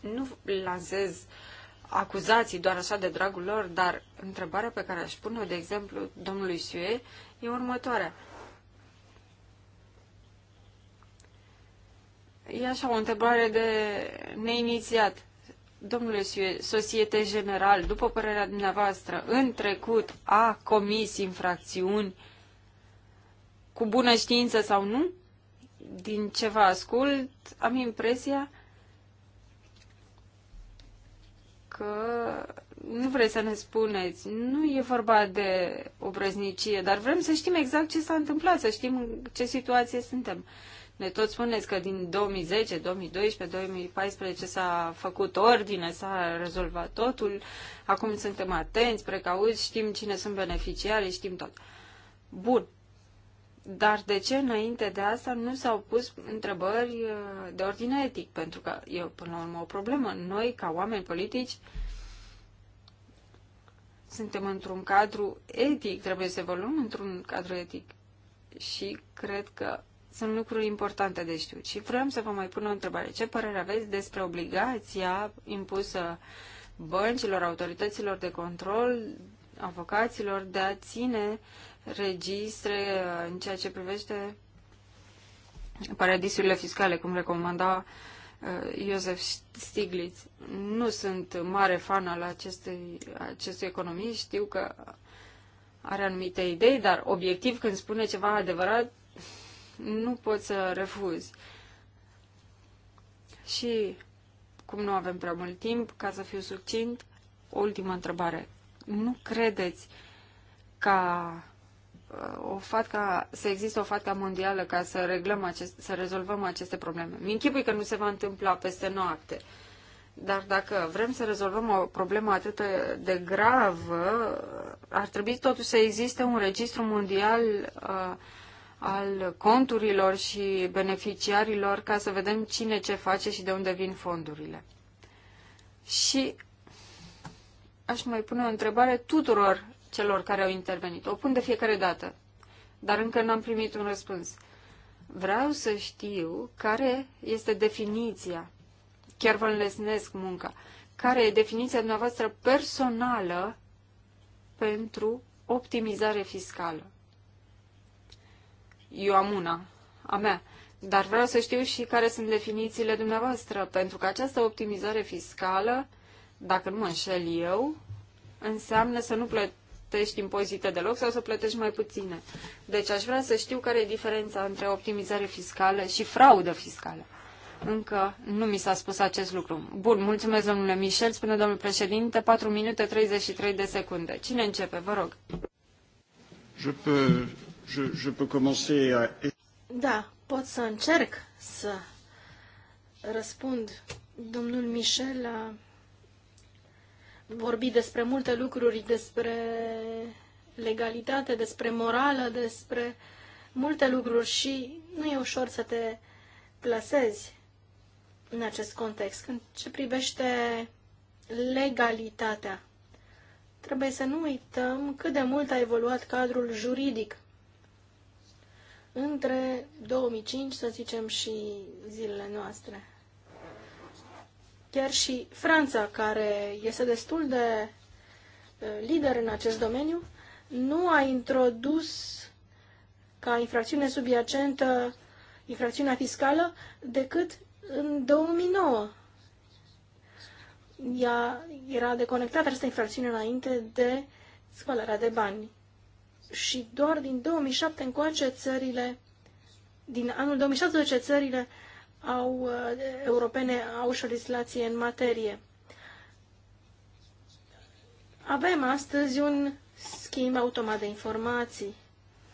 Nu lansez acuzații doar așa de dragul lor, dar întrebarea pe care aș pune-o, de exemplu, domnului Sue, e următoarea. E așa o întrebare de neinițiat. Domnule Societe General, după părerea dumneavoastră, în trecut a comis infracțiuni cu bună știință sau nu? Din ce vă ascult, am impresia că nu vreți să ne spuneți, nu e vorba de obrăznicie, dar vrem să știm exact ce s-a întâmplat, să știm în ce situație suntem. Ne tot spuneți că din 2010, 2012, 2014 s-a făcut ordine, s-a rezolvat totul, acum suntem atenți, precauți, știm cine sunt beneficiarii, știm tot. Bun. Dar de ce înainte de asta nu s-au pus întrebări uh, de ordine etic? Pentru că e până la urmă o problemă. Noi, ca oameni politici, uh, suntem într-un cadru etic, trebuie să evoluăm într-un cadru etic și cred că sunt lucruri importante de știut. Și vreau să vă mai pun o întrebare. Ce părere aveți despre obligația impusă băncilor, autorităților de control, avocaților de a ține registre uh, în ceea ce privește paradisurile fiscale, cum recomanda uh, Eh, Iosef Stiglitz. Nu sunt mare fan al acestei, acestui economist, știu că are anumite idei, dar obiectiv când spune ceva adevărat, nu pot să refuz. Și cum nu avem prea mult timp, ca să fiu succint, ultima întrebare. Nu credeți ca o fatca, să există o fatca mondială ca să reglăm acest, să rezolvăm aceste probleme. Mi închipui că nu se va întâmpla peste noapte. Dar dacă vrem să rezolvăm o problemă atât de gravă, ar trebui totuși să existe un registru mondial uh, al conturilor și beneficiarilor ca să vedem cine ce face și de unde vin fondurile. Și aș mai pune o întrebare tuturor celor care au intervenit. O pun de fiecare dată, dar încă n-am primit un răspuns. Vreau să știu care este definiția, chiar vă înlesnesc munca, care e definiția dumneavoastră personală pentru optimizare fiscală. Eu am una, a mea, dar vreau să știu și care sunt definițiile dumneavoastră, pentru că această optimizare fiscală, dacă nu mă înșel eu, înseamnă să nu plătesc plătești impozite deloc sau să plătești mai puține. Deci aș vrea să știu care e diferența între optimizare fiscală și fraudă fiscală. Încă nu mi s-a spus acest lucru. Bun, mulțumesc domnule Michel, spune domnul președinte, 4 minute 33 de secunde. Cine începe, vă rog? Je peux, je, je peux commencer à... Da, pot să încerc să răspund domnul Michel la vorbit despre multe lucruri, despre legalitate, despre morală, despre multe lucruri și nu e ușor să te plasezi în acest context. Când ce privește legalitatea, trebuie să nu uităm cât de mult a evoluat cadrul juridic între 2005, să zicem, și zilele noastre. Chiar și Franța, care este destul de eh, lider în acest domeniu, nu a introdus ca infracțiune subiacentă infracțiunea fiscală decât în 2009. Ea era deconectată această infracțiune înainte de spălarea de bani. Și doar din 2007 încoace țările, din anul 2017 țările au, uh, europene au și o legislație în materie. Avem astăzi un schimb automat de informații.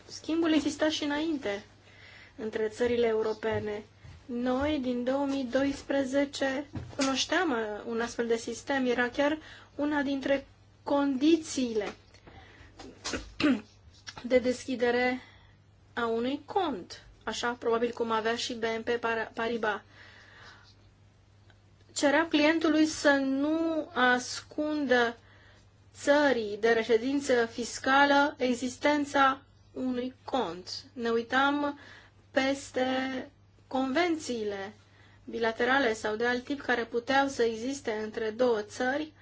Schimbul exista și înainte între țările europene. Noi, din 2012, cunoșteam uh, un astfel de sistem. Era chiar una dintre condițiile de deschidere a unui cont așa probabil cum avea și BNP Paribas. Cerea clientului să nu ascundă țării de reședință fiscală existența unui cont. Ne uitam peste convențiile bilaterale sau de alt tip care puteau să existe între două țări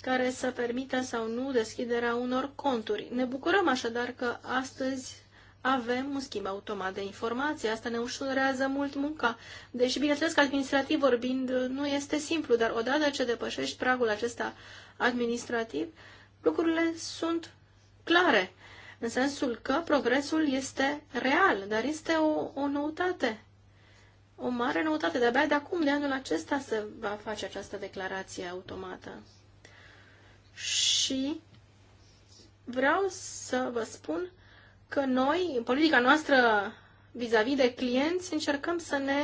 care să permită sau nu deschiderea unor conturi. Ne bucurăm așadar că astăzi avem un schimb automat de informații. Asta ne ușurează mult munca. Deși, bineînțeles că administrativ vorbind nu este simplu, dar odată ce depășești pragul acesta administrativ, lucrurile sunt clare, în sensul că progresul este real, dar este o, o noutate. O mare noutate. De-abia de acum, de anul acesta, se va face această declarație automată. Și vreau să vă spun că noi, în politica noastră vis-a-vis -vis de clienți, încercăm să ne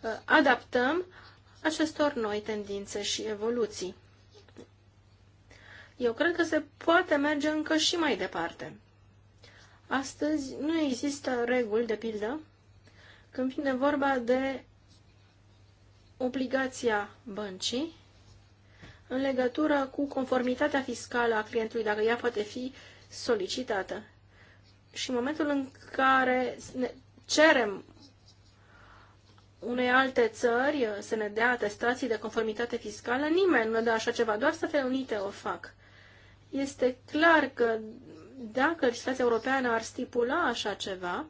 uh, adaptăm acestor noi tendințe și evoluții. Eu cred că se poate merge încă și mai departe. Astăzi nu există reguli, de pildă, când vine vorba de obligația băncii în legătură cu conformitatea fiscală a clientului, dacă ea poate fi solicitată și în momentul în care ne cerem unei alte țări să ne dea atestații de conformitate fiscală, nimeni nu ne dă așa ceva, doar Statele Unite o fac. Este clar că dacă legislația europeană ar stipula așa ceva,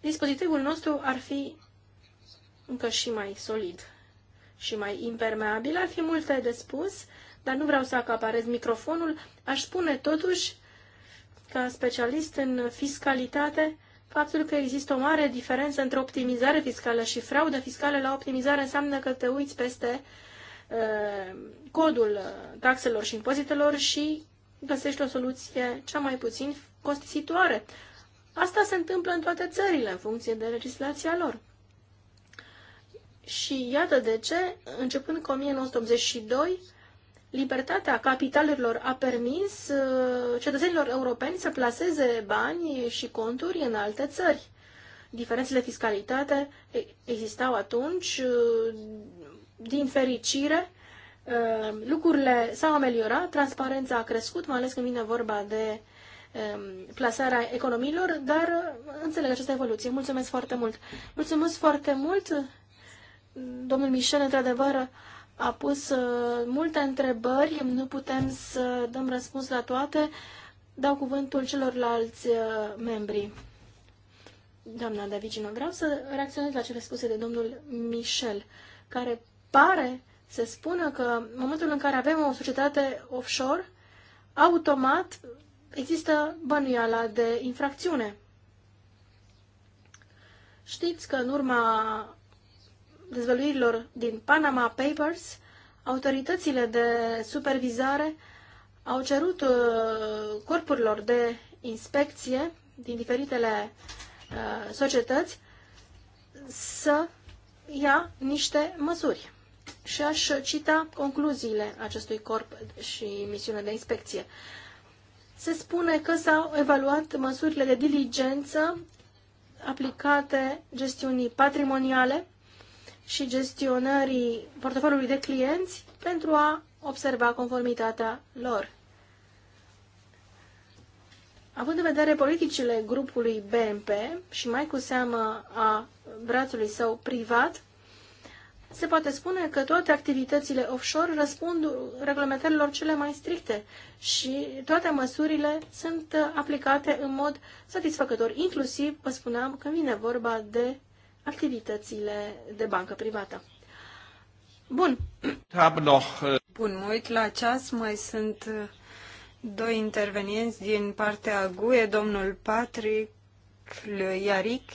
dispozitivul nostru ar fi încă și mai solid și mai impermeabil. Ar fi multe de spus, dar nu vreau să acaparez microfonul. Aș spune totuși ca specialist în fiscalitate faptul că există o mare diferență între optimizare fiscală și fraudă fiscală. La optimizare înseamnă că te uiți peste uh, codul uh, taxelor și impozitelor și găsești o soluție cea mai puțin costisitoare. Asta se întâmplă în toate țările, în funcție de legislația lor. Și iată de ce, începând cu 1982, libertatea capitalurilor a permis uh, cetățenilor europeni să placeze bani și conturi în alte țări. Diferențele fiscalitate existau atunci, uh, din fericire, uh, lucrurile s-au ameliorat, transparența a crescut, mai ales când vine vorba de um, plasarea economiilor, dar înțeleg această evoluție. Mulțumesc foarte mult! Mulțumesc foarte mult, domnul Mișel, într-adevăr, a pus uh, multe întrebări, nu putem să dăm răspuns la toate. Dau cuvântul celorlalți uh, membri. Doamna Davicino, vreau să reacționez la cele spuse de domnul Michel, care pare să spună că în momentul în care avem o societate offshore, automat există bănuiala de infracțiune. Știți că în urma dezvăluirilor din Panama Papers, autoritățile de supervizare au cerut uh, corpurilor de inspecție din diferitele uh, societăți să ia niște măsuri. Și aș cita concluziile acestui corp și misiune de inspecție. Se spune că s-au evaluat măsurile de diligență aplicate gestiunii patrimoniale, și gestionării portofoliului de clienți pentru a observa conformitatea lor. Având în vedere politicile grupului BNP și mai cu seamă a brațului său privat, se poate spune că toate activitățile offshore răspund reglementărilor cele mai stricte și toate măsurile sunt aplicate în mod satisfăcător. Inclusiv, vă spuneam, că vine vorba de activitățile de bancă privată. Bun. Uh, Bun, mă uit la ceas, mai sunt uh, doi intervenienți din partea GUE, domnul Patrick Iaric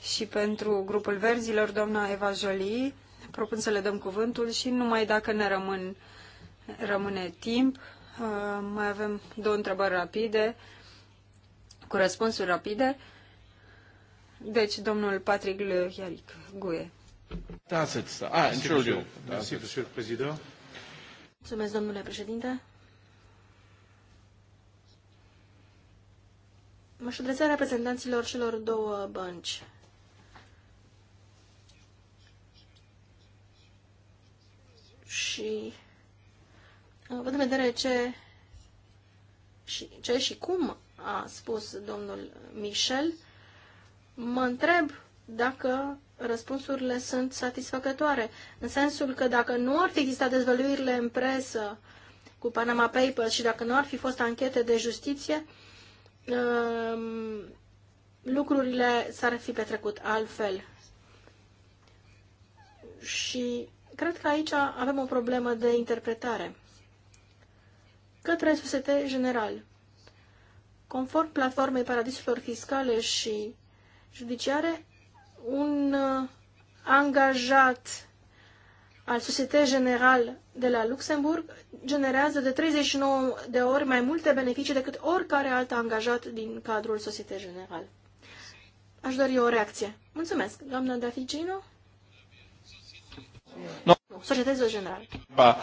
și pentru grupul verzilor, doamna Eva Jolie. Propun să le dăm cuvântul și numai dacă ne rămân, rămâne timp, uh, mai avem două întrebări rapide, cu răspunsuri rapide. Deci, domnul Patrick Le Hiaric, Guie. Da, ah, da. A, Entschuldigung. Mulțumesc, domnule președinte. M-aș adresa reprezentanților celor două bănci. Și văd în vedere ce și, ce și cum a spus domnul Michel, mă întreb dacă răspunsurile sunt satisfăcătoare, în sensul că dacă nu ar fi existat dezvăluirile în presă cu Panama Papers și dacă nu ar fi fost anchete de justiție, um, lucrurile s-ar fi petrecut altfel. Și cred că aici avem o problemă de interpretare. Către SUST general, conform platformei paradisurilor fiscale și judiciare, un uh, angajat al Societății General de la Luxemburg generează de 39 de ori mai multe beneficii decât oricare alt angajat din cadrul Societății General. Aș dori o reacție. Mulțumesc. Doamna Daficino? No. Societățile General. Ba,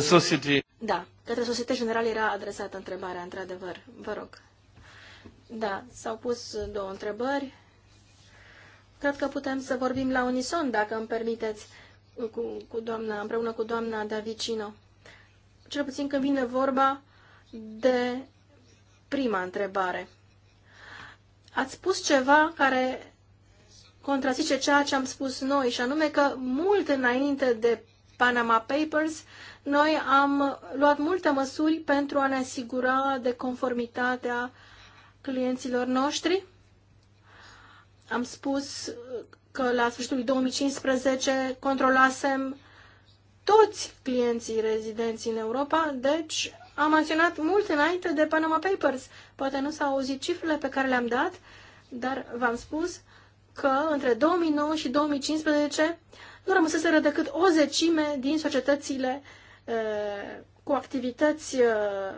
societate. Da, către societe General era adresată întrebarea, într-adevăr. Vă rog. Da, s-au pus două întrebări Cred că putem să vorbim la unison, dacă îmi permiteți, cu, cu doamna, împreună cu doamna Davicino. Cel puțin când vine vorba de prima întrebare. Ați spus ceva care contrazice ceea ce am spus noi, și anume că mult înainte de Panama Papers, noi am luat multe măsuri pentru a ne asigura de conformitatea clienților noștri am spus uh, că la sfârșitul 2015 controlasem toți clienții rezidenți în Europa, deci am menționat mult înainte de Panama Papers. Poate nu s-au auzit cifrele pe care le-am dat, dar v-am spus că între 2009 și 2015 nu rămăseseră decât o zecime din societățile e, uh, cu activități e, uh,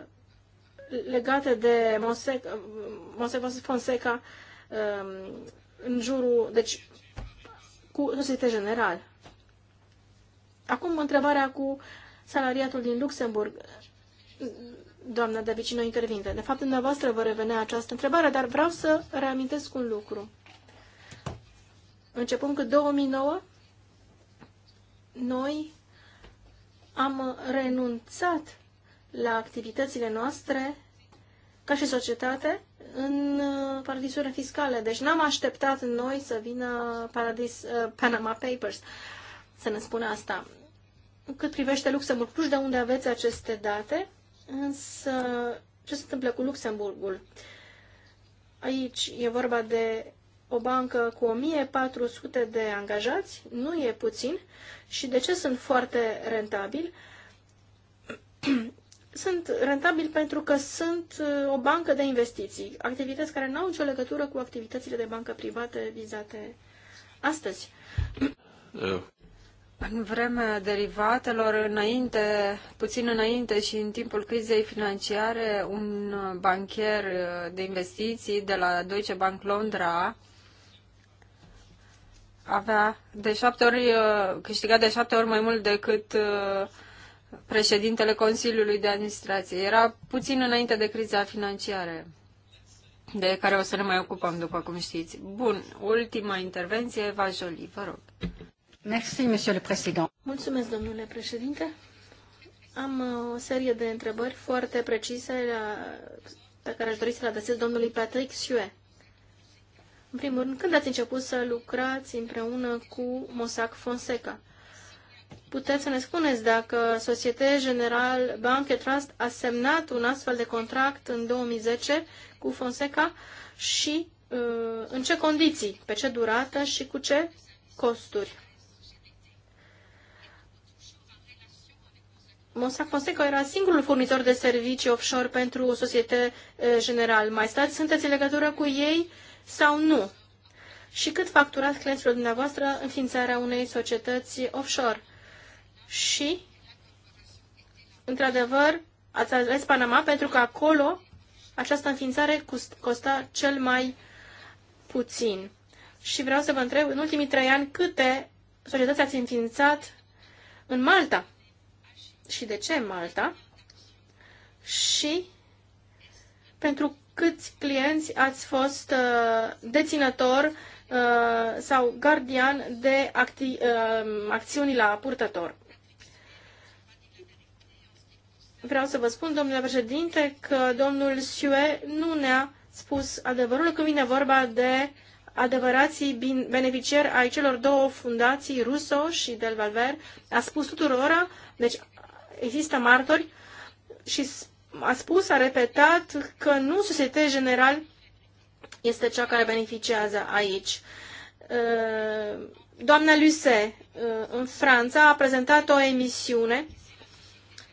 legate de Monse, Monse Fonseca e, um, în jurul, deci cu societate general. Acum întrebarea cu salariatul din Luxemburg. Doamna de vicină intervinte. De fapt, dumneavoastră vă revenea această întrebare, dar vreau să reamintesc un lucru. Începând cu 2009, noi am renunțat la activitățile noastre ca și societate în uh, paradisurile fiscale. Deci n-am așteptat noi să vină paradis, uh, Panama Papers să ne spună asta. Cât privește Luxemburg, Cluj, de unde aveți aceste date, însă ce se întâmplă cu Luxemburgul? Aici e vorba de o bancă cu 1400 de angajați, nu e puțin, și de ce sunt foarte rentabili? sunt rentabili pentru că sunt uh, o bancă de investiții, activități care nu au nicio legătură cu activitățile de bancă private vizate astăzi. În vremea derivatelor, înainte, puțin înainte și în timpul crizei financiare, un bancher uh, de investiții de la Deutsche Bank Londra avea de șapte ori, uh, câștiga de șapte ori mai mult decât uh, președintele Consiliului de Administrație. Era puțin înainte de criza financiară de care o să ne mai ocupăm, după cum știți. Bun, ultima intervenție, Eva Jolie, vă rog. Merci, monsieur le président. Mulțumesc, domnule președinte. Am uh, o serie de întrebări foarte precise la, pe care aș dori să le adresez domnului Patrick Sue. În primul rând, când ați început să lucrați împreună cu Mossack Fonseca? Puteți să ne spuneți dacă Societe General Banque Trust a semnat un astfel de contract în 2010 cu Fonseca și uh, în ce condiții, pe ce durată și cu ce costuri. Mossack Fonseca era singurul furnizor de servicii offshore pentru Societe uh, General. Mai stați, sunteți în legătură cu ei sau nu? Și cât facturați clienților dumneavoastră înființarea unei societăți offshore? și, într-adevăr, ați ales Panama pentru că acolo această înființare costa cel mai puțin. Și vreau să vă întreb, în ultimii trei ani, câte societăți ați înființat în Malta? Și de ce Malta? Și pentru câți clienți ați fost uh, deținător uh, sau gardian de acti- uh, acțiuni la purtător? Vreau să vă spun, domnule președinte, că domnul Sue nu ne-a spus adevărul când vine vorba de adevărații beneficiari ai celor două fundații, Russo și Del Valver. A spus tuturora, deci există martori și a spus, a repetat că nu Societe General este cea care beneficiază aici. Uh, doamna Luce, uh, în Franța, a prezentat o emisiune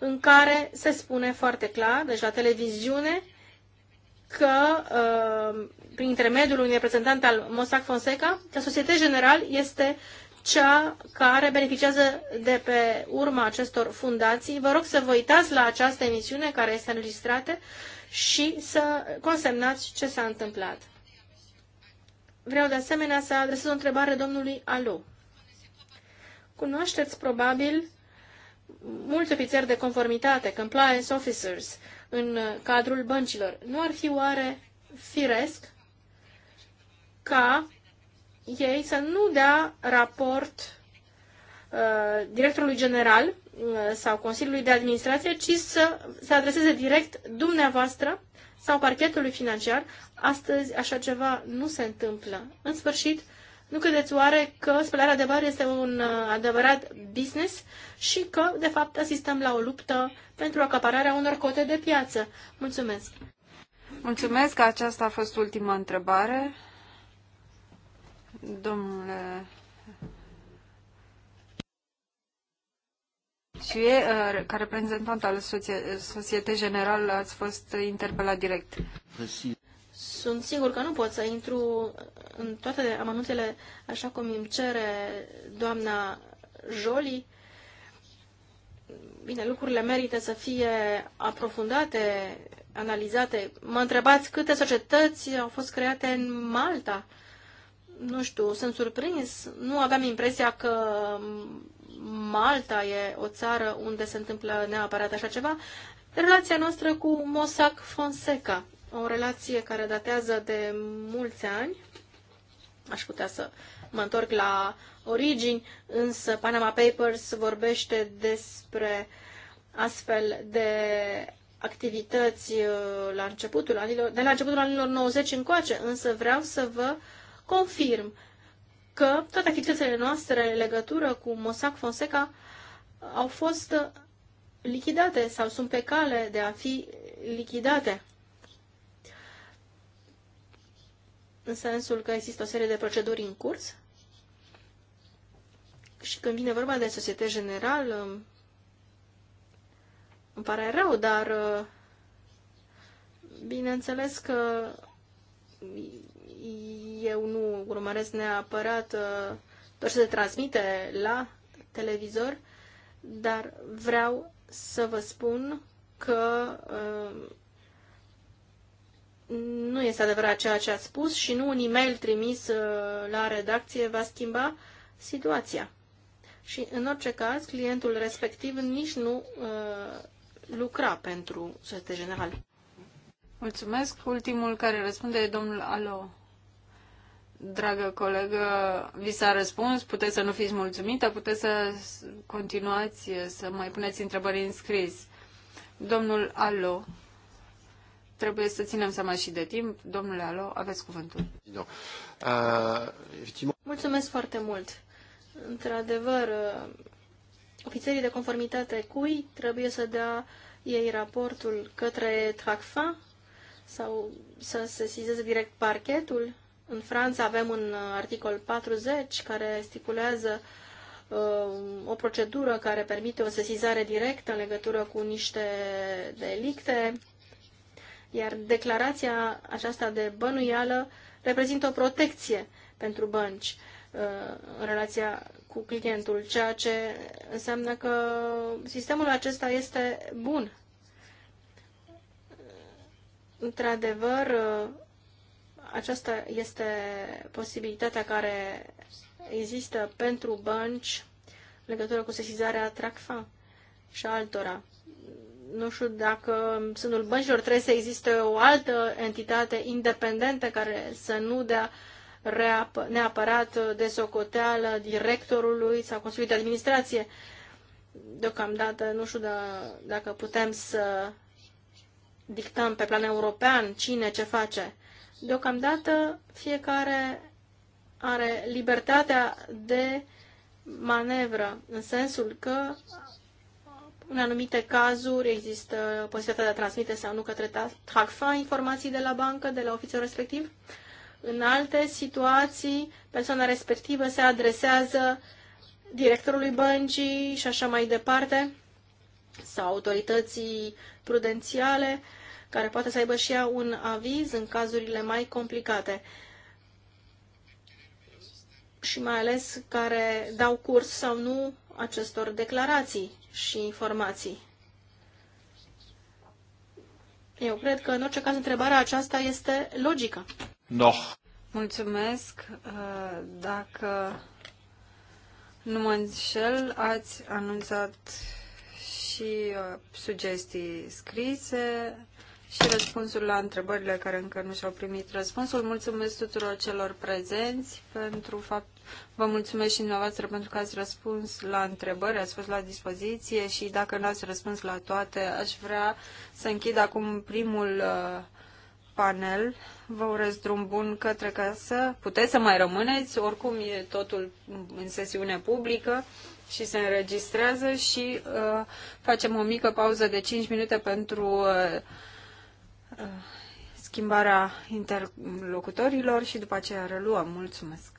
în care se spune foarte clar, deci la televiziune, că uh, prin intermediul unui reprezentant al Mossack Fonseca, că Societe General este cea care beneficiază de pe urma acestor fundații. Vă rog să vă uitați la această emisiune care este înregistrată și să consemnați ce s-a întâmplat. Vreau de asemenea să adresez o întrebare domnului Alu. Cunoașteți probabil mulți ofițeri de conformitate, compliance officers, în cadrul băncilor. Nu ar fi oare firesc ca ei să nu dea raport uh, directorului general uh, sau Consiliului de Administrație, ci să se adreseze direct dumneavoastră sau parchetului financiar. Astăzi așa ceva nu se întâmplă. În sfârșit, nu credeți oare că spălarea de bani este un uh, adevărat business și că, de fapt, asistăm la o luptă pentru acapararea unor cote de piață? Mulțumesc! Mulțumesc că aceasta a fost ultima întrebare. Domnule Și uh, ca reprezentant al Societei General ați fost interpelat direct. Sunt sigur că nu pot să intru în toate amănuntele așa cum îmi cere doamna Jolie. Bine, lucrurile merită să fie aprofundate, analizate. Mă întrebați câte societăți au fost create în Malta. Nu știu, sunt surprins. Nu aveam impresia că Malta e o țară unde se întâmplă neapărat așa ceva relația noastră cu Mossack Fonseca o relație care datează de mulți ani. Aș putea să mă întorc la origini, însă Panama Papers vorbește despre astfel de activități uh, la începutul anilor, de la începutul anilor 90 încoace, însă vreau să vă confirm că toate activitățile noastre în legătură cu Mossack Fonseca au fost lichidate sau sunt pe cale de a fi lichidate. în sensul că există o serie de proceduri în curs și când vine vorba de societate general, îmi pare rău, dar uh, bineînțeles că eu nu urmăresc neapărat uh, tot ce se transmite la televizor, dar vreau să vă spun că uh, nu este adevărat ceea ce ați spus și nu un e-mail trimis uh, la redacție va schimba situația. Și în orice caz, clientul respectiv nici nu uh, lucra pentru societate general. Mulțumesc. Ultimul care răspunde e domnul Alo. Dragă colegă, vi s-a răspuns, puteți să nu fiți mulțumită, puteți să continuați să mai puneți întrebări în scris. Domnul Alo trebuie să ținem seama și de timp. Domnule Alo, aveți cuvântul. Uh, Mulțumesc foarte mult. Într-adevăr, uh, ofițerii de conformitate cui trebuie să dea ei raportul către TRACFA sau să se sizeze direct parchetul. În Franța avem un uh, articol 40 care stipulează uh, o procedură care permite o sesizare directă în legătură cu niște delicte iar declarația aceasta de bănuială reprezintă o protecție pentru bănci uh, în relația cu clientul, ceea ce înseamnă că sistemul acesta este bun. Într-adevăr, uh, aceasta este posibilitatea care există pentru bănci în legătură cu sesizarea TRACFA și altora nu știu dacă sunul băncilor trebuie să existe o altă entitate independentă care să nu dea neapărat de socoteală directorului sau Consiliului de Administrație. Deocamdată nu știu da- dacă putem să dictăm pe plan european cine ce face. Deocamdată fiecare are libertatea de manevră, în sensul că în anumite cazuri există posibilitatea de a transmite sau nu către TACFA informații de la bancă, de la ofițerul respectiv. În alte situații, persoana respectivă se adresează directorului băncii și așa mai departe, sau autorității prudențiale, care poate să aibă și ea un aviz în cazurile mai complicate și mai ales care dau curs sau nu acestor declarații și informații. Eu cred că, în orice caz, întrebarea aceasta este logică. No. Mulțumesc. Uh, dacă nu mă înșel, ați anunțat și uh, sugestii scrise și răspunsul la întrebările care încă nu și-au primit răspunsul. Mulțumesc tuturor celor prezenți pentru fapt. Vă mulțumesc și dumneavoastră pentru că ați răspuns la întrebări, ați fost la dispoziție și dacă nu ați răspuns la toate, aș vrea să închid acum primul uh, panel. Vă urez drum bun către casă. Puteți să mai rămâneți, oricum e totul în sesiune publică și se înregistrează și uh, facem o mică pauză de 5 minute pentru uh, Eh, schimbarea interlocutorilor și după aceea reluăm. Mulțumesc!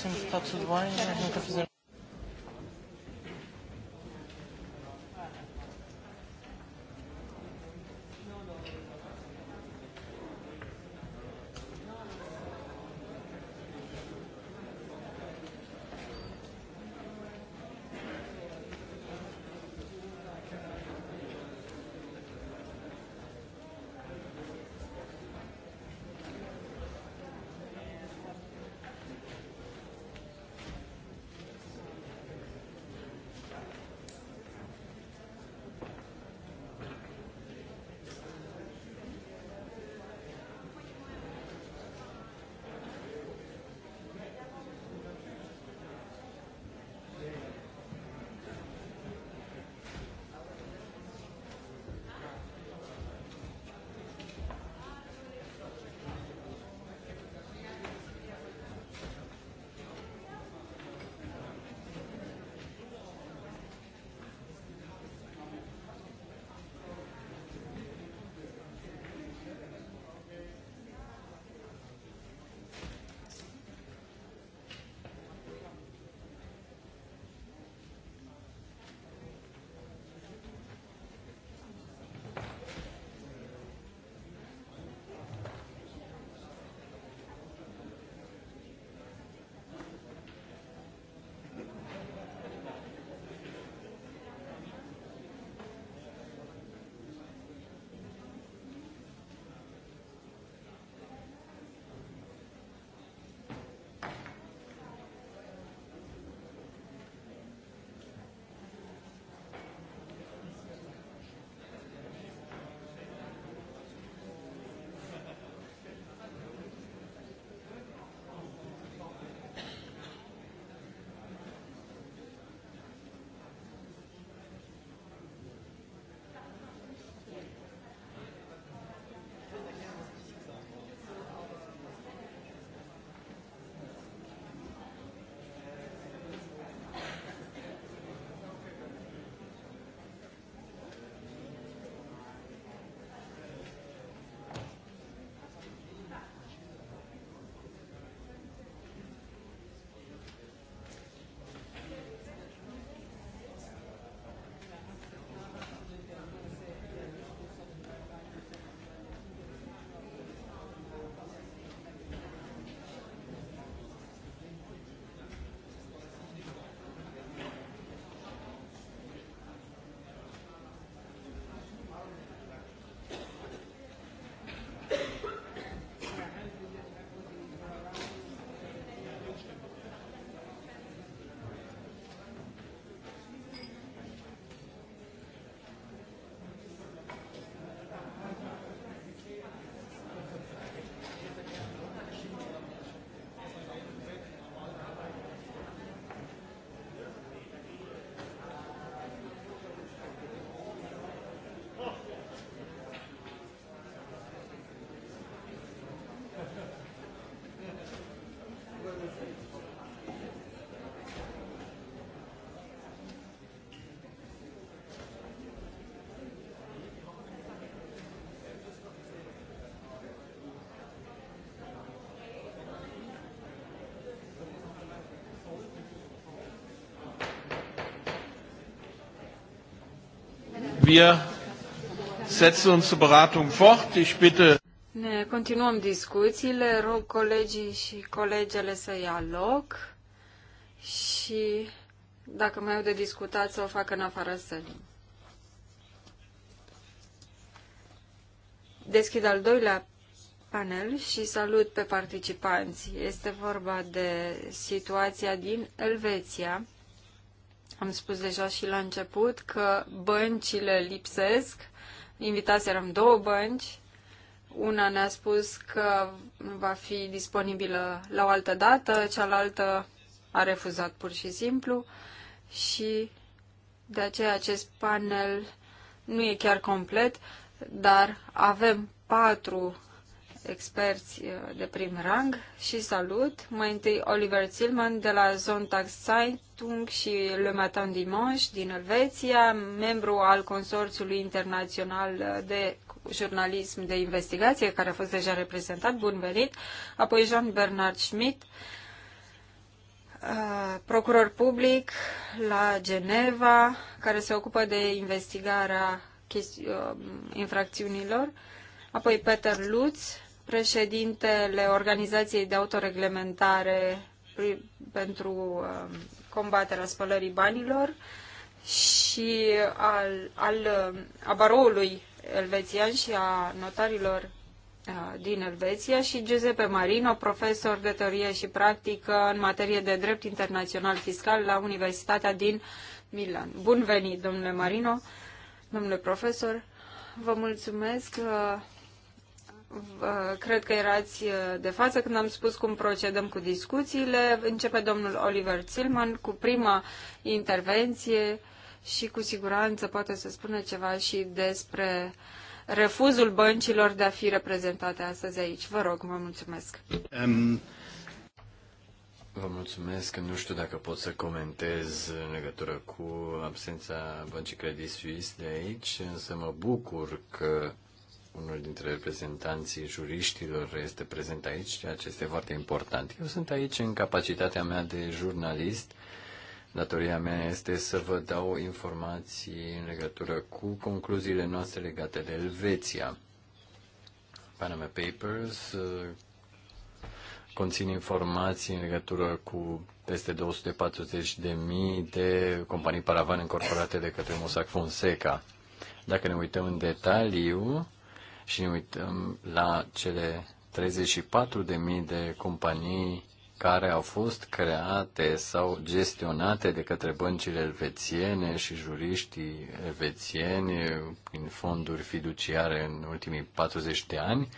Sunt statusul oamenilor, nu te Wir setzen unsere Beratung fort. Ich bitte. Ne continuăm discuțiile, rog colegii și colegele să ia loc și dacă mai au de discutat să o facă în afară sălii. Deschid al doilea panel și salut pe participanți. Este vorba de situația din Elveția, am spus deja și la început că băncile lipsesc. Invitaserăm două bănci. Una ne-a spus că va fi disponibilă la o altă dată, cealaltă a refuzat pur și simplu și de aceea acest panel nu e chiar complet, dar avem patru experți uh, de prim rang și salut. Mai întâi Oliver Zilman de la Zontax Site, Stung și Le Matin Dimanche din Elveția, membru al Consorțiului Internațional de Jurnalism de Investigație, care a fost deja reprezentat, bun venit, apoi Jean Bernard Schmidt, uh, procuror public la Geneva, care se ocupă de investigarea uh, infracțiunilor, apoi Peter Lutz, președintele Organizației de Autoreglementare pentru uh, combaterea spălării banilor și al, al a baroului elvețian și a notarilor din Elveția și Giuseppe Marino, profesor de teorie și practică în materie de drept internațional fiscal la Universitatea din Milan. Bun venit, domnule Marino, domnule profesor. Vă mulțumesc uh, cred că erați uh, de față când am spus cum procedăm cu discuțiile. Începe domnul Oliver Zilman cu prima intervenție și cu siguranță poate să spună ceva și despre refuzul băncilor de a fi reprezentate astăzi aici. Vă rog, vă mulțumesc. Um, vă mulțumesc. Nu știu dacă pot să comentez în legătură cu absența băncii Credit Suisse de aici, însă mă bucur că unul dintre reprezentanții juriștilor este prezent aici, ceea ce este foarte important. Eu sunt aici în capacitatea mea de jurnalist. Datoria mea este să vă dau informații în legătură cu concluziile noastre legate de Elveția. Panama Papers uh, conține informații în legătură cu peste 240.000 de companii paravan încorporate de către Mossack Fonseca. Dacă ne uităm în detaliu, și ne uităm la cele 34.000 de companii care au fost create sau gestionate de către băncile elvețiene și juriștii elvețieni prin fonduri fiduciare în ultimii 40 de ani.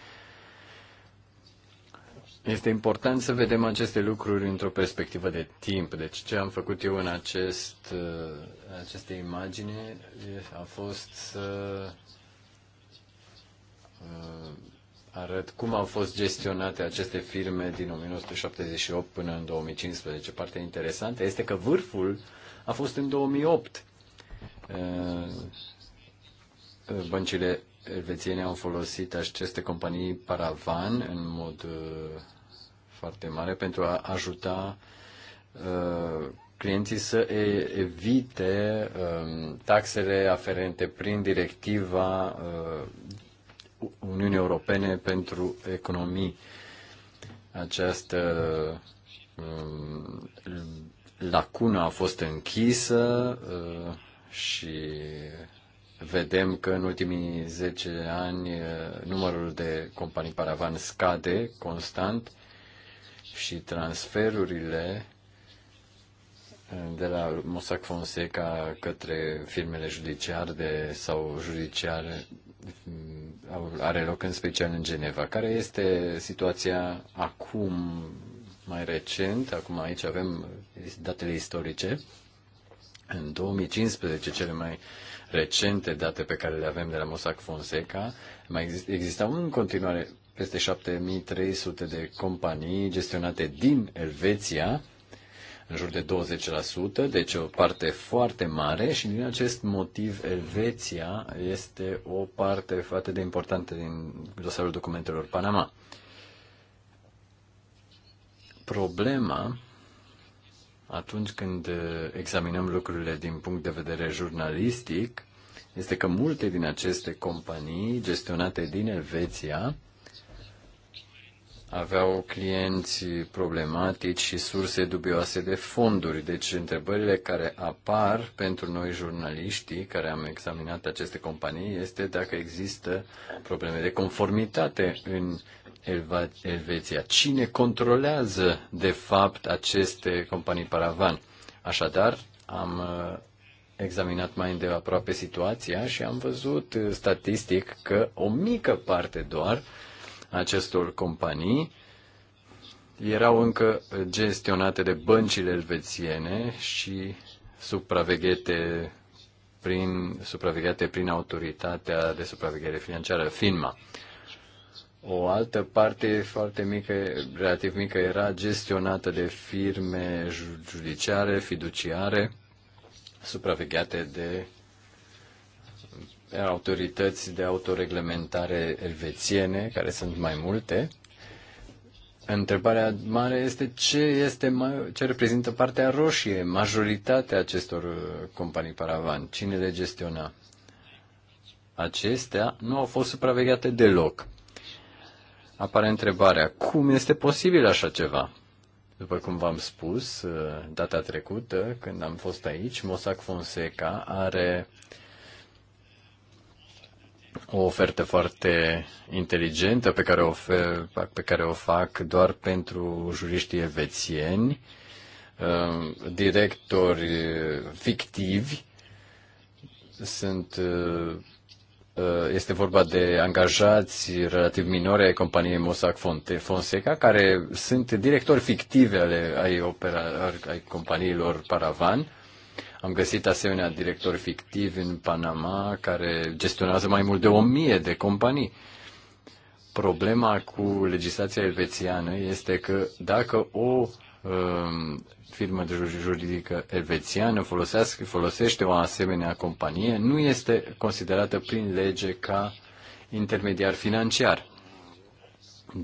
Este important să vedem aceste lucruri într-o perspectivă de timp. Deci ce am făcut eu în acest, uh, aceste imagine a fost să Uh, arăt cum au fost gestionate aceste firme din 1978 până în 2015. Partea interesantă este că vârful a fost în 2008. Uh, uh, băncile elvețiene au folosit aceste companii paravan în mod foarte mare pentru a ajuta clienții să evite um, taxele aferente prin directiva Uniunii Europene pentru economii. Această um, lacună a fost închisă uh, și vedem că în ultimii 10 ani uh, numărul de companii paravan scade constant și transferurile uh, de la Mossack Fonseca către firmele judiciare de, sau judiciare are loc în special în Geneva. Care este situația acum, mai recent? Acum aici avem datele istorice. În 2015, cele mai recente date pe care le avem de la Mossack Fonseca, mai exist- existau în continuare peste 7300 de companii gestionate din Elveția în jur de 20%, deci o parte foarte mare și din acest motiv Elveția este o parte foarte de importantă din dosarul documentelor Panama. Problema atunci când examinăm lucrurile din punct de vedere jurnalistic este că multe din aceste companii gestionate din Elveția aveau clienți problematici și surse dubioase de fonduri. Deci întrebările care apar pentru noi jurnaliștii care am examinat aceste companii este dacă există probleme de conformitate în Elveția. Cine controlează de fapt aceste companii paravan? Așadar, am uh, examinat mai îndeaproape situația și am văzut uh, statistic că o mică parte doar acestor companii erau încă gestionate de băncile elvețiene și supraveghete prin, supraveghete prin autoritatea de supraveghere financiară, FINMA. O altă parte foarte mică, relativ mică, era gestionată de firme judiciare, fiduciare, supravegheate de autorități de autoreglementare elvețiene, care sunt mai multe. Întrebarea mare este ce, este, ce reprezintă partea roșie, majoritatea acestor uh, companii paravan, cine le gestiona. Acestea nu au fost supravegheate deloc. Apare întrebarea, cum este posibil așa ceva? După cum v-am spus uh, data trecută, când am fost aici, Mossack Fonseca are uh, o ofertă foarte inteligentă pe care o, ofer, pe care o fac doar pentru juriștii evețieni, uh, directori fictivi. Sunt, uh, uh, este vorba de angajați relativ minore ai companiei Mossack Fonseca, care sunt directori fictive ale, ai, opera, ai companiilor Paravan am găsit asemenea directori fictivi în Panama care gestionează mai mult de o mie de companii. Problema cu legislația elvețiană este că dacă o um, firmă juridică elvețiană folosește o asemenea companie, nu este considerată prin lege ca intermediar financiar.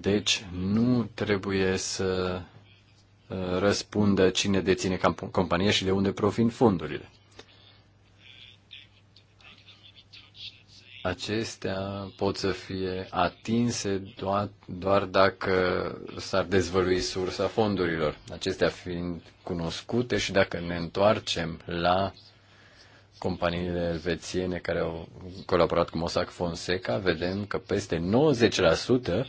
Deci nu trebuie să Uh, răspundă cine deține compania și de unde provin fondurile. Acestea pot să fie atinse doar, doar dacă s-ar dezvălui sursa fondurilor. Acestea fiind cunoscute și dacă ne întoarcem la companiile elvețiene care au colaborat cu Mossack Fonseca, vedem că peste 90%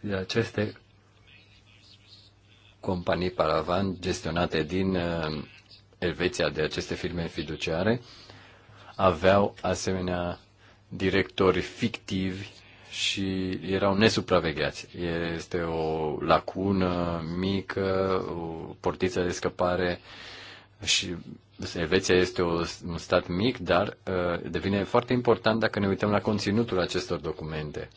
de aceste companii paravan gestionate din uh, Elveția de aceste firme fiduciare aveau asemenea directori fictivi și erau nesupravegheați. Este o lacună mică, o portiță de scăpare și Elveția este o, un stat mic, dar uh, devine foarte important dacă ne uităm la conținutul acestor documente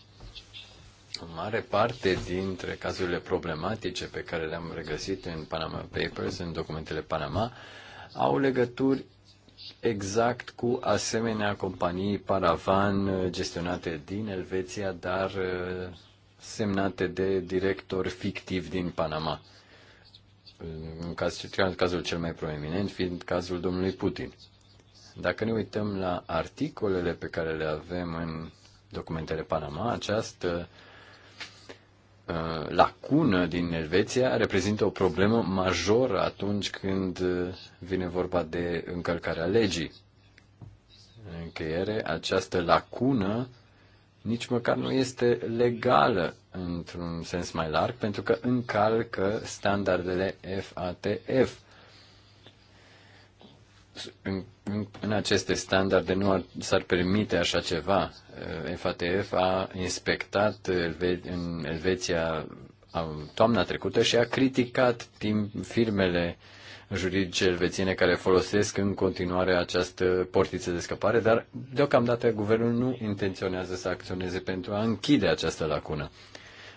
o mare parte dintre cazurile problematice pe care le-am regăsit în Panama Papers, în documentele Panama, au legături exact cu asemenea companii paravan gestionate din Elveția, dar uh, semnate de director fictiv din Panama. În, caz, în cazul cel mai proeminent fiind cazul domnului Putin. Dacă ne uităm la articolele pe care le avem în documentele Panama, această Uh, lacună din Elveția reprezintă o problemă majoră atunci când uh, vine vorba de încălcarea legii. În încheiere, această lacună nici măcar nu este legală într-un sens mai larg, pentru că încalcă standardele FATF. În în aceste standarde nu s-ar permite așa ceva. FATF eh, a inspectat eh, Elve- în Elveția toamna trecută și a criticat timp firmele juridice elvețiene care folosesc în continuare această portiță de scăpare, dar deocamdată guvernul nu intenționează să acționeze pentru a închide această lacună.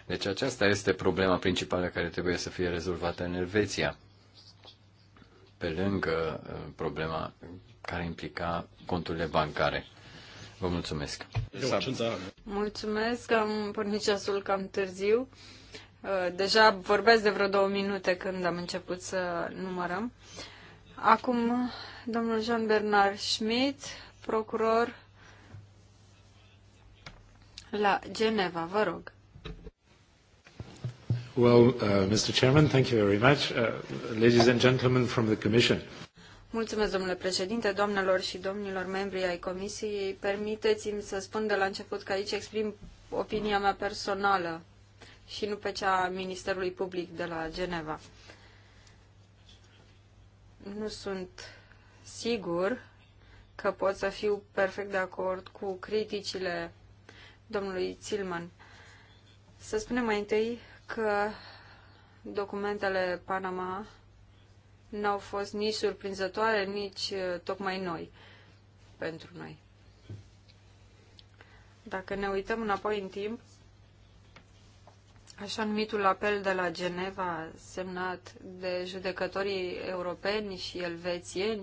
Deci aceasta este problema principală care trebuie să fie rezolvată în Elveția. Pe lângă eh, problema care implica conturile bancare. Vă mulțumesc. Mulțumesc, am pornit ceasul cam târziu. Uh, deja vorbesc de vreo două minute când am început să numărăm. Acum, domnul Jean Bernard Schmidt, procuror la Geneva, vă rog. Well, uh, Mr. Chairman, thank you very much. Uh, ladies and gentlemen from the Commission. Uh, Mulțumesc, domnule președinte, doamnelor și domnilor membri ai comisiei. Permiteți-mi să spun de la început că aici exprim opinia mea personală și nu pe cea a Ministerului Public de la Geneva. Nu sunt sigur că pot să fiu perfect de acord cu criticile domnului Țilman. Să spunem mai întâi că documentele Panama n-au fost nici surprinzătoare, nici uh, tocmai noi pentru noi. Dacă ne uităm înapoi în timp, așa numitul apel de la Geneva, semnat de judecătorii europeni și elvețieni,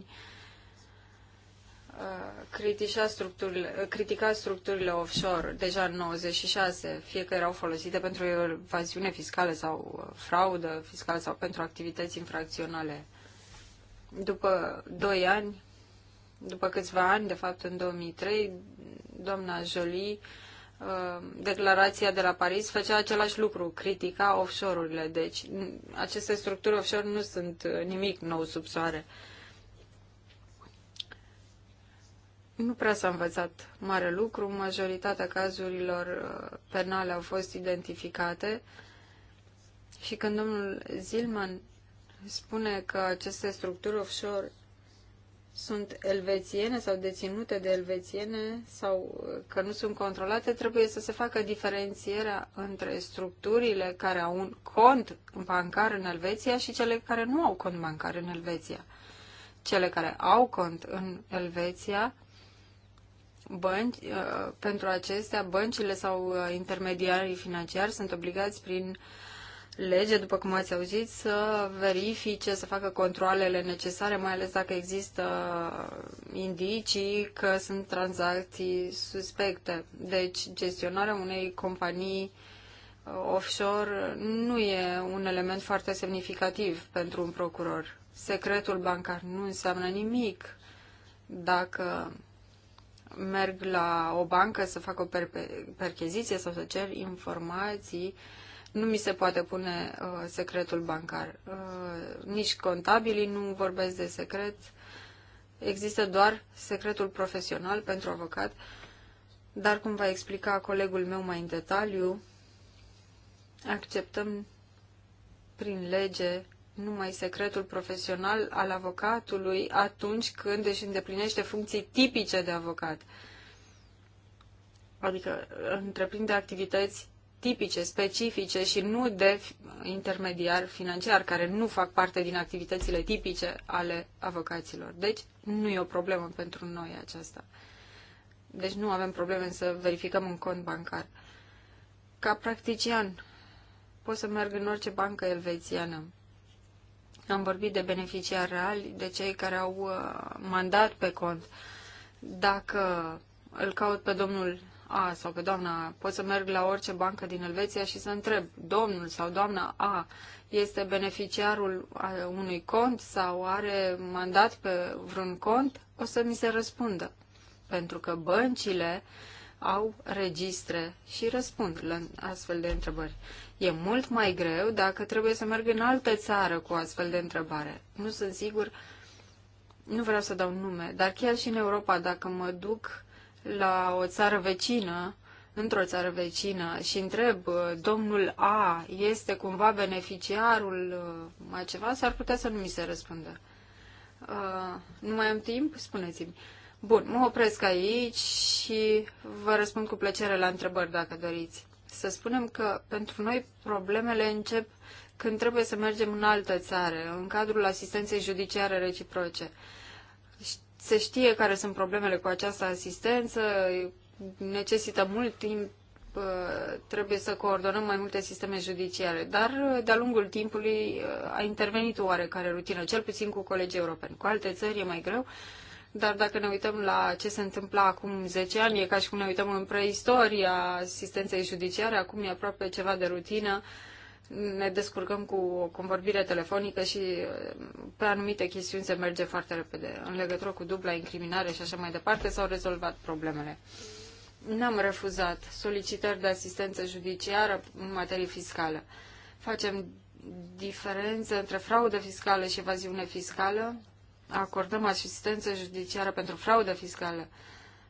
uh, critica structurile, critica structurile offshore deja în 96, fie că erau folosite pentru evaziune fiscală sau uh, fraudă fiscală sau pentru activități infracționale după 2 ani, după câțiva ani, de fapt în 2003, doamna Jolie, uh, declarația de la Paris făcea același lucru, critica offshore-urile. Deci aceste structuri offshore nu sunt uh, nimic nou sub soare. Nu prea s-a învățat mare lucru, majoritatea cazurilor uh, penale au fost identificate și când domnul Zilman spune că aceste structuri offshore sunt elvețiene sau deținute de elvețiene sau că nu sunt controlate, trebuie să se facă diferențierea între structurile care au un cont bancar în Elveția și cele care nu au cont bancar în Elveția. Cele care au cont în Elveția, bănci, uh, pentru acestea, băncile sau uh, intermediarii financiari sunt obligați prin uh, lege, după cum ați auzit, să verifice, să facă controlele necesare, mai ales dacă există indicii că sunt tranzacții suspecte. Deci, gestionarea unei companii uh, offshore nu e un element foarte semnificativ pentru un procuror. Secretul bancar nu înseamnă nimic dacă merg la o bancă să fac o percheziție sau să cer informații uh, nu mi se poate pune uh, secretul bancar. Uh, nici contabilii nu vorbesc de secret. Există doar secretul profesional pentru avocat. Dar, cum va explica colegul meu mai în detaliu, acceptăm prin lege numai secretul profesional al avocatului atunci când își îndeplinește funcții tipice de avocat. Adică întreprinde activități tipice, specifice și nu de intermediari financiari care nu fac parte din activitățile tipice ale avocaților. Deci nu e o problemă pentru noi aceasta. Deci nu avem probleme să verificăm un cont bancar. Ca practician, pot să merg în orice bancă elvețiană. Am vorbit de beneficiari reali, de cei care au uh, mandat pe cont. Dacă îl caut pe domnul a sau pe doamna, pot să merg la orice bancă din Elveția și să întreb, domnul sau doamna A este beneficiarul unui cont sau are mandat pe vreun cont, o să mi se răspundă. Pentru că băncile au registre și răspund la astfel de întrebări. E mult mai greu dacă trebuie să merg în altă țară cu astfel de întrebare. Nu sunt sigur, nu vreau să dau nume, dar chiar și în Europa, dacă mă duc la o țară vecină, într-o țară vecină și întreb, domnul A este cumva beneficiarul uh, mai ceva, s-ar putea să nu mi se răspundă. Uh, nu mai am timp? Spuneți-mi. Bun, mă opresc aici și vă răspund cu plăcere la întrebări dacă doriți. Să spunem că pentru noi problemele încep când trebuie să mergem în altă țară, în cadrul asistenței judiciare reciproce se știe care sunt problemele cu această asistență, necesită mult timp, uh, trebuie să coordonăm mai multe sisteme judiciare, dar uh, de-a lungul timpului uh, a intervenit o oarecare rutină, cel puțin cu colegii europeni. Cu alte țări e mai greu, dar dacă ne uităm la ce se întâmpla acum 10 ani, e ca și cum ne uităm în preistoria asistenței judiciare, acum e aproape ceva de rutină, uh, ne descurcăm cu o convorbire telefonică și uh, pe anumite chestiuni se merge foarte repede. În legătură cu dubla incriminare și așa mai departe s-au rezolvat problemele. N-am refuzat solicitări de asistență judiciară în materie fiscală. Facem diferență între fraudă fiscală și evaziune fiscală. Acordăm asistență judiciară pentru fraudă fiscală.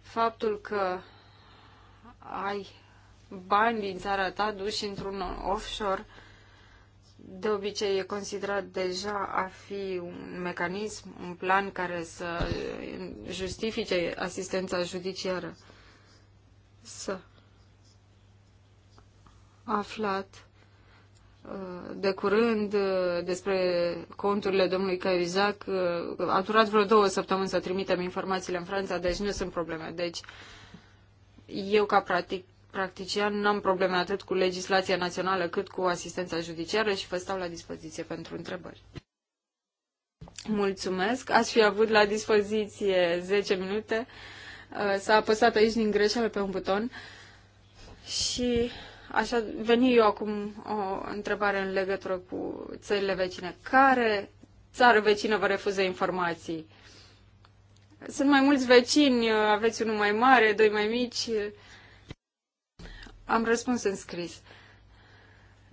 Faptul că ai bani din țara ta duși într-un offshore de obicei e considerat deja a fi un mecanism, un plan care să justifice asistența judiciară. Să aflat uh, de curând uh, despre conturile domnului Caizac. Uh, a durat vreo două săptămâni să trimitem informațiile în Franța, deci nu sunt probleme. Deci eu ca practic practician, n-am probleme atât cu legislația națională cât cu asistența judiciară și vă stau la dispoziție pentru întrebări. Mulțumesc. Ați fi avut la dispoziție 10 minute. Uh, s-a apăsat aici din greșeală pe un buton și așa veni eu acum o întrebare în legătură cu țările vecine. Care țară vecină vă refuză informații? Sunt mai mulți vecini, uh, aveți unul mai mare, doi mai mici. Am răspuns în scris.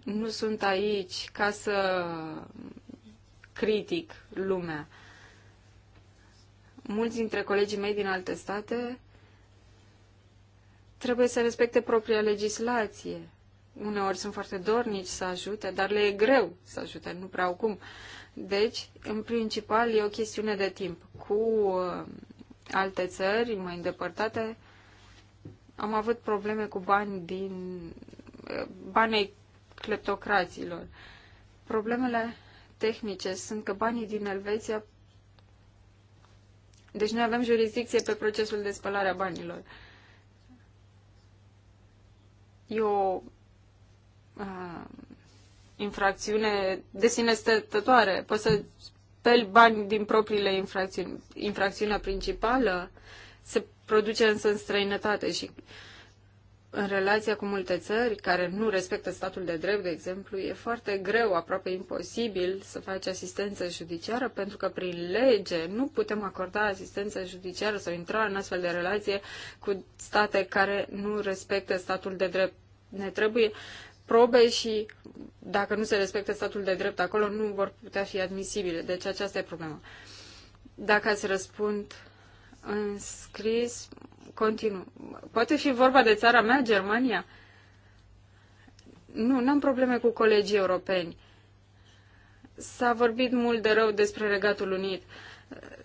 Nu sunt aici ca să critic lumea. Mulți dintre colegii mei din alte state trebuie să respecte propria legislație. Uneori sunt foarte dornici să ajute, dar le e greu să ajute, nu prea au cum. Deci, în principal, e o chestiune de timp. Cu uh, alte țări mai îndepărtate, am avut probleme cu bani din banii cleptocraților. Problemele tehnice sunt că banii din Elveția deci noi avem jurisdicție pe procesul de spălare a banilor. E o a, infracțiune de sine stătătoare. Poți să speli bani din propriile infracțiuni. Infracțiunea principală se produce însă în străinătate și în relația cu multe țări care nu respectă statul de drept, de exemplu, e foarte greu, aproape imposibil să faci asistență judiciară, pentru că prin lege nu putem acorda asistență judiciară sau intra în astfel de relație cu state care nu respectă statul de drept. Ne trebuie probe și dacă nu se respectă statul de drept acolo, nu vor putea fi admisibile. Deci aceasta e problema. Dacă ați răspund înscris continuu. Poate fi vorba de țara mea, Germania? Nu, n-am probleme cu colegii europeni. S-a vorbit mult de rău despre Regatul Unit,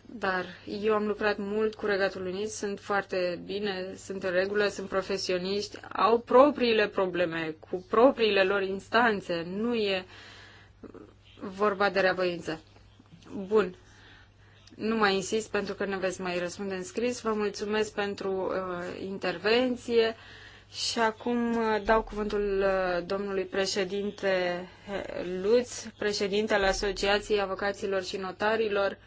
dar eu am lucrat mult cu Regatul Unit, sunt foarte bine, sunt în regulă, sunt profesioniști, au propriile probleme, cu propriile lor instanțe, nu e vorba de reavoință. Bun, nu mai insist pentru că ne veți mai răspunde în scris. Vă mulțumesc pentru uh, intervenție și acum uh, dau cuvântul uh, domnului președinte Luț, președinte al Asociației Avocaților și Notarilor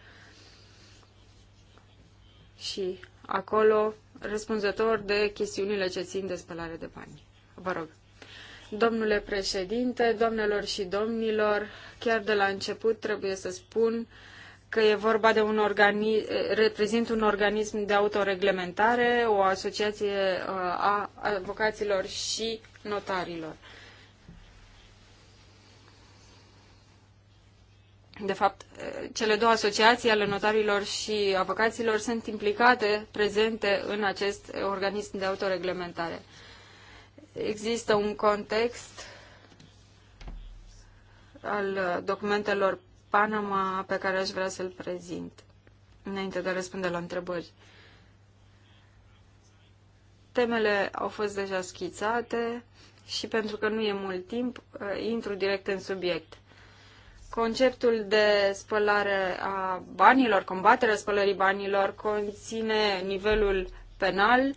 și acolo răspunzător de chestiunile ce țin de spălare de bani. Vă rog. Domnule președinte, doamnelor și domnilor, chiar de la început trebuie să spun uh, că e vorba de un organism, reprezintă un organism de autoreglementare, o asociație uh, a avocaților și notarilor. De fapt, uh, cele două asociații ale notarilor și avocaților sunt implicate, prezente în acest organism de autoreglementare. Există un context al documentelor Panama pe care aș vrea să-l prezint, înainte de a răspunde la întrebări. Temele au fost deja schițate și pentru că nu e mult timp, eh, intru direct în subiect. Conceptul de spălare a banilor, combaterea spălării banilor, conține nivelul penal, eh,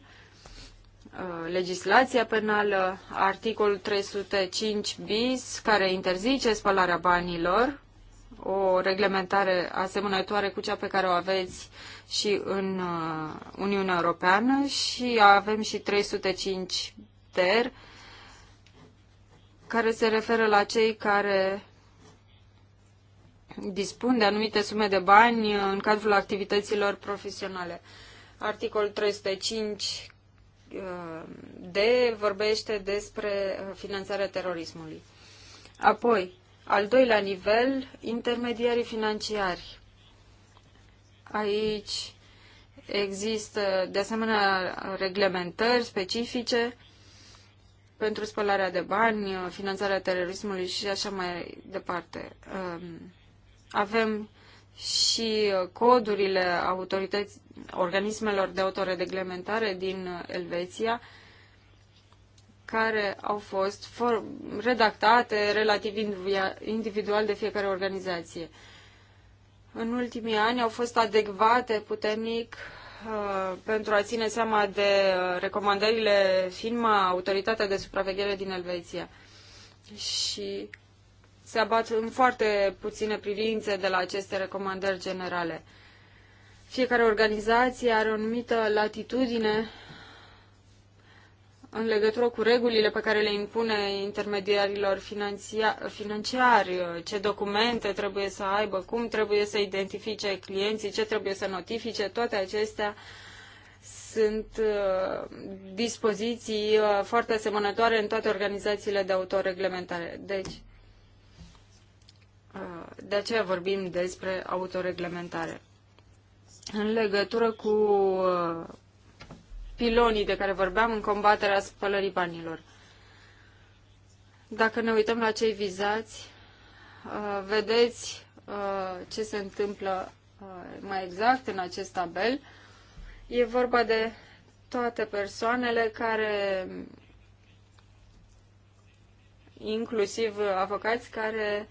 legislația penală, articolul 305 bis, care interzice spălarea banilor o reglementare asemănătoare cu cea pe care o aveți și în uh, Uniunea Europeană și avem și 305 ter care se referă la cei care dispun de anumite sume de bani în cadrul activităților profesionale. Articolul 305 uh, de vorbește despre uh, finanțarea terorismului. Apoi, al doilea nivel, intermediarii financiari. Aici există, de asemenea, reglementări specifice pentru spălarea de bani, finanțarea terorismului și așa mai departe. Um, avem și codurile autorități, organismelor de autoreglementare din Elveția, care au fost redactate relativ individual de fiecare organizație. În ultimii ani au fost adecvate puternic uh, pentru a ține seama de uh, recomandările FINMA, Autoritatea de Supraveghere din Elveția. Și se abat în foarte puține privințe de la aceste recomandări generale. Fiecare organizație are o anumită latitudine în legătură cu regulile pe care le impune intermediarilor financiari, ce documente trebuie să aibă, cum trebuie să identifice clienții, ce trebuie să notifice, toate acestea sunt uh, dispoziții uh, foarte asemănătoare în toate organizațiile de autoreglementare. Deci, uh, de aceea vorbim despre autoreglementare. În legătură cu pilonii de care vorbeam în combaterea spălării banilor. Dacă ne uităm la cei vizați, uh, vedeți uh, ce se întâmplă uh, mai exact în acest tabel. E vorba de toate persoanele care, inclusiv avocați, care uh,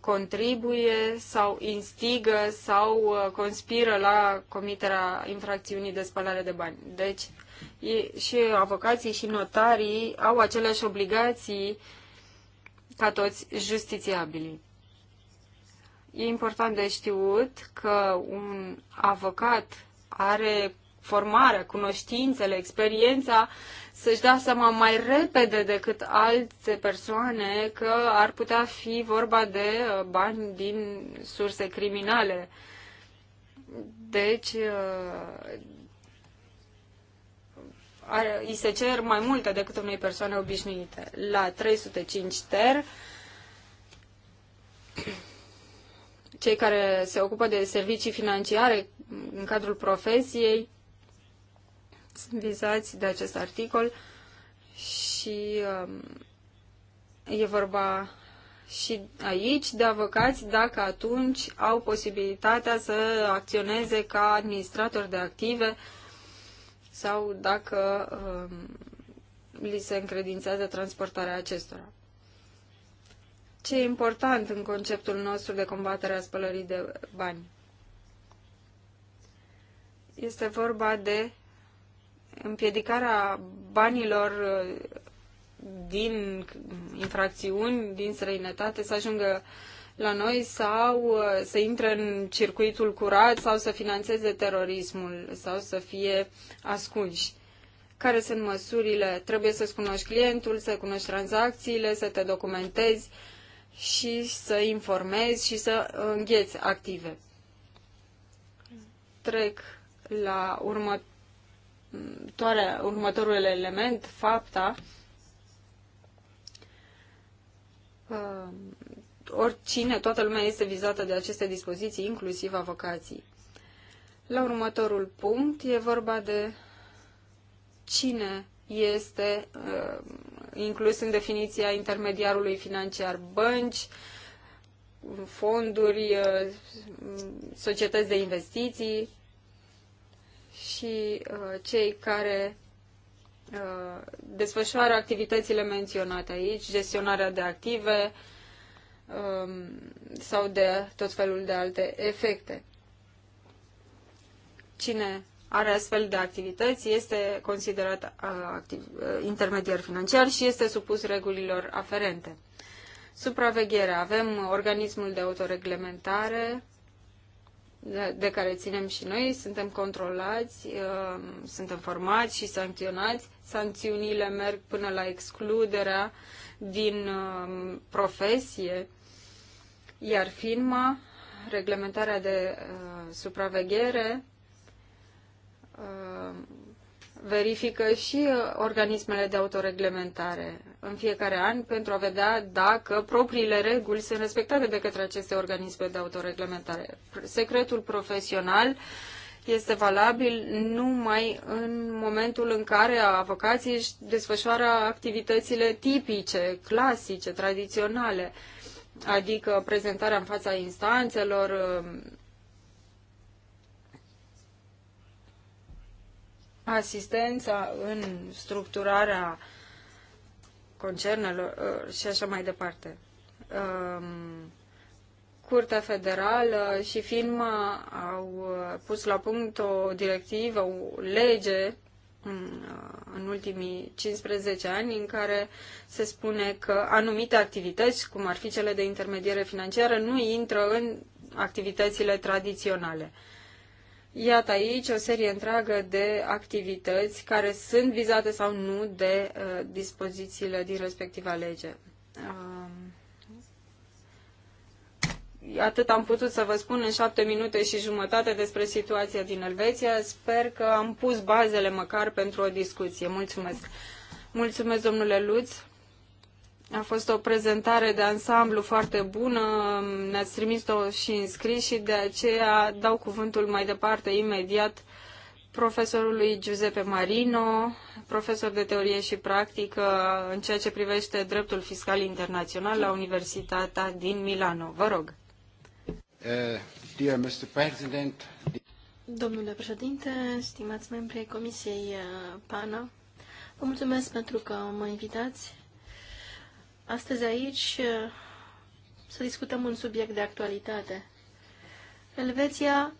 contribuie sau instigă sau uh, conspiră la comiterea infracțiunii de spălare de bani. Deci și avocații și notarii au aceleași obligații ca toți justițiabilii. E important de știut că un avocat are formarea, cunoștințele, experiența, să-și dea seama mai repede decât alte persoane că ar putea fi vorba de uh, bani din surse criminale. Deci, uh, îi se cer mai multe decât unei persoane obișnuite. La 305 ter, cei care se ocupă de servicii financiare în cadrul profesiei vizați de acest articol și um, e vorba și aici de avocați dacă atunci au posibilitatea să acționeze ca administratori de active sau dacă um, li se încredințează transportarea acestora. Ce e important în conceptul nostru de combatere a spălării de bani? Este vorba de împiedicarea banilor uh, din infracțiuni, din străinătate, să ajungă la noi sau uh, să intre în circuitul curat sau să financeze terorismul sau să fie ascunși. Care sunt măsurile? Trebuie să-ți cunoști clientul, să cunoști tranzacțiile, să te documentezi și să informezi și să îngheți active. Trec la următoarea următorul element, fapta, uh, oricine, toată lumea este vizată de aceste dispoziții, inclusiv avocații. La următorul punct e vorba de cine este uh, inclus în definiția intermediarului financiar bănci, fonduri, uh, societăți de investiții și uh, cei care uh, desfășoară activitățile menționate aici, gestionarea de active um, sau de tot felul de alte efecte. Cine are astfel de activități este considerat uh, activ, uh, intermediar financiar și este supus regulilor aferente. Supravegherea. Avem organismul de autoreglementare, de care ținem și noi, suntem controlați, uh, suntem formați și sancționați. Sancțiunile merg până la excluderea din uh, profesie, iar firma, reglementarea de uh, supraveghere, verifică și organismele de autoreglementare în fiecare an pentru a vedea dacă propriile reguli sunt respectate de către aceste organisme de autoreglementare. Secretul profesional este valabil numai în momentul în care avocații își desfășoară activitățile tipice, clasice, tradiționale, adică prezentarea în fața instanțelor, um, asistența în structurarea concernelor uh, și așa mai departe. Um, Curtea Federală și firma au uh, pus la punct o directivă, o lege um, uh, în, ultimii 15 ani în care se spune că anumite activități, cum ar fi cele de intermediere financiară, nu intră în activitățile tradiționale. Uh, Iată aici o serie întreagă de activități care sunt vizate sau nu de uh, dispozițiile din respectiva lege. Uh, atât am putut să vă spun în șapte minute și jumătate despre situația din Elveția. Sper că am pus bazele măcar pentru o discuție. Mulțumesc! Mulțumesc, domnule Luț! A fost o prezentare de ansamblu foarte bună, ne-ați trimis-o și în scris și de aceea dau cuvântul mai departe imediat profesorului Giuseppe Marino, profesor de teorie și practică în ceea ce privește dreptul fiscal internațional la Universitatea din Milano. Vă rog. Eh, dear Mr. President. Domnule președinte, stimați membri ai Comisiei eh, PANA, vă mulțumesc pentru că mă invitați Astăzi aici uh, să discutăm un subiect de actualitate. Elveția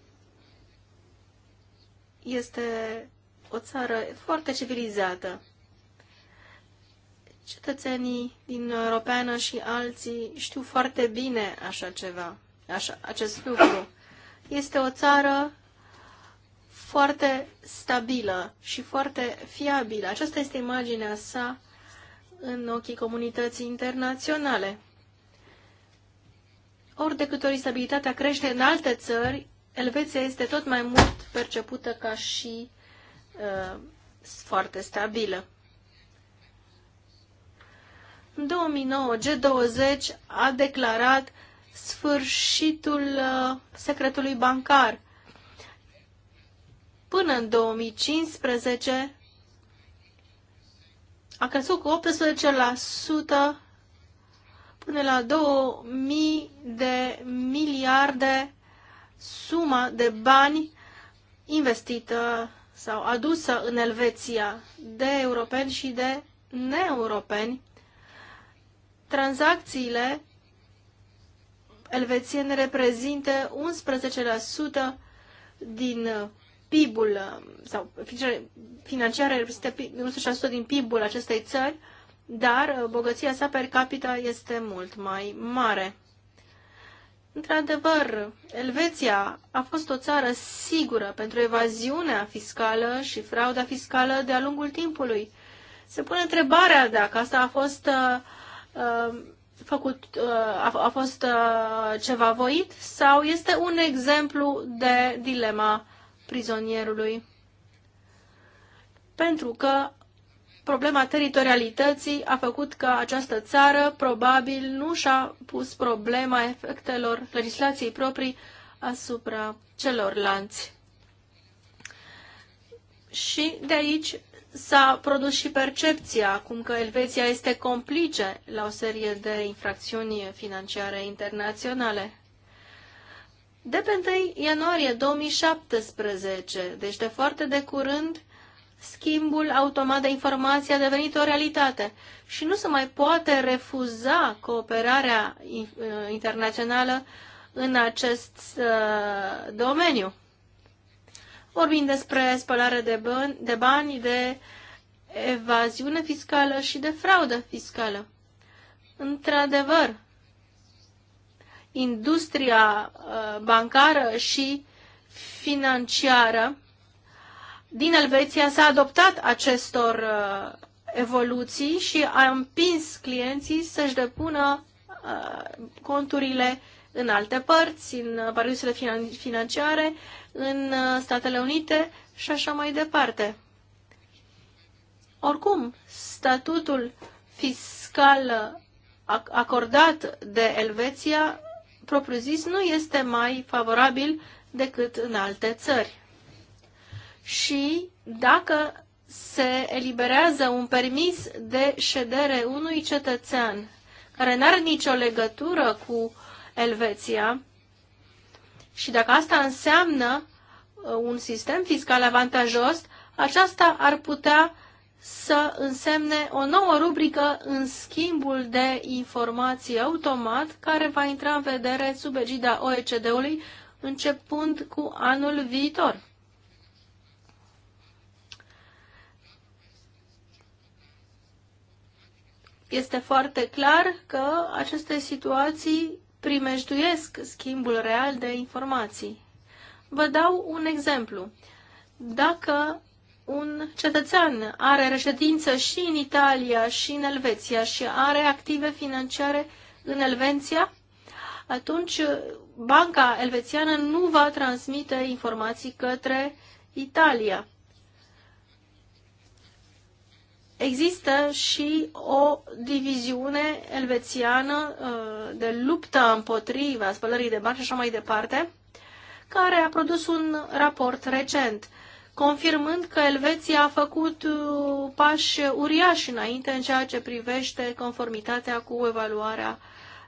este o țară foarte civilizată. Cetățenii din Europeană și alții știu foarte bine așa ceva, așa, acest lucru. Este o țară foarte stabilă și foarte fiabilă. Aceasta este imaginea sa în ochii comunității internaționale. Ori de câte ori stabilitatea crește în alte țări, Elveția este tot mai mult percepută ca și uh, foarte stabilă. În 2009, G20 a declarat sfârșitul uh, secretului bancar. Până în 2015, a crescut cu 18% până la 2000 de miliarde suma de bani investită sau adusă în Elveția de europeni și de neeuropeni. Tranzacțiile elvețiene reprezintă 11% din PIB-ul uh, sau financiare reprezintă 90% din PIB-ul acestei țări, dar uh, bogăția sa per capita este mult mai mare. Într-adevăr, Elveția a fost o țară sigură pentru evaziunea fiscală și frauda fiscală de-a lungul timpului. Se pune întrebarea dacă asta a fost, uh, uh făcut, uh, a, a fost uh, ceva voit sau este un exemplu de dilema prizonierului, pentru că problema teritorialității a făcut ca această țară probabil nu și-a pus problema efectelor legislației proprii asupra celor lanți. Și de aici s-a produs și percepția acum că Elveția este complice la o serie de infracțiuni financiare internaționale de pe 1 ianuarie 2017, deci de foarte de curând, schimbul automat de informații a devenit o realitate și nu se mai poate refuza cooperarea uh, internațională în acest uh, domeniu. Vorbim despre spălare de, bani, de bani, de evaziune fiscală și de fraudă fiscală. Într-adevăr, industria uh, bancară și financiară din Elveția s-a adoptat acestor uh, evoluții și a împins clienții să-și depună uh, conturile în alte părți, în paradisurile financiare, în Statele Unite și așa mai departe. Oricum, statutul fiscal acordat de Elveția propriu-zis, nu este mai favorabil decât în alte țări. Și dacă se eliberează un permis de ședere unui cetățean care n-are nicio legătură cu Elveția și dacă asta înseamnă uh, un sistem fiscal avantajos, aceasta ar putea să însemne o nouă rubrică în schimbul de informații automat care va intra în vedere sub egida OECD-ului începând cu anul viitor. Este foarte clar că aceste situații primejduiesc schimbul real de informații. Vă dau un exemplu. Dacă un cetățean are reședință și în Italia și în Elveția și are active financiare în Elveția, atunci banca elvețiană nu va transmite informații către Italia. Există și o diviziune elvețiană uh, de luptă împotriva spălării de bani și așa mai departe, care a produs un raport recent confirmând că Elveția a făcut uh, pași uriași înainte în ceea ce privește conformitatea cu evaluarea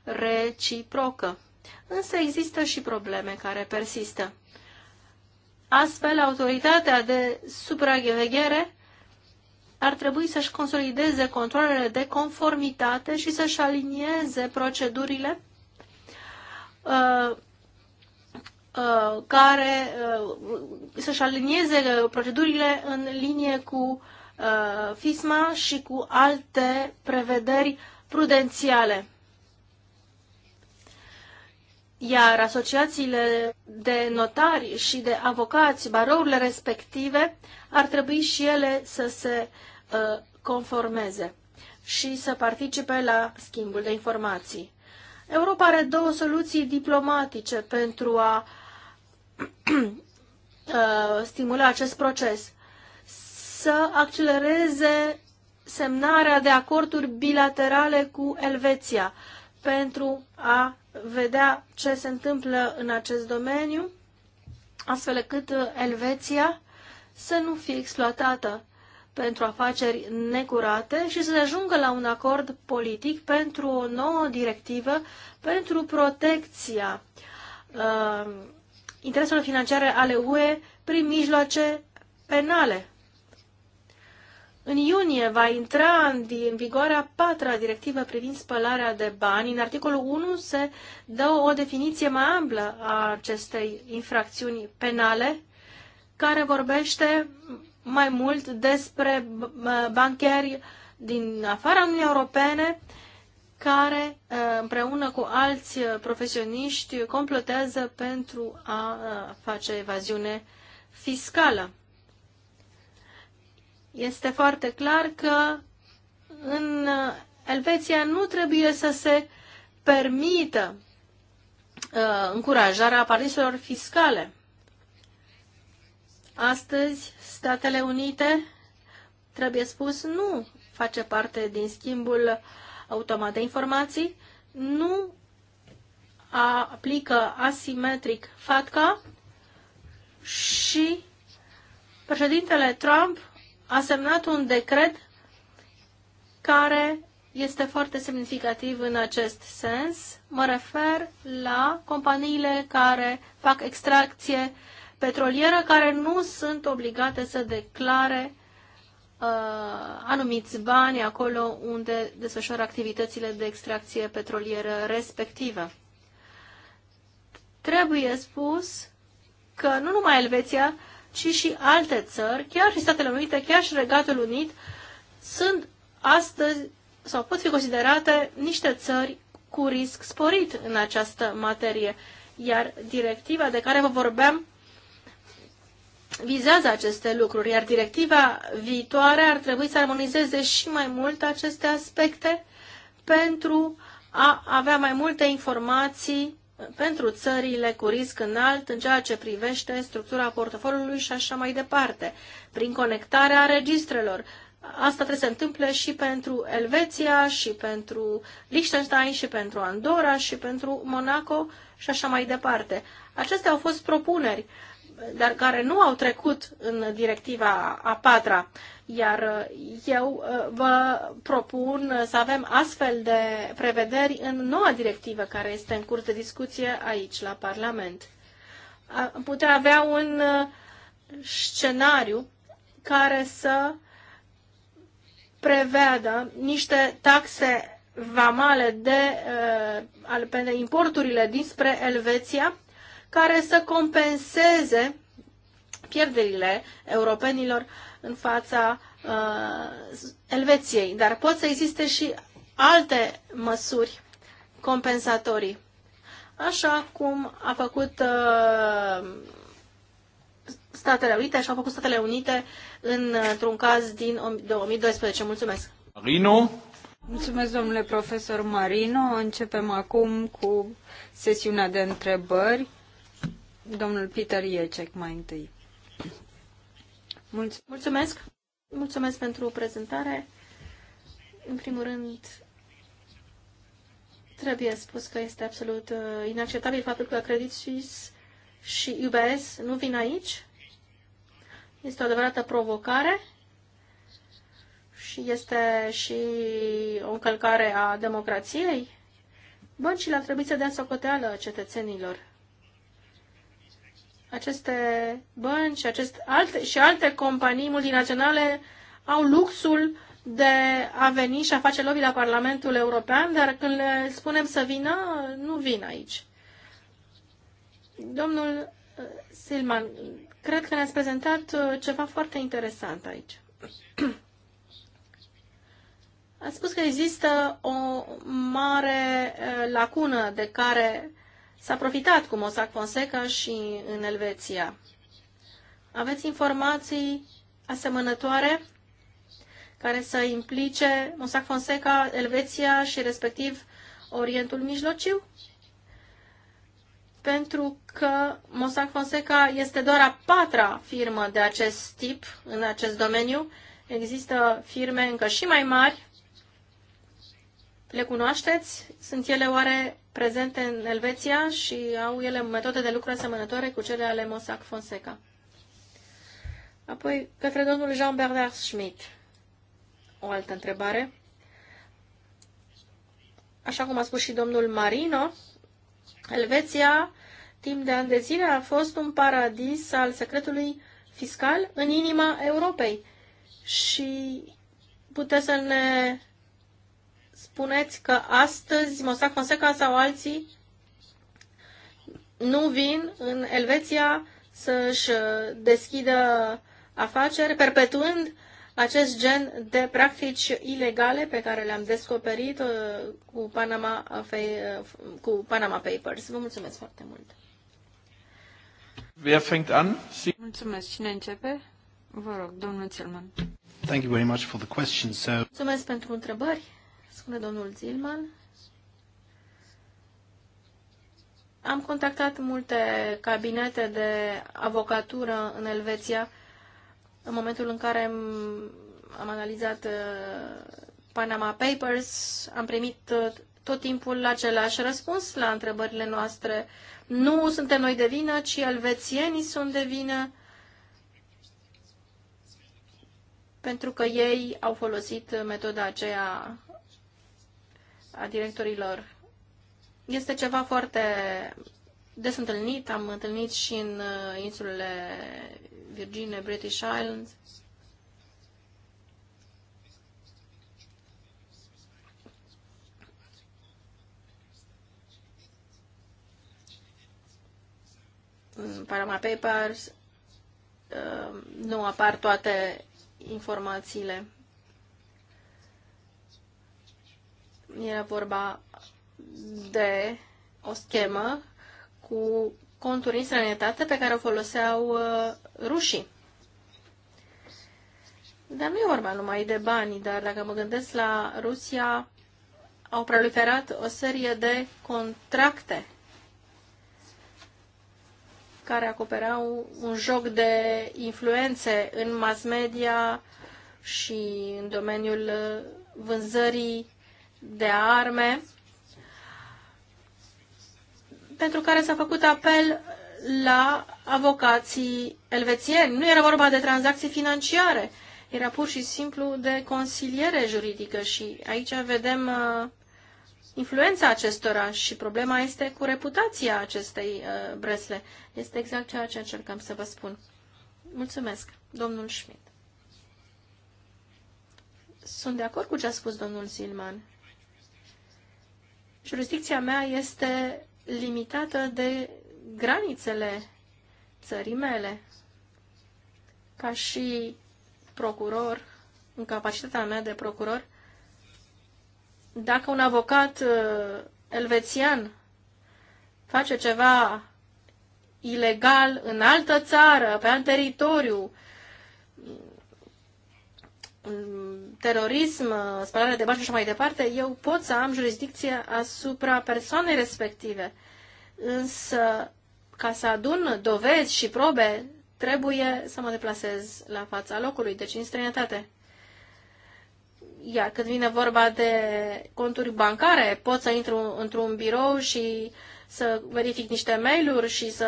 reciprocă. Însă există și probleme care persistă. Astfel, autoritatea de supraveghere ar trebui să-și consolideze controlele de conformitate și să-și alinieze procedurile uh, Uh, care uh, să-și alinieze procedurile în linie cu uh, FISMA și cu alte prevederi prudențiale. Iar asociațiile de notari și de avocați, barourile respective, ar trebui și ele să se conformeze și să participe la schimbul de informații. Europa are două soluții diplomatice pentru a uh, Uh, stimula acest proces, să accelereze semnarea de acorduri bilaterale cu Elveția pentru a vedea ce se întâmplă în acest domeniu, astfel încât Elveția să nu fie exploatată pentru afaceri necurate și să ajungă la un acord politic pentru o nouă directivă pentru protecția uh, Interesele financiare ale UE prin mijloace penale. În iunie va intra în, în vigoare a patra directivă privind spălarea de bani. În articolul 1 se dă o definiție mai amplă a acestei infracțiuni penale, care vorbește mai mult despre bancheri din afara Uniunii Europene care uh, împreună cu alți uh, profesioniști complotează pentru a uh, face evaziune fiscală. Este foarte clar că în Elveția nu trebuie să se permită încurajarea paradisurilor fiscale. Astăzi, Statele Unite, trebuie spus, nu face parte din schimbul automat de informații, nu aplică asimetric FATCA și președintele Trump a semnat un decret care este foarte semnificativ în acest sens. Mă refer la companiile care fac extracție petrolieră, care nu sunt obligate să declare Uh, anumiți bani acolo unde desfășoară activitățile de extracție petrolieră respectivă. Trebuie spus că nu numai Elveția, ci și alte țări, chiar și Statele Unite, chiar și Regatul Unit, sunt astăzi sau pot fi considerate niște țări cu risc sporit în această materie. Iar directiva de care vă vorbeam vizează aceste lucruri, iar directiva viitoare ar trebui să armonizeze și mai mult aceste aspecte pentru a avea mai multe informații pentru țările cu risc înalt în ceea ce privește structura portofoliului și așa mai departe, prin conectarea registrelor. Asta trebuie să se întâmple și pentru Elveția, și pentru Liechtenstein, și pentru Andorra, și pentru Monaco și așa mai departe. Acestea au fost propuneri dar care nu au trecut în directiva a patra. Iar uh, eu uh, vă propun să avem astfel de prevederi în noua directivă care este în curs de discuție aici la Parlament. Am putea avea un uh, scenariu care să prevedă niște taxe vamale de, de importurile dinspre Elveția care să compenseze pierderile europenilor în fața uh, Elveției. Dar pot să existe și alte măsuri compensatorii, așa cum a făcut uh, Statele Unite, așa au făcut Statele Unite într-un caz din 2012. Mulțumesc! Marino. Mulțumesc, domnule profesor Marino. Începem acum cu sesiunea de întrebări. Domnul Peter Iecek mai întâi. Mulțumesc! Mulțumesc pentru prezentare. În primul rând, trebuie spus că este absolut uh, inacceptabil faptul că Credit Suisse și UBS nu vin aici. Este o adevărată provocare și este și o încălcare a democrației. Băncile ar trebui să dea socoteală cetățenilor aceste bănci aceste, alte, și alte companii multinaționale au luxul de a veni și a face lobby la Parlamentul European, dar când le spunem să vină, nu vin aici. Domnul uh, Silman, cred că ne-ați prezentat uh, ceva foarte interesant aici. Ați spus că există o mare uh, lacună de care S-a profitat cu Mossack Fonseca și în Elveția. Aveți informații asemănătoare care să implice Mossack Fonseca, Elveția și respectiv Orientul Mijlociu? Pentru că Mossack Fonseca este doar a patra firmă de acest tip în acest domeniu. Există firme încă și mai mari le cunoașteți? Sunt ele oare prezente în Elveția și au ele metode de lucru asemănătoare cu cele ale Mossack Fonseca? Apoi, către domnul Jean-Bernard Schmidt, o altă întrebare. Așa cum a spus și domnul Marino, Elveția, timp de ani de zile, a fost un paradis al secretului fiscal în inima Europei. Și puteți să ne spuneți că astăzi Mossack Fonseca sau alții nu vin în Elveția să-și uh, deschidă afaceri, perpetuând acest gen de practici ilegale pe care le-am descoperit uh, cu Panama, uh, cu Panama Papers. Vă mulțumesc foarte mult! Wer fängt an? Sie Mulțumesc. Cine începe? Vă rog, domnul Țelman. Thank you very much for the question. So... Mulțumesc pentru întrebări spune domnul Zilman. Am contactat multe cabinete de avocatură în Elveția în momentul în care am analizat uh, Panama Papers, am primit uh, tot timpul același răspuns la întrebările noastre. Nu suntem noi de vină, ci elvețienii sunt de vină pentru că ei au folosit metoda aceea a directorilor este ceva foarte des întâlnit. Am întâlnit și în uh, insulele Virginia, British Islands. În mm, Panama Papers uh, nu apar toate informațiile. Era vorba de o schemă cu conturi în străinătate pe care o foloseau uh, rușii. Dar nu e vorba numai de bani, dar dacă mă gândesc la Rusia, au proliferat o serie de contracte care acoperau un joc de influențe în mass media și în domeniul uh, vânzării de arme, pentru care s-a făcut apel la avocații elvețieni. Nu era vorba de tranzacții financiare, era pur și simplu de consiliere juridică și aici vedem uh, influența acestora și problema este cu reputația acestei uh, bresle. Este exact ceea ce încercăm să vă spun. Mulțumesc, domnul Schmidt. Sunt de acord cu ce a spus domnul Zilman jurisdicția mea este limitată de granițele țării mele. Ca și procuror, în capacitatea mea de procuror, dacă un avocat uh, elvețian face ceva ilegal în altă țară, pe alt teritoriu, terorism, spălare de bani și așa mai departe, eu pot să am jurisdicție asupra persoanei respective. Însă, ca să adun dovezi și probe, trebuie să mă deplasez la fața locului, deci în străinătate. Iar când vine vorba de conturi bancare, pot să intru într-un birou și să verific niște mail-uri și să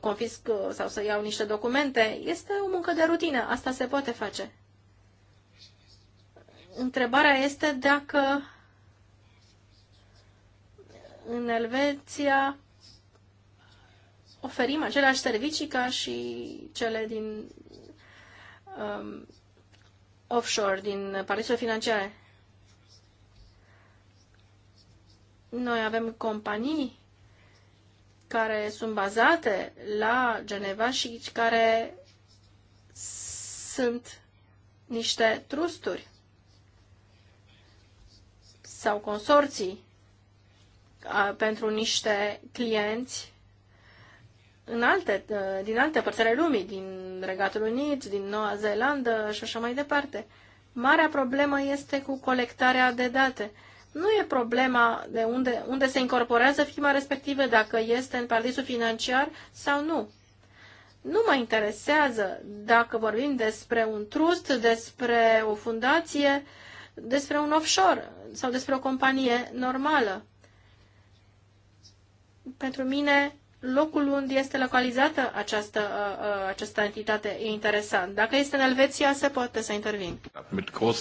confisc sau să iau niște documente. Este o muncă de rutină, asta se poate face. Întrebarea este dacă în Elveția oferim aceleași servicii ca și cele din um, offshore, din paradisuri financiare. Noi avem companii care sunt bazate la Geneva și care sunt niște trusturi sau consorții pentru niște clienți în alte, din alte părți ale lumii, din Regatul Unit, din Noua Zeelandă și așa mai departe. Marea problemă este cu colectarea de date. Nu e problema de unde, unde se incorporează firma respectivă, dacă este în paradisul financiar sau nu. Nu mă interesează dacă vorbim despre un trust, despre o fundație, despre un offshore sau despre o companie normală. Pentru mine, locul unde este localizată această, uh, uh, această entitate e interesant. Dacă este în Elveția, se poate să intervin.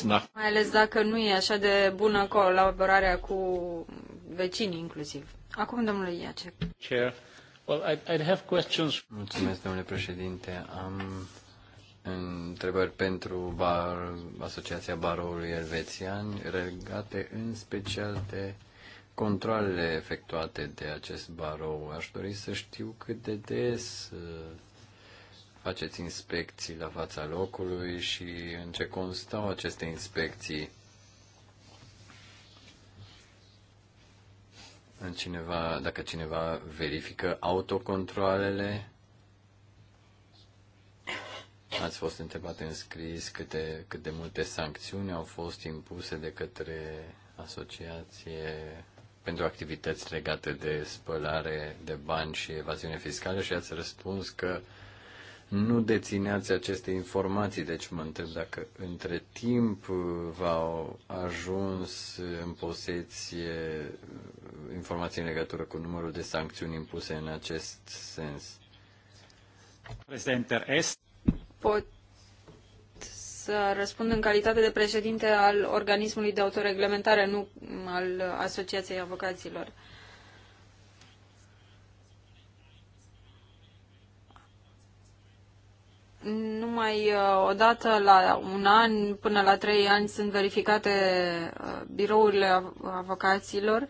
Mai ales dacă nu e așa de bună colaborarea cu vecinii inclusiv. Acum, domnule Iacek. Well, I'd, I'd have questions. Mulțumesc, domnule președinte. Am întrebări pentru bar, Asociația Baroului Elvețian, legate în special de controlele efectuate de acest barou. Aș dori să știu cât de des uh, faceți inspecții la fața locului și în ce constau aceste inspecții. În cineva, dacă cineva verifică autocontrolele Ați fost întrebat în scris câte, cât de multe sancțiuni au fost impuse de către asociație pentru activități legate de spălare de bani și evaziune fiscală și ați răspuns că nu dețineați aceste informații, deci mă întreb dacă între timp v-au ajuns în posesie informații în legătură cu numărul de sancțiuni impuse în acest sens. Prezenter este pot să răspund în calitate de președinte al organismului de autoreglementare, nu al Asociației Avocaților. Numai uh, o dată la un an până la trei ani sunt verificate uh, birourile avocaților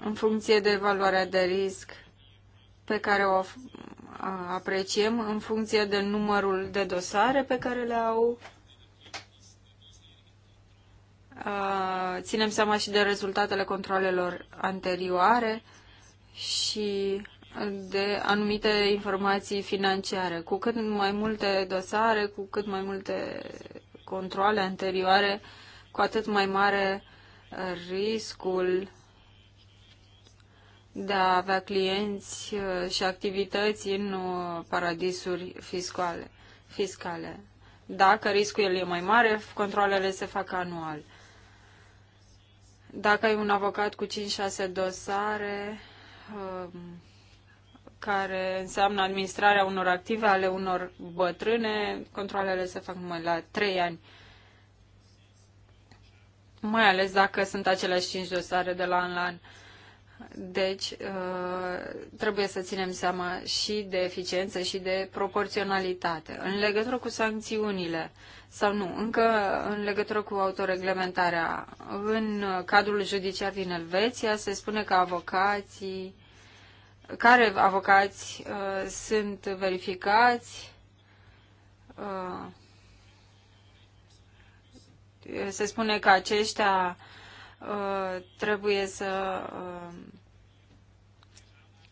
în funcție de evaluarea de risc pe care o apreciem în funcție de numărul de dosare pe care le au. Ținem seama și de rezultatele controlelor anterioare și de anumite informații financiare. Cu cât mai multe dosare, cu cât mai multe controle anterioare, cu atât mai mare riscul de a avea clienți uh, și activități în uh, paradisuri fiscale. fiscale. Dacă riscul el e mai mare, controlele se fac anual. Dacă ai un avocat cu 5-6 dosare, um, care înseamnă administrarea unor active ale unor bătrâne, controlele se fac numai la 3 ani. Mai ales dacă sunt aceleași 5 dosare de la an la an. Deci, uh, trebuie să ținem seama și de eficiență și de proporționalitate. În legătură cu sancțiunile sau nu, încă în legătură cu autoreglementarea, în cadrul judiciar din Elveția se spune că avocații, care avocați uh, sunt verificați, uh, se spune că aceștia Uh, trebuie să uh,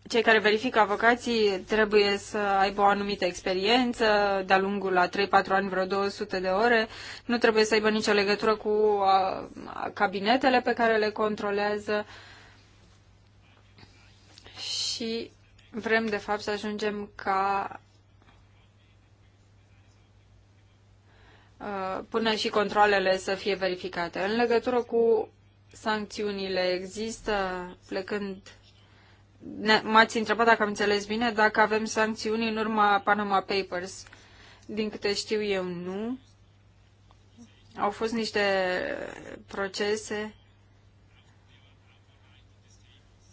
cei care verifică avocații trebuie să aibă o anumită experiență, de-a lungul la 3-4 ani vreo 200 de ore, nu trebuie să aibă nicio legătură cu uh, cabinetele pe care le controlează și vrem de fapt să ajungem ca până și controlele să fie verificate. În legătură cu sancțiunile există plecând M-ați întrebat dacă am înțeles bine, dacă avem sancțiuni în urma Panama Papers. Din câte știu eu, nu. Au fost niște procese,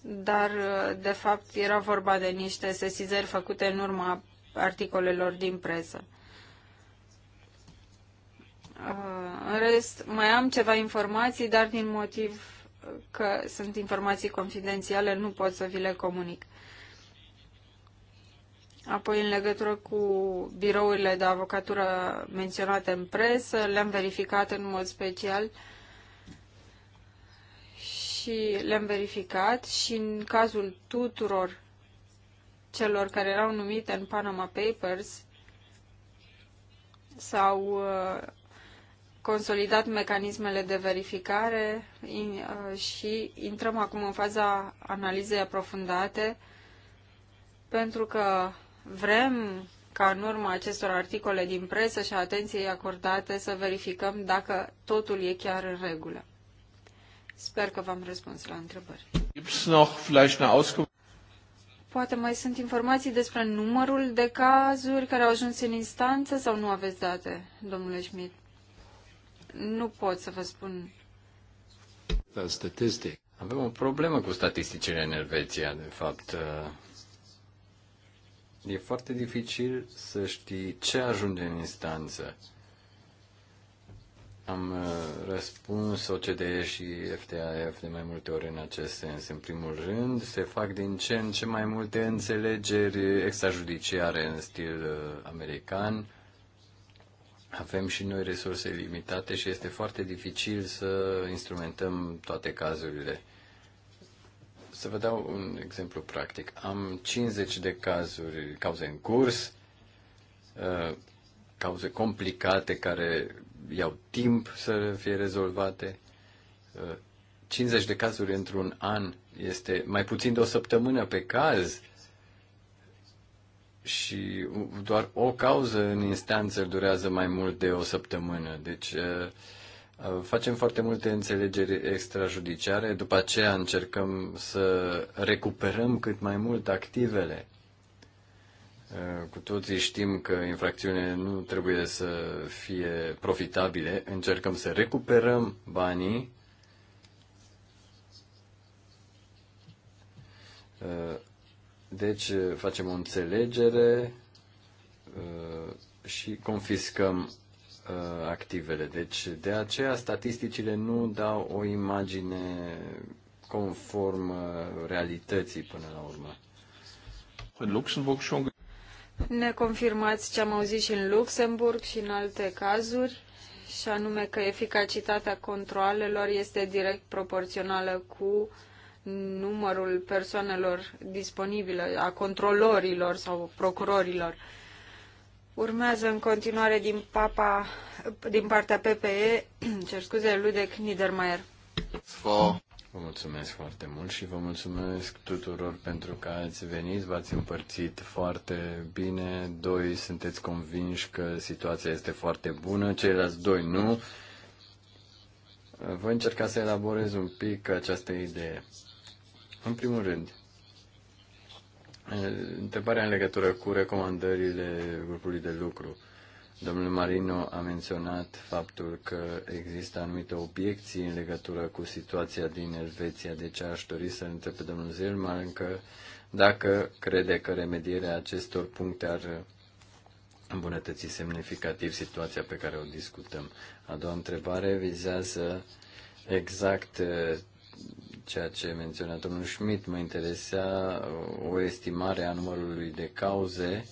dar de fapt era vorba de niște sesizări făcute în urma articolelor din presă. Uh, în rest, mai am ceva informații, dar din motiv că sunt informații confidențiale, nu pot să vi le comunic. Apoi, în legătură cu birourile de avocatură menționate în presă, le-am verificat în mod special și le-am verificat și în cazul tuturor celor care erau numite în Panama Papers sau uh, consolidat mecanismele de verificare uh, și intrăm acum în faza analizei aprofundate pentru că vrem ca în urma acestor articole din presă și atenției acordate să verificăm dacă totul e chiar în regulă. Sper că v-am răspuns la întrebări. Poate mai sunt informații despre numărul de cazuri care au ajuns în instanță sau nu aveți date, domnule Schmidt? nu pot să vă spun. Da, statistic. Avem o problemă cu statisticile în Elveția, de fapt. E foarte dificil să știi ce ajunge în instanță. Am uh, răspuns OCDE și FTAF de mai multe ori în acest sens. În primul rând, se fac din ce în ce mai multe înțelegeri extrajudiciare în stil uh, american, avem și noi resurse limitate și este foarte dificil să instrumentăm toate cazurile. Să vă dau un exemplu practic. Am 50 de cazuri, cauze în curs, uh, cauze complicate care iau timp să fie rezolvate. 50 uh, de cazuri într-un an este mai puțin de o săptămână pe caz și doar o cauză în instanță durează mai mult de o săptămână. Deci facem foarte multe înțelegeri extrajudiciare, după aceea încercăm să recuperăm cât mai mult activele. Cu toții știm că infracțiunile nu trebuie să fie profitabile, încercăm să recuperăm banii deci eh, facem o înțelegere eh, și confiscăm eh, activele. Deci de aceea statisticile nu dau o imagine conform realității până la urmă. În Luxemburg și ne confirmați ce am auzit și în Luxemburg și în alte cazuri, și anume că eficacitatea controalelor este direct proporțională cu uh, numărul persoanelor disponibile, a controlorilor sau procurorilor. Urmează în continuare din, papa, din partea PPE, cer scuze, Ludec Niedermayer. Vă mulțumesc foarte mult și vă mulțumesc tuturor pentru că ați venit, v-ați împărțit foarte bine. Doi, sunteți convinși că situația este foarte bună, ceilalți doi nu. Voi încerca să elaborez un pic această idee. În primul rând, întrebarea în legătură cu recomandările grupului de lucru. Domnul Marino a menționat faptul că există anumite obiecții în legătură cu situația din Elveția, deci aș dori să întreb pe domnul Zilman că dacă crede că remedierea acestor puncte ar îmbunătăți semnificativ situația pe care o discutăm. A doua întrebare vizează exact ceea ce menționa domnul Schmidt. Mă interesea o estimare a numărului de cauze,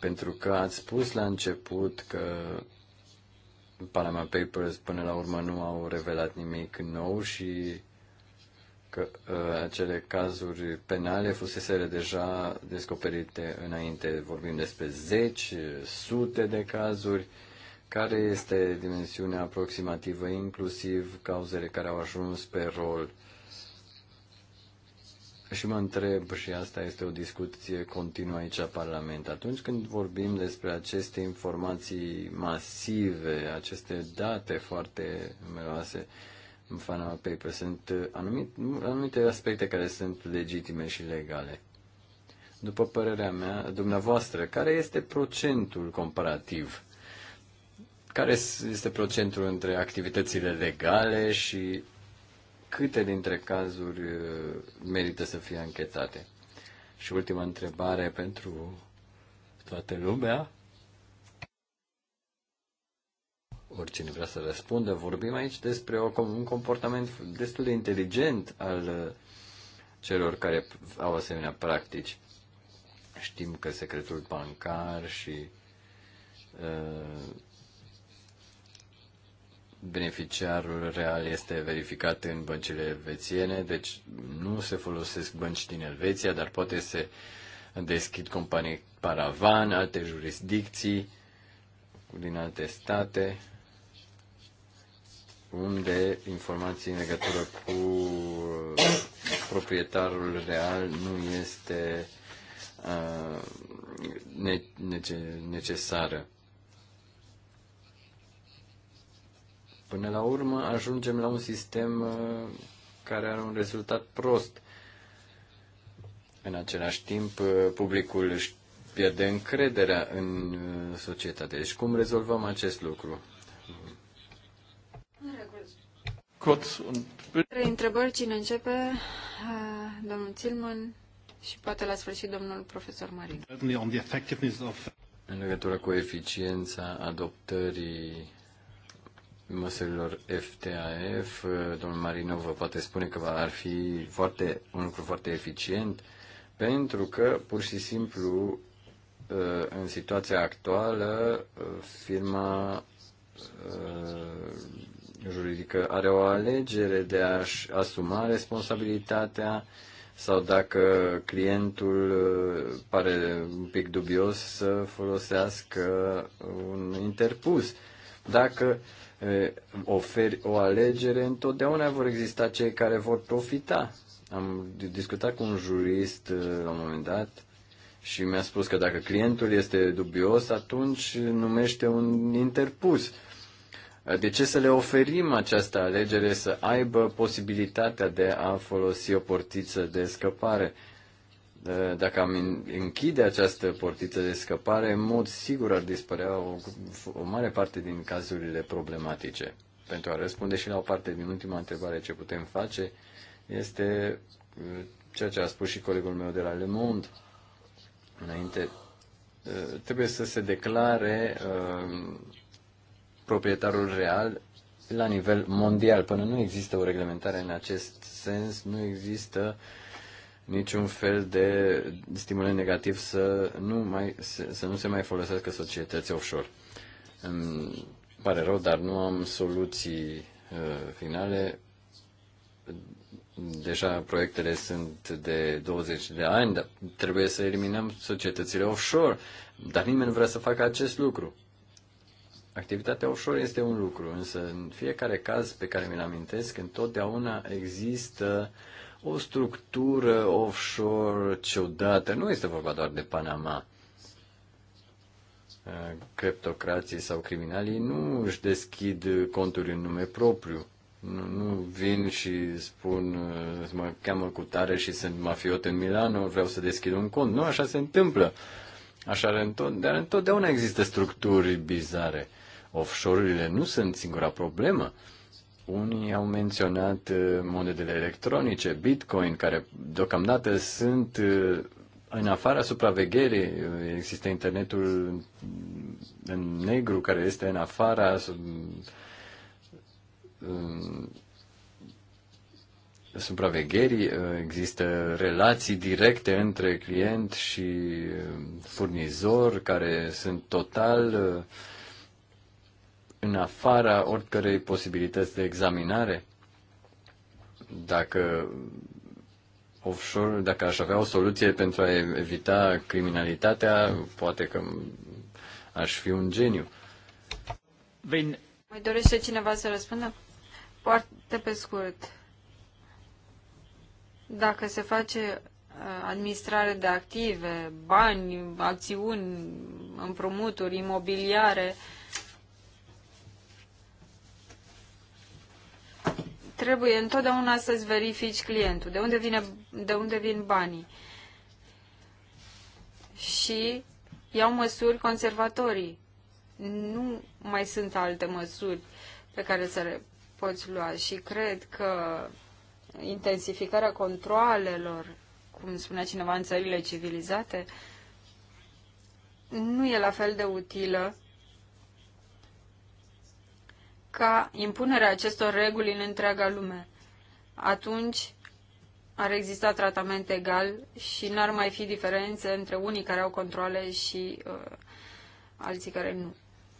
pentru că ați spus la început că Panama Papers până la urmă nu au revelat nimic nou și că uh, acele cazuri penale fuseseră deja descoperite înainte. Vorbim despre zeci, sute de cazuri care este dimensiunea aproximativă, inclusiv cauzele care au ajuns pe rol? Și mă întreb, și asta este o discuție continuă aici a Parlament, atunci când vorbim despre aceste informații masive, aceste date foarte numeroase în Fana Paper, sunt anumite, anumite aspecte care sunt legitime și legale. După părerea mea, dumneavoastră, care este procentul comparativ? Care este procentul între activitățile legale și câte dintre cazuri uh, merită să fie anchetate? Și ultima întrebare pentru toată lumea. Oricine vrea să răspundă, vorbim aici despre o, un comportament destul de inteligent al uh, celor care au asemenea practici. Știm că secretul bancar și uh, beneficiarul real este verificat în băncile elvețiene, deci nu se folosesc bănci din Elveția, dar poate se deschid companii paravan, alte jurisdicții din alte state, unde informații în legătură cu proprietarul real nu este uh, necesară. Până la urmă ajungem la un sistem uh, care are un rezultat prost. În același timp, uh, publicul își pierde încrederea în uh, societate. Deci cum rezolvăm acest lucru? Trei întrebări. Cine începe? Domnul Tilman și poate la sfârșit domnul profesor Marin. În legătură cu eficiența adoptării măsurilor FTAF. Domnul Marinov vă poate spune că ar fi foarte, un lucru foarte eficient, pentru că pur și simplu uh, în situația actuală uh, firma uh, juridică are o alegere de a-și asuma responsabilitatea sau dacă clientul pare un pic dubios să folosească un interpus. Dacă oferi o alegere, întotdeauna vor exista cei care vor profita. Am discutat cu un jurist la un moment dat și mi-a spus că dacă clientul este dubios, atunci numește un interpus. De ce să le oferim această alegere să aibă posibilitatea de a folosi o portiță de scăpare? Eh, dacă am închide această portiță de scăpare, în mod sigur ar dispărea o, o mare parte din cazurile problematice. Pentru a răspunde și la o parte din ultima întrebare ce putem face, este eh, ceea ce a spus și colegul meu de la Le Monde. Înainte, eh, trebuie să se declare proprietarul real la nivel mondial. Până nu există o reglementare în acest sens, nu există uh, niciun fel de stimulant negativ să nu, mai, să, să nu se mai folosească societăți offshore. Îmi pare rău, dar nu am soluții uh, finale. Deja proiectele sunt de 20 de ani, dar trebuie să eliminăm societățile offshore, dar nimeni nu vrea să facă acest lucru. Activitatea offshore este un lucru, însă în fiecare caz pe care mi-l amintesc, întotdeauna există uh, o structură offshore ciudată. Nu este vorba doar de Panama. Creptocrații sau criminalii nu își deschid conturi în nume propriu. Nu, nu vin și spun, mă cheamă cu tare și sunt mafiot în Milano, vreau să deschid un cont. Nu, așa se întâmplă. Așa, dar întotdeauna există structuri bizare. Offshore-urile nu sunt singura problemă. Uh, unii au menționat uh, monedele electronice, Bitcoin, care deocamdată sunt uh, în afara supravegherii. Uh, există internetul în negru, care este în afara um, supravegherii, există relații directe între client și furnizor care sunt total uh, în afara oricărei posibilități de examinare? Dacă offshore, dacă aș avea o soluție pentru a evita criminalitatea, poate că aș fi un geniu. Vin. Mai dorește cineva să răspundă? Foarte pe scurt. Dacă se face uh, administrare de active, bani, acțiuni, împrumuturi, imobiliare, uh, trebuie întotdeauna să-ți verifici clientul, de unde, vine, de unde vin banii. Și iau măsuri conservatorii. Nu mai sunt alte măsuri pe care să le poți lua și cred că intensificarea controalelor, cum spunea cineva în țările civilizate, nu e la fel de utilă ca impunerea acestor reguli în întreaga lume. Atunci ar exista tratament egal și n-ar mai fi diferențe între unii care au controle și uh, alții care nu.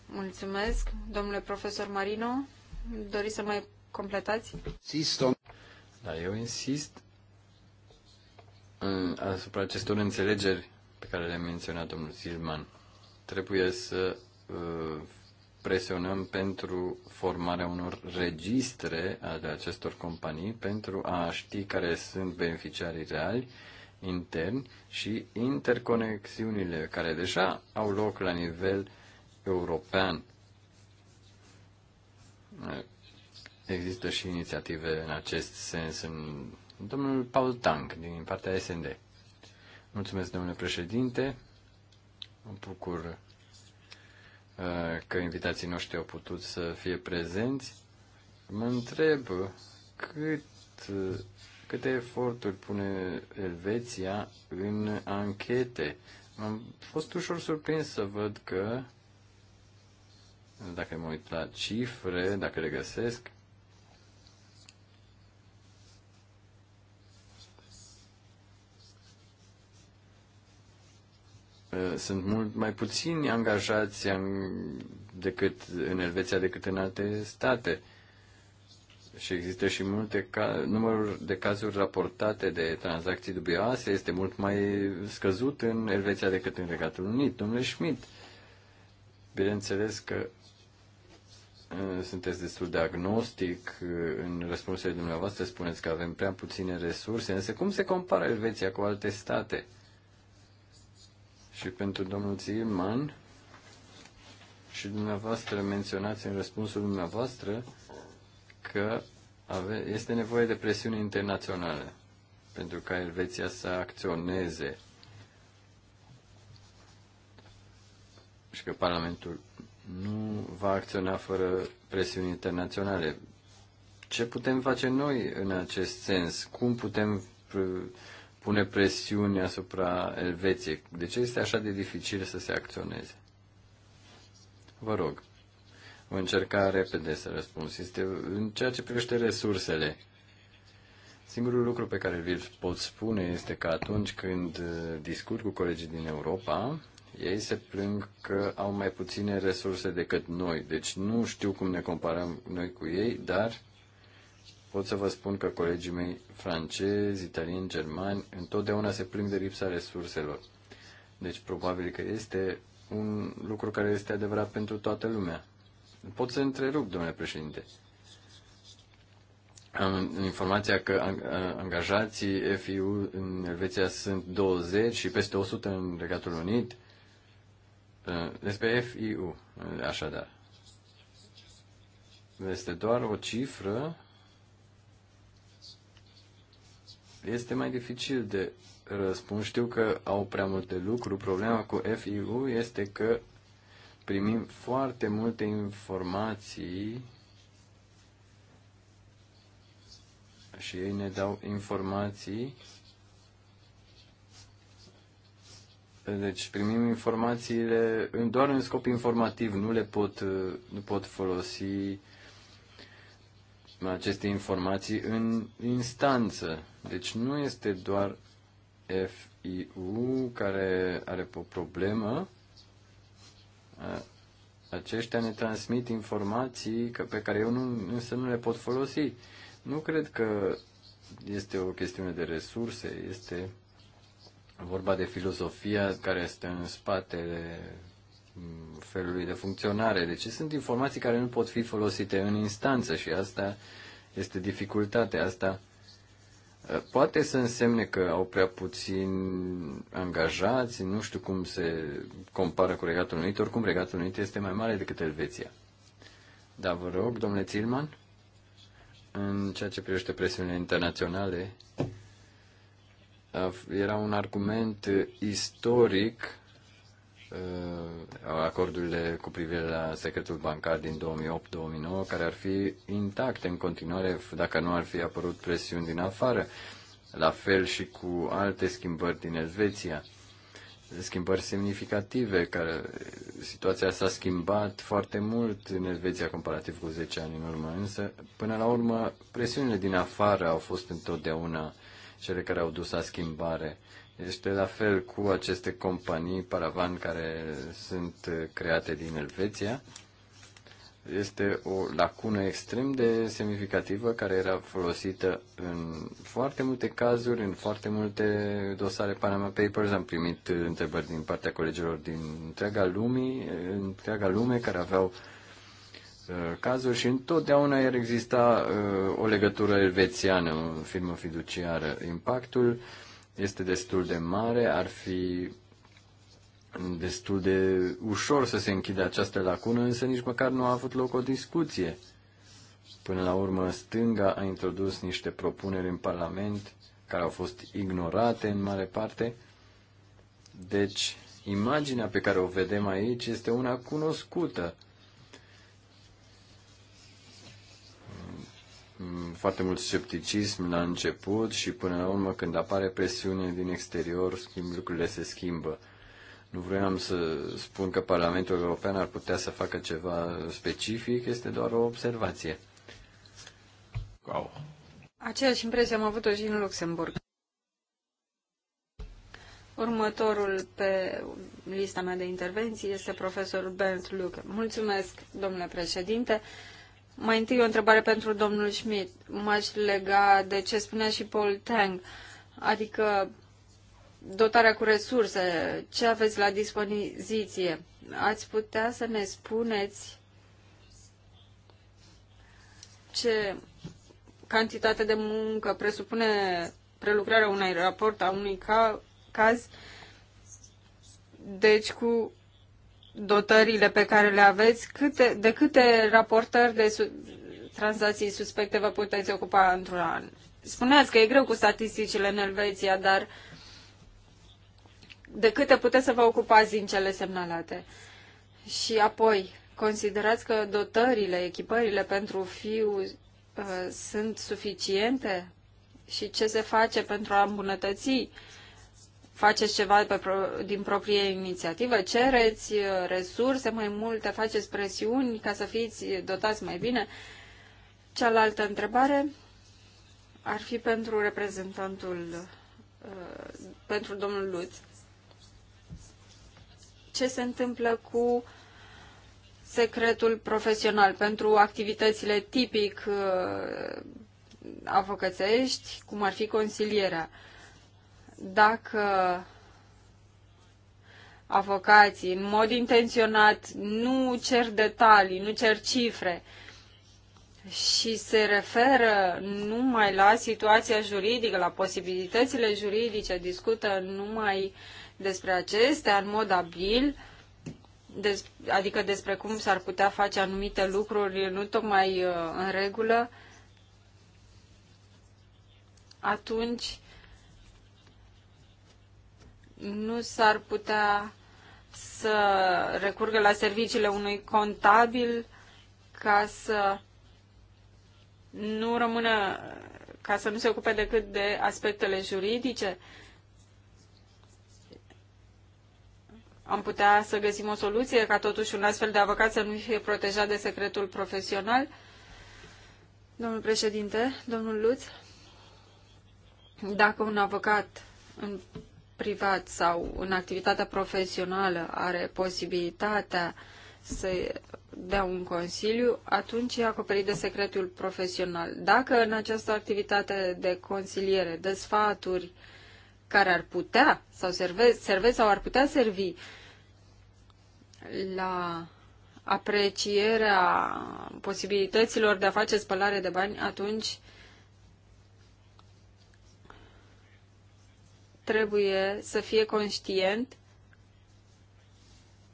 Mulțumesc, domnule profesor Marino. Doriți să mai completați? Da, eu insist în, asupra acestor înțelegeri pe care le-a menționat domnul Zilman. Trebuie să uh, presionăm pentru formarea unor registre ale acestor companii pentru a ști care sunt beneficiarii reali intern și interconexiunile care deja au loc la nivel european. Există și inițiative în acest sens în domnul Paul Tank din partea SND. Mulțumesc, domnule președinte. Mă bucur că invitații noștri au putut să fie prezenți. Mă întreb cât, câte eforturi pune Elveția în anchete. Am fost ușor surprins să văd că, dacă mă uit la cifre, dacă le găsesc, Uh, sunt mult mai puțini angajați decât în Elveția decât în alte state. Și există și multe ca, numărul de cazuri raportate de tranzacții dubioase este mult mai scăzut în Elveția decât în Regatul Unit. Domnule Schmidt, bineînțeles că uh, sunteți destul de agnostic uh, în răspunsurile dumneavoastră, spuneți că avem prea puține resurse, însă cum se compară Elveția cu alte state? și pentru domnul Zilman și dumneavoastră menționați în răspunsul dumneavoastră că ave- este nevoie de presiune internațională pentru ca Elveția să acționeze și că Parlamentul nu va acționa fără presiuni internaționale. Ce putem face noi în acest sens? Cum putem uh, pune presiune asupra Elveției. De ce este așa de dificil să se acționeze? Vă rog, vă încerca repede să răspuns. Este în ceea ce privește resursele. Singurul lucru pe care vi-l pot spune este că atunci când uh, discut cu colegii din Europa, ei se plâng că au mai puține resurse decât noi. Deci nu știu cum ne comparăm noi cu ei, dar pot să vă spun că colegii mei francezi, italieni, germani, întotdeauna se plâng de lipsa resurselor. Deci probabil că este un lucru care este adevărat pentru toată lumea. Pot să întrerup, domnule președinte. Am informația că angajații FIU în Elveția sunt 20 și peste 100 în Regatul Unit. Despre FIU, așadar. Este doar o cifră este mai dificil de răspuns. Știu că au prea multe lucruri. Problema cu FIU este că primim foarte multe informații și ei ne dau informații. Deci primim informațiile doar în scop informativ, nu le pot, nu pot folosi aceste informații în instanță. Deci nu este doar FIU care are o problemă. Aceștia ne transmit informații pe care eu nu, însă nu le pot folosi. Nu cred că este o chestiune de resurse, este vorba de filozofia care este în spatele Mm, felului de funcționare. Deci sunt informații care nu pot fi folosite în instanță și asta este dificultatea. Asta eh, poate să însemne că au prea puțin angajați, nu știu cum se compară cu Regatul Unit, oricum Regatul Unit este mai mare decât Elveția. Dar vă rog, domnule Tilman, în ceea ce privește presiunile internaționale, era un argument eh, istoric Uh, acordurile cu privire la secretul bancar din 2008-2009, care ar fi intacte în continuare dacă nu ar fi apărut presiuni din afară. La fel și cu alte schimbări din Elveția. Schimbări semnificative, care situația s-a schimbat foarte mult în Elveția comparativ cu 10 ani în urmă, însă până la urmă presiunile din afară au fost întotdeauna cele care au dus la schimbare este la fel cu aceste companii paravan care sunt uh, create din Elveția. Este o lacună extrem de semnificativă care era folosită în foarte multe cazuri, în foarte multe dosare Panama Papers. Am primit uh, întrebări din partea colegilor din întreaga lume, uh, întreaga lume care aveau cazuri și întotdeauna ar exista o legătură elvețiană, o firmă fiduciară. Impactul uh, este destul de mare, ar fi destul de ușor să se închide această lacună, însă nici măcar nu a avut loc o discuție. Până la urmă, stânga a introdus niște propuneri în Parlament care au fost ignorate în mare parte. Deci, imaginea pe care o vedem aici este una cunoscută. Mm, foarte mult scepticism la început și până la urmă când apare presiune din exterior, schimb, lucrurile se schimbă. Nu vreau să spun că Parlamentul European ar putea să facă ceva specific, este doar o observație. Wow. Aceeași impresie am avut-o și în Luxemburg. Următorul pe lista mea de intervenții este profesorul Bernd Luke. Mulțumesc, domnule președinte. Mai întâi o întrebare pentru domnul Schmidt. M-aș lega de ce spunea și Paul Tang, adică dotarea cu resurse, ce aveți la dispoziție. Ați putea să ne spuneți ce cantitate de muncă presupune prelucrarea unui raport a unui ca, caz, deci cu dotările pe care le aveți, câte, de câte raportări de su- tranzacții suspecte vă puteți ocupa într-un an? Spuneați că e greu cu statisticile în Elveția, dar de câte puteți să vă ocupați din cele semnalate? Și apoi, considerați că dotările, echipările pentru fiu uh, sunt suficiente? Și ce se face pentru a îmbunătăți uh, faceți ceva pe, din proprie inițiativă, cereți uh, resurse mai multe, faceți presiuni ca să fiți dotați mai bine. Cealaltă întrebare ar fi pentru reprezentantul, uh, pentru domnul Luț. Ce se întâmplă cu secretul profesional pentru activitățile tipic uh, avocățești, cum ar fi consilierea? dacă avocații în mod intenționat nu cer detalii, nu cer cifre și se referă numai la situația juridică, la posibilitățile juridice, discută numai despre acestea în mod abil, des, adică despre cum s-ar putea face anumite lucruri nu tocmai uh, în regulă, atunci nu s-ar putea să recurgă la serviciile unui contabil ca să nu rămână, ca să nu se ocupe decât de aspectele juridice? Am putea să găsim o soluție ca totuși un astfel de avocat să nu fie protejat de secretul profesional? Domnul președinte, domnul Luț, dacă un avocat în privat sau în activitatea profesională are posibilitatea să dea un consiliu, atunci e acoperit de secretul profesional. Dacă în această activitate de consiliere, de sfaturi, care ar putea sau serve, serve sau ar putea servi la aprecierea posibilităților de a face spălare de bani, atunci trebuie să fie conștient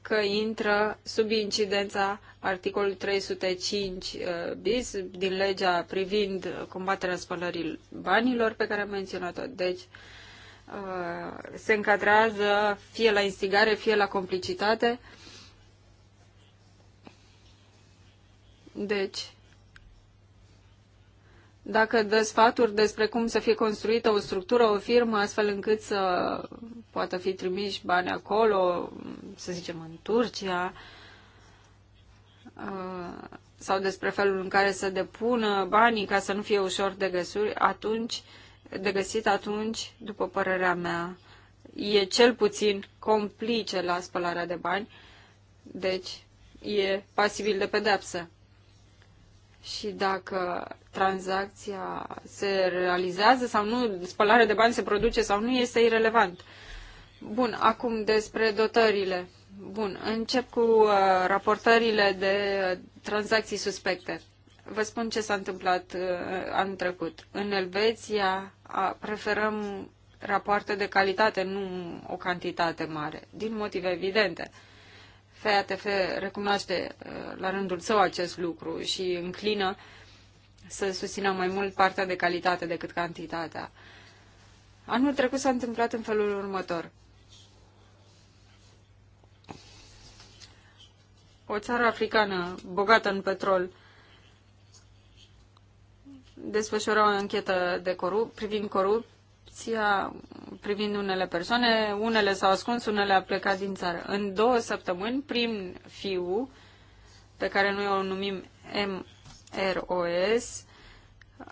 că intră sub incidența articolul 305 uh, bis din legea privind combaterea spălării banilor pe care am menționat-o. Deci uh, se încadrează fie la instigare, fie la complicitate. Deci, dacă dă sfaturi despre cum să fie construită o structură, o firmă, astfel încât să poată fi trimiși bani acolo, să zicem în Turcia, uh, sau despre felul în care să depună banii ca să nu fie ușor de, găsuri, atunci, de găsit, atunci, după părerea mea, e cel puțin complice la spălarea de bani, deci e pasibil de pedepsă și dacă tranzacția se realizează sau nu, spălarea de bani se produce sau nu, este irelevant. Bun, acum despre dotările. Bun, încep cu uh, raportările de uh, tranzacții suspecte. Vă spun ce s-a întâmplat uh, anul trecut. În Elveția a, preferăm rapoarte de calitate, nu o cantitate mare, din motive evidente. Uh, FATF recunoaște uh, la rândul său acest lucru și înclină să susțină mai mult partea de calitate decât cantitatea. Anul trecut s-a întâmplat în felul următor. O țară africană bogată în petrol desfășura o anchetă de corup, privind corup, corupția privind unele persoane, unele s-au ascuns, unele a plecat din țară. În două săptămâni, prim fiu, pe care noi o numim MROS,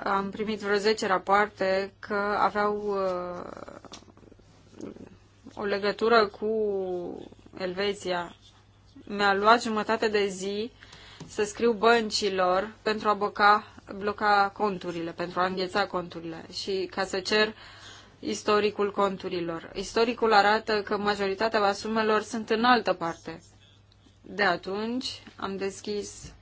am primit vreo 10 rapoarte că aveau uh, o legătură cu Elveția. Mi-a luat jumătate de zi să scriu băncilor pentru a bloca, bloca conturile, pentru a îngheța conturile și ca să cer uh, istoricul conturilor. Istoricul arată că majoritatea sumelor sunt în altă parte. De atunci am deschis,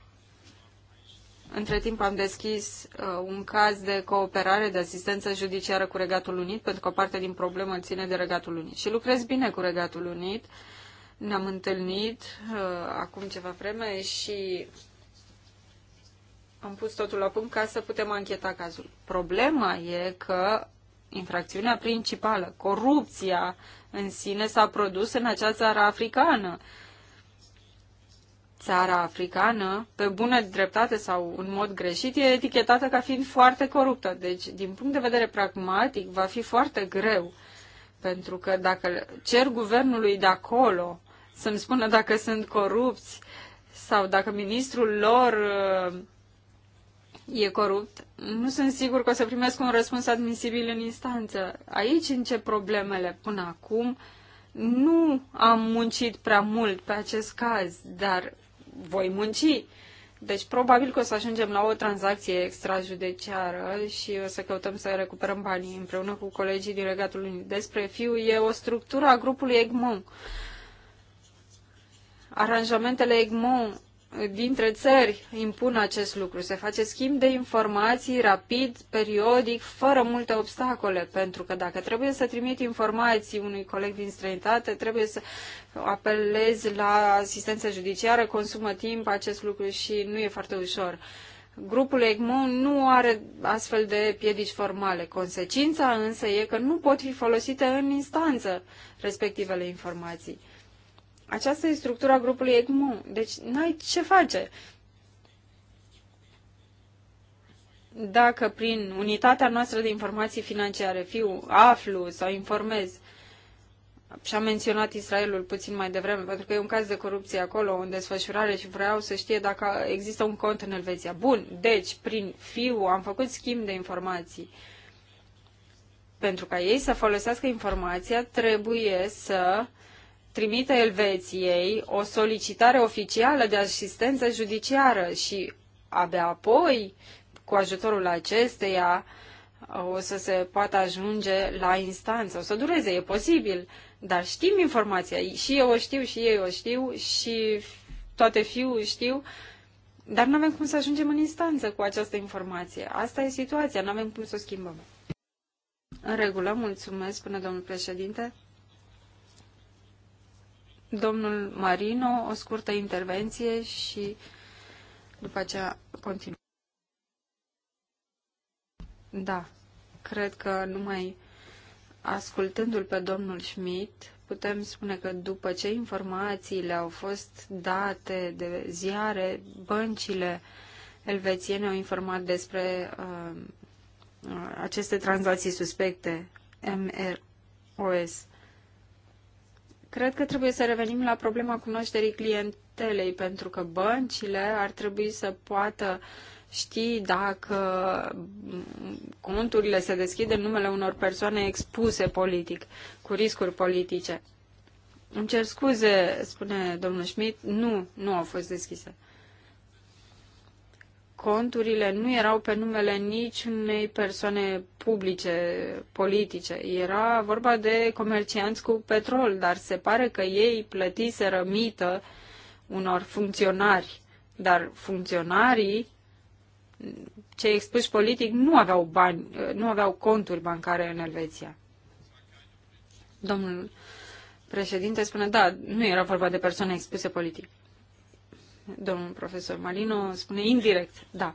între timp am deschis uh, un caz de cooperare de asistență judiciară cu Regatul Unit, pentru că o parte din problemă ține de Regatul Unit. Și lucrez bine cu Regatul Unit. Ne-am întâlnit uh, acum ceva vreme și am pus totul la punct ca să putem ancheta cazul. Problema e că infracțiunea principală, corupția în sine, s-a produs în acea țară africană. Țara africană, pe bună dreptate sau în mod greșit, e etichetată ca fiind foarte coruptă. Deci, din punct de vedere pragmatic, va fi foarte greu. Pentru că dacă cer guvernului de acolo să-mi spună dacă sunt corupți sau dacă ministrul lor uh, e corupt, nu sunt sigur că o să primesc un răspuns admisibil în instanță. Aici încep problemele. Până acum nu am muncit prea mult pe acest caz, dar voi munci. Deci probabil că o să ajungem la o tranzacție extrajudiciară și o să căutăm să recuperăm banii împreună cu colegii din Regatul unii. Despre fiu e o structură a grupului EGMON. Aranjamentele EGMON dintre țări impun acest lucru. Se face schimb de informații rapid, periodic, fără multe obstacole, pentru că dacă trebuie să trimit informații unui coleg din străinitate, trebuie să apelezi la asistență judiciară, consumă timp acest lucru și nu e foarte ușor. Grupul EGMON nu are astfel de piedici formale. Consecința însă e că nu pot fi folosite în instanță respectivele informații. Aceasta e structura grupului ECMO. Deci n-ai ce face. Dacă prin unitatea noastră de informații financiare fiu, aflu sau informez, și am menționat Israelul puțin mai devreme, pentru că e un caz de corupție acolo, în desfășurare și vreau să știe dacă există un cont în Elveția. Bun, deci prin fiu am făcut schimb de informații pentru ca ei să folosească informația, trebuie să trimite Elveției o solicitare oficială de asistență judiciară și abia apoi, cu ajutorul acesteia, o să se poată ajunge la instanță. O să dureze, e posibil, dar știm informația. Și eu o știu, și ei o știu, și toate fiul știu, dar nu avem cum să ajungem în instanță cu această informație. Asta e situația, nu avem cum să o schimbăm. În regulă, mulțumesc, până domnul președinte domnul Marino, o scurtă intervenție și după aceea continuăm. Da, cred că numai ascultându-l pe domnul Schmidt, putem spune că după ce informațiile au fost date de ziare, băncile elvețiene au informat despre uh, uh aceste tranzacții suspecte MROS. Cred că trebuie să revenim la problema cunoașterii clientelei, pentru că băncile ar trebui să poată ști dacă conturile se deschid în numele unor persoane expuse politic, cu riscuri politice. Îmi cer scuze, spune domnul Schmidt, nu, nu au fost deschise conturile nu erau pe numele nici unei persoane publice, politice. Era vorba de comercianți cu petrol, dar se pare că ei plătiseră mită unor funcționari. Dar funcționarii, cei expuși politic, nu aveau bani, nu aveau conturi bancare în Elveția. Domnul președinte spune, da, nu era vorba de persoane expuse politic. Domnul profesor Marino spune indirect, da.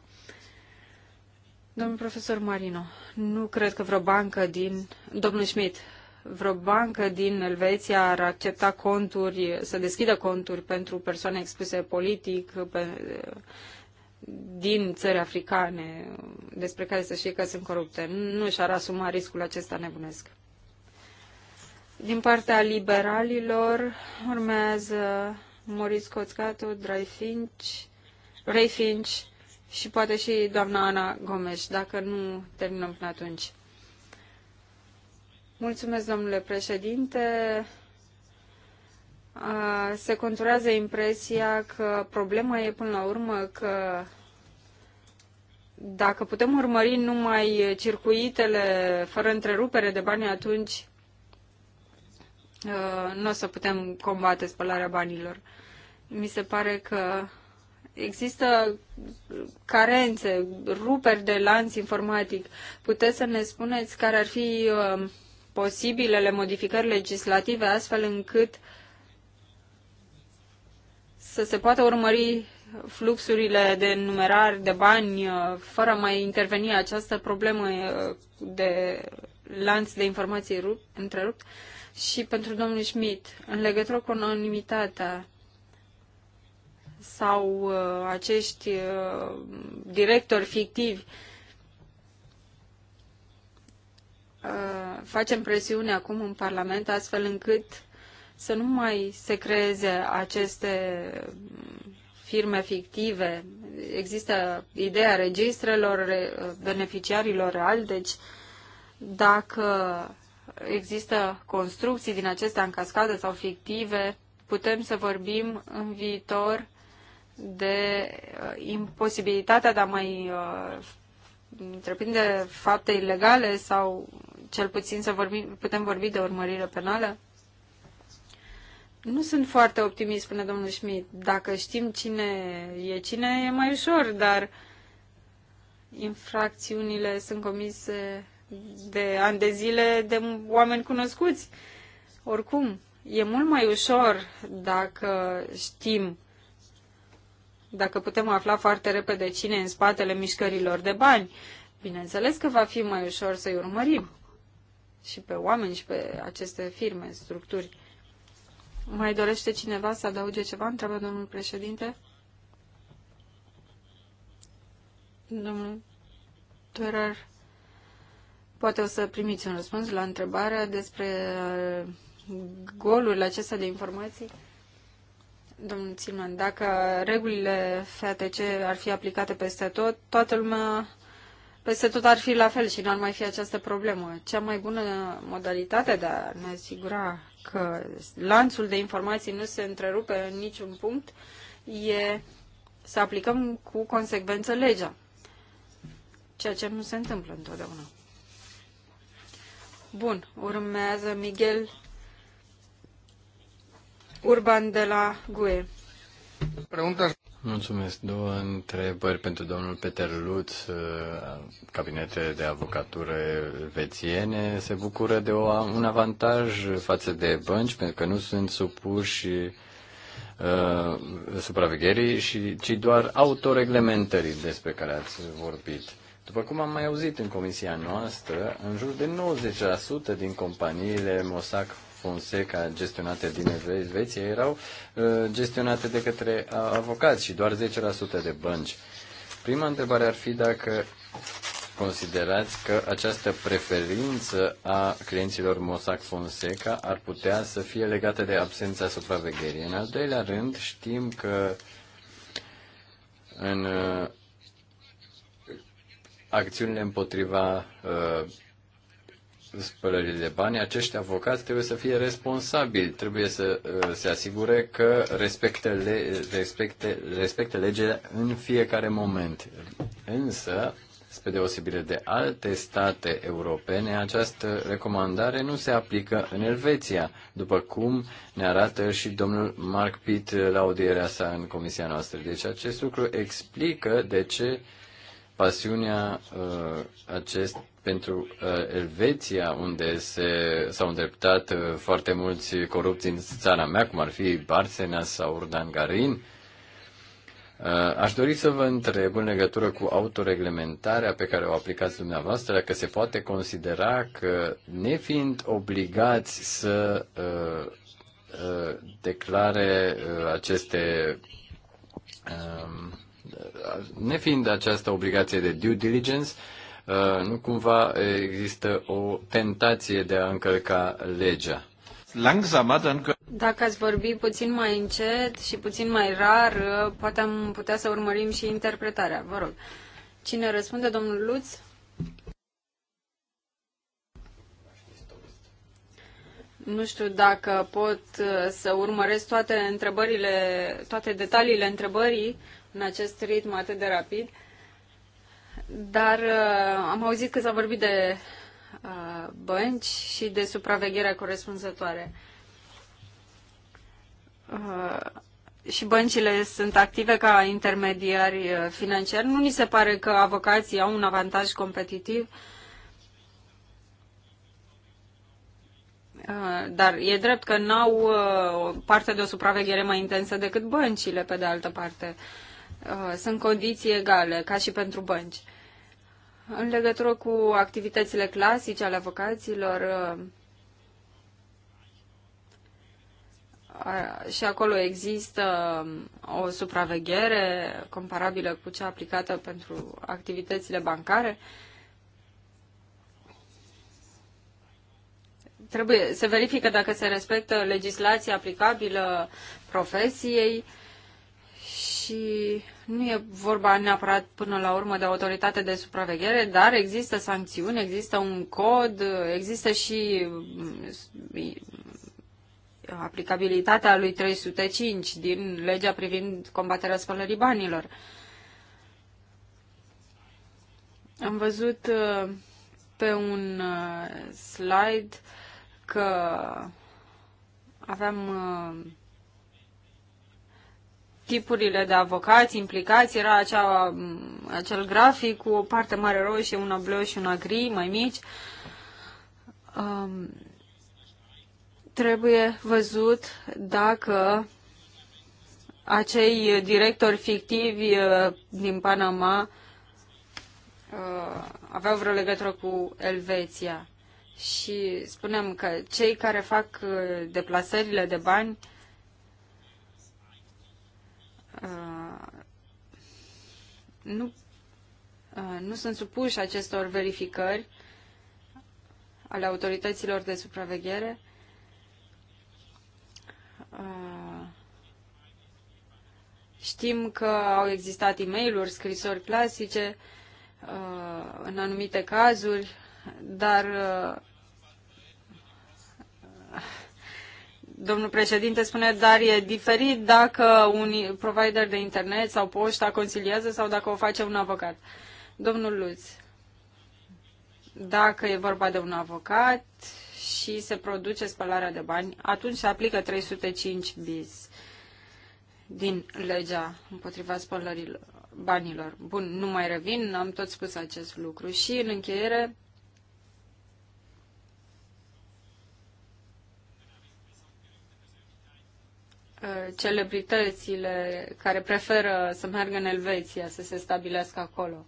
Domnul profesor Marino, nu cred că vreo bancă din... Domnul Schmidt, vreo bancă din Elveția ar accepta conturi, să deschidă conturi pentru persoane expuse politic pe, din țări africane despre care să știe că sunt corupte. Nu și-ar asuma riscul acesta nebunesc. Din partea liberalilor urmează Maurice Coțcatu, Dray Finch, Ray Finch și poate și doamna Ana Gomes, dacă nu terminăm până atunci. Mulțumesc, domnule președinte. Se conturează impresia că problema e până la urmă că dacă putem urmări numai circuitele fără întrerupere de bani, atunci Uh, nu o să putem combate spălarea banilor. Mi se pare că există carențe, ruperi de lanț informatic. Puteți să ne spuneți care ar fi uh, posibilele modificări legislative astfel încât să se poată urmări fluxurile de numerar de bani uh, fără a mai interveni această problemă de lanț de informații întrerupt și pentru domnul Schmidt, în legătură cu anonimitatea sau uh, acești uh, directori fictivi, uh, facem presiune acum în Parlament astfel încât să nu mai se creeze aceste firme fictive. Există ideea registrelor beneficiarilor reali, deci dacă există construcții din acestea în cascadă sau fictive, putem să vorbim în viitor de uh, imposibilitatea de a mai uh, întreprinde fapte ilegale sau cel puțin să vorbim, putem vorbi de urmărire penală? Nu sunt foarte optimist, spune domnul Schmidt. Dacă știm cine e cine, e mai ușor, dar infracțiunile sunt comise de ani de zile de oameni cunoscuți. Oricum, e mult mai ușor dacă știm, dacă putem afla foarte repede cine e în spatele mișcărilor de bani. Bineînțeles că va fi mai ușor să-i urmărim și pe oameni și pe aceste firme, structuri. Mai dorește cineva să adauge ceva? Întreabă domnul președinte. Domnul Turer Poate o să primiți un răspuns la întrebarea despre uh, golurile acestea de informații. Domnul Țilman, dacă regulile FATC ar fi aplicate peste tot, toată lumea peste tot ar fi la fel și n-ar mai fi această problemă. Cea mai bună modalitate de a ne asigura că lanțul de informații nu se întrerupe în niciun punct e să aplicăm cu consecvență legea, ceea ce nu se întâmplă întotdeauna. Bun, urmează Miguel Urban de la GUE. Pregunta. Mulțumesc. Două întrebări pentru domnul Peter Lutz. Uh, cabinete de avocatură vețiene se bucură de o, un avantaj față de bănci pentru că nu sunt supuși uh, supravegherii, și, ci doar autoreglementării despre care ați vorbit. După cum am mai auzit în comisia noastră, în jur de 90% din companiile Mossack Fonseca gestionate din Elveția erau uh, gestionate de către uh, avocați și doar 10% de bănci. Prima întrebare ar fi dacă considerați că această preferință a clienților Mossack Fonseca ar putea să fie legată de absența supravegherii. În al doilea rând, știm că în uh, acțiunile împotriva uh, spălării de bani, acești avocați trebuie să fie responsabili, trebuie să uh, se asigure că respecte, le, respecte, respecte legea în fiecare moment. Însă, spre deosebire de alte state europene, această recomandare nu se aplică în Elveția, după cum ne arată și domnul Mark Pitt la audierea sa în comisia noastră. Deci acest lucru explică de ce uh, pasiunea uh, acest pentru uh, Elveția, unde se, s-au îndreptat uh, foarte mulți corupți în țara mea, cum ar fi Barcenas sau Urdan Garin. Uh, aș dori să vă întreb în legătură cu autoreglementarea pe care o aplicați dumneavoastră, dacă se poate considera că, nefiind obligați să uh, uh, declare uh, aceste uh, nefiind această obligație de due diligence, uh, nu cumva există o tentație de a încălca legea. Dacă ați vorbi puțin mai încet și puțin mai rar, uh, poate am putea să urmărim și interpretarea. Vă rog. Cine răspunde, domnul Luț? Nu știu dacă pot uh, să urmăresc toate întrebările, toate detaliile întrebării, în acest ritm atât de rapid, dar uh, am auzit că s-a vorbit de uh, bănci și de supravegherea corespunzătoare. Uh, și băncile sunt active ca intermediari uh, financiari. Nu ni se pare că avocații au un avantaj competitiv, uh, dar e drept că n-au uh, parte de o supraveghere mai intensă decât băncile, pe de altă parte. Uh, Uh, sunt condiții egale, ca și pentru bănci. În legătură cu activitățile clasice ale avocaților, uh, și acolo există um, o supraveghere comparabilă cu cea aplicată pentru activitățile bancare. Trebuie să verifică dacă se respectă legislația aplicabilă profesiei și nu e vorba neapărat până la urmă de autoritate de supraveghere, dar există sancțiuni, există un cod, există și mm, aplicabilitatea lui 305 din legea privind combaterea spălării banilor. Am văzut uh, pe un uh, slide că aveam uh, tipurile de avocați implicați, era acea, mm, acel grafic cu o parte mare roșie, una bleu și una gri, mai mici. Um, trebuie văzut dacă acei directori fictivi uh, din Panama uh, aveau vreo legătură cu Elveția. Și spunem că cei care fac uh, deplasările de bani uh, Uh, nu, uh, nu sunt supuși acestor verificări ale autorităților de supraveghere. Uh, știm că au existat e mail scrisori clasice în anumite cazuri, dar Domnul președinte spune, dar e diferit dacă un provider de internet sau poșta conciliază sau dacă o face un avocat. Domnul Luț, dacă e vorba de un avocat și se produce spălarea de bani, atunci se aplică 305 bis din legea împotriva spălării banilor. Bun, nu mai revin, am tot spus acest lucru. Și în încheiere, Uh, celebritățile care preferă să meargă în Elveția, să se stabilească acolo.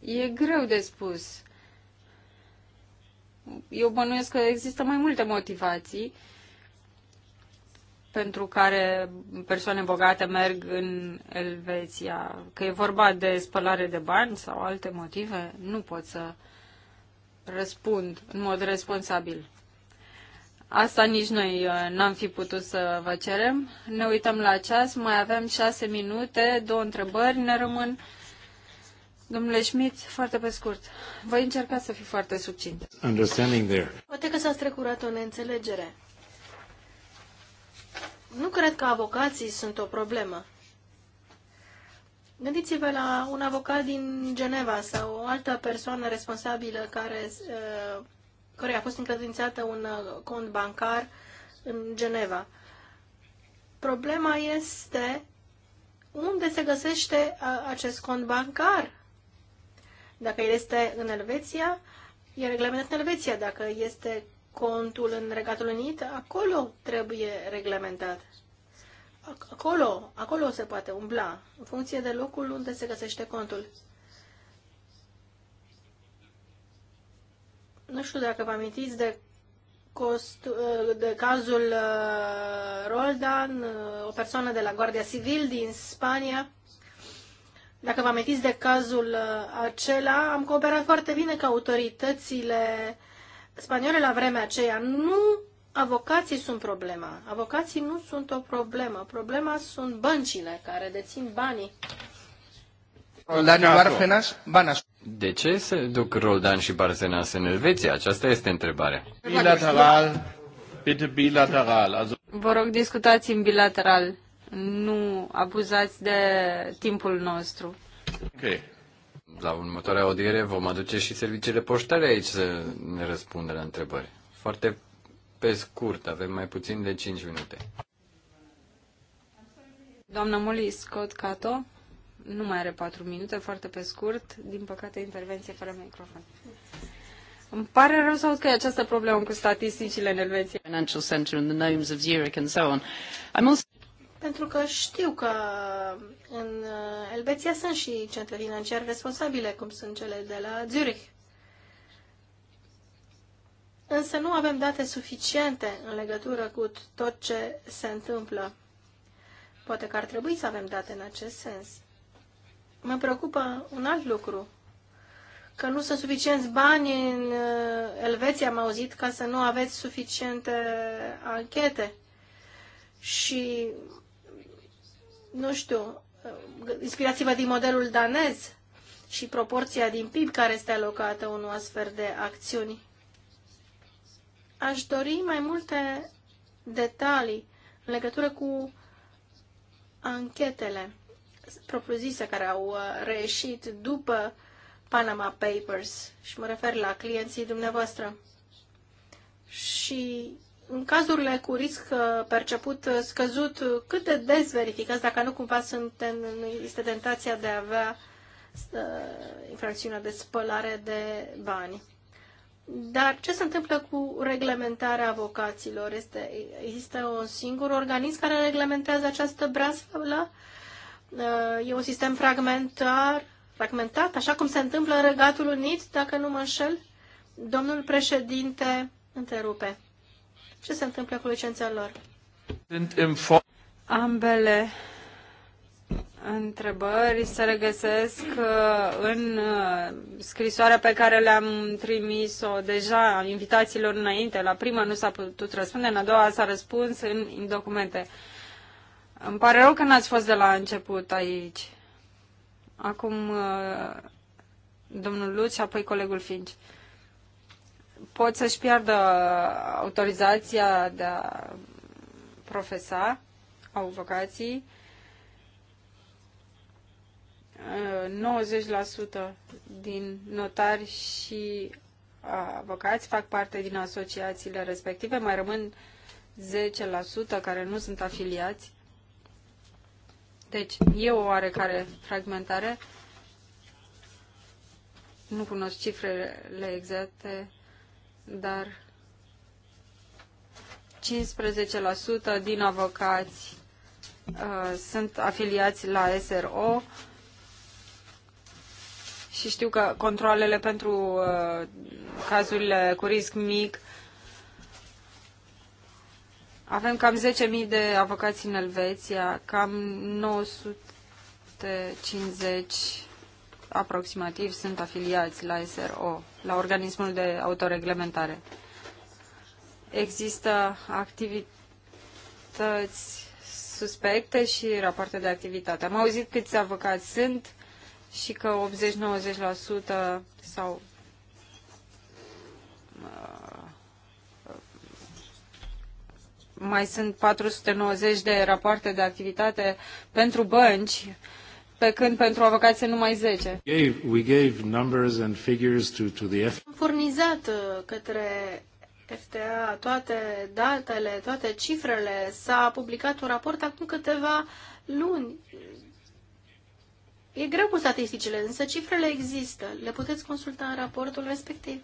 E greu de spus. Eu bănuiesc că există mai multe motivații pentru care persoane bogate merg în Elveția. Că e vorba de spălare de bani sau alte motive, nu pot să răspund în mod responsabil. Asta nici noi uh, n-am fi putut să vă cerem. Ne uităm la ceas, mai avem șase minute, două întrebări ne rămân. Domnule Schmidt, foarte pe scurt, voi încerca să fiu foarte subțint. Poate că s-a strecurat o neînțelegere. Nu cred că avocații sunt o problemă. Gândiți-vă la un avocat din Geneva sau o altă persoană responsabilă care uh, căruia a fost încredințată un uh, cont bancar în Geneva. Problema este unde se găsește uh, acest cont bancar. Dacă el este în Elveția, e reglementat în Elveția. Dacă este contul în Regatul Unit, acolo trebuie reglementat. Acolo, acolo se poate umbla, în funcție de locul unde se găsește contul. Nu știu dacă vă amintiți de, cost, uh, de cazul uh, Roldan, uh, o persoană de la Guardia Civil din Spania. Dacă vă amintiți de cazul acela, am cooperat foarte bine cu autoritățile spaniole la vremea aceea. Nu avocații sunt problema. Avocații nu sunt o problemă. Problema sunt băncile care dețin banii. Roldan Bárcenas, Banas. De ce se duc Roldan și Barzenas în Elveția? Aceasta este întrebarea. Bilateral, bitte bilateral. Also... Vă rog, discutați în bilateral. Nu abuzați de timpul nostru. Ok. La următoarea audiere vom aduce și serviciile poștale aici să ne răspundă la întrebări. Foarte pe scurt, avem mai puțin de 5 minute. Doamna Molly Scott Cato nu mai are patru minute, foarte pe scurt, din păcate intervenție fără microfon. Îmi pare rău să aud că e această problemă cu statisticile în Elveția. Financial Center and the names of Zurich and so on. I'm also... Pentru că știu că în uh, Elveția sunt și centre financiare responsabile, cum sunt cele de la Zurich. Însă nu avem date suficiente în legătură cu tot ce se întâmplă. Poate că ar trebui să avem date în acest sens mă preocupă un alt lucru. Că nu sunt suficienți bani în uh, Elveția, am auzit, ca să nu aveți suficiente anchete. Și, nu știu, uh, inspirați-vă din modelul danez și proporția din PIB care este alocată unui astfel de acțiuni. Aș dori mai multe detalii în legătură cu anchetele propriu-zise care au uh, reieșit după Panama Papers și mă refer la clienții dumneavoastră. Și în cazurile cu risc uh, perceput uh, scăzut, cât de des verificați dacă nu cumva suntem, este tentația de a avea infracțiunea de spălare de bani. Dar ce se întâmplă cu reglementarea avocaților? Este, există un singur organism care reglementează această braslă Uh, e un sistem fragmentar, fragmentat, așa cum se întâmplă în Regatul Unit, dacă nu mă înșel. Domnul președinte întrerupe. Ce se întâmplă cu licența lor? Ambele întrebări se regăsesc uh, în uh, scrisoarea pe care le-am trimis-o deja invitațiilor înainte. La prima nu s-a putut răspunde, în a doua s-a răspuns în, în documente. Îmi pare rău că n-ați fost de la început aici. Acum uh, domnul Luț și apoi colegul Finci. Pot să-și piardă autorizația de a profesa, au vocații. 90% uh, din notari și uh, avocați fac parte din asociațiile respective, mai rămân 10% care nu sunt afiliați deci, e o oarecare fragmentare. Nu cunosc cifrele exacte, dar 15% din avocați uh, sunt afiliați la SRO și știu că controlele pentru uh, cazurile cu risc mic avem cam 10.000 de avocați în Elveția, cam 950 aproximativ sunt afiliați la SRO, la organismul de autoreglementare. Există activități suspecte și rapoarte de activitate. Am auzit câți avocați sunt și că 80-90% sau uh, mai sunt 490 de rapoarte de activitate pentru bănci, pe când pentru avocație numai 10. we gave numbers and figures to, to the F- Am furnizat uh, către FTA toate datele, toate cifrele. S-a publicat un raport acum câteva luni. E greu cu statisticile, însă cifrele există. Le puteți consulta în raportul respectiv.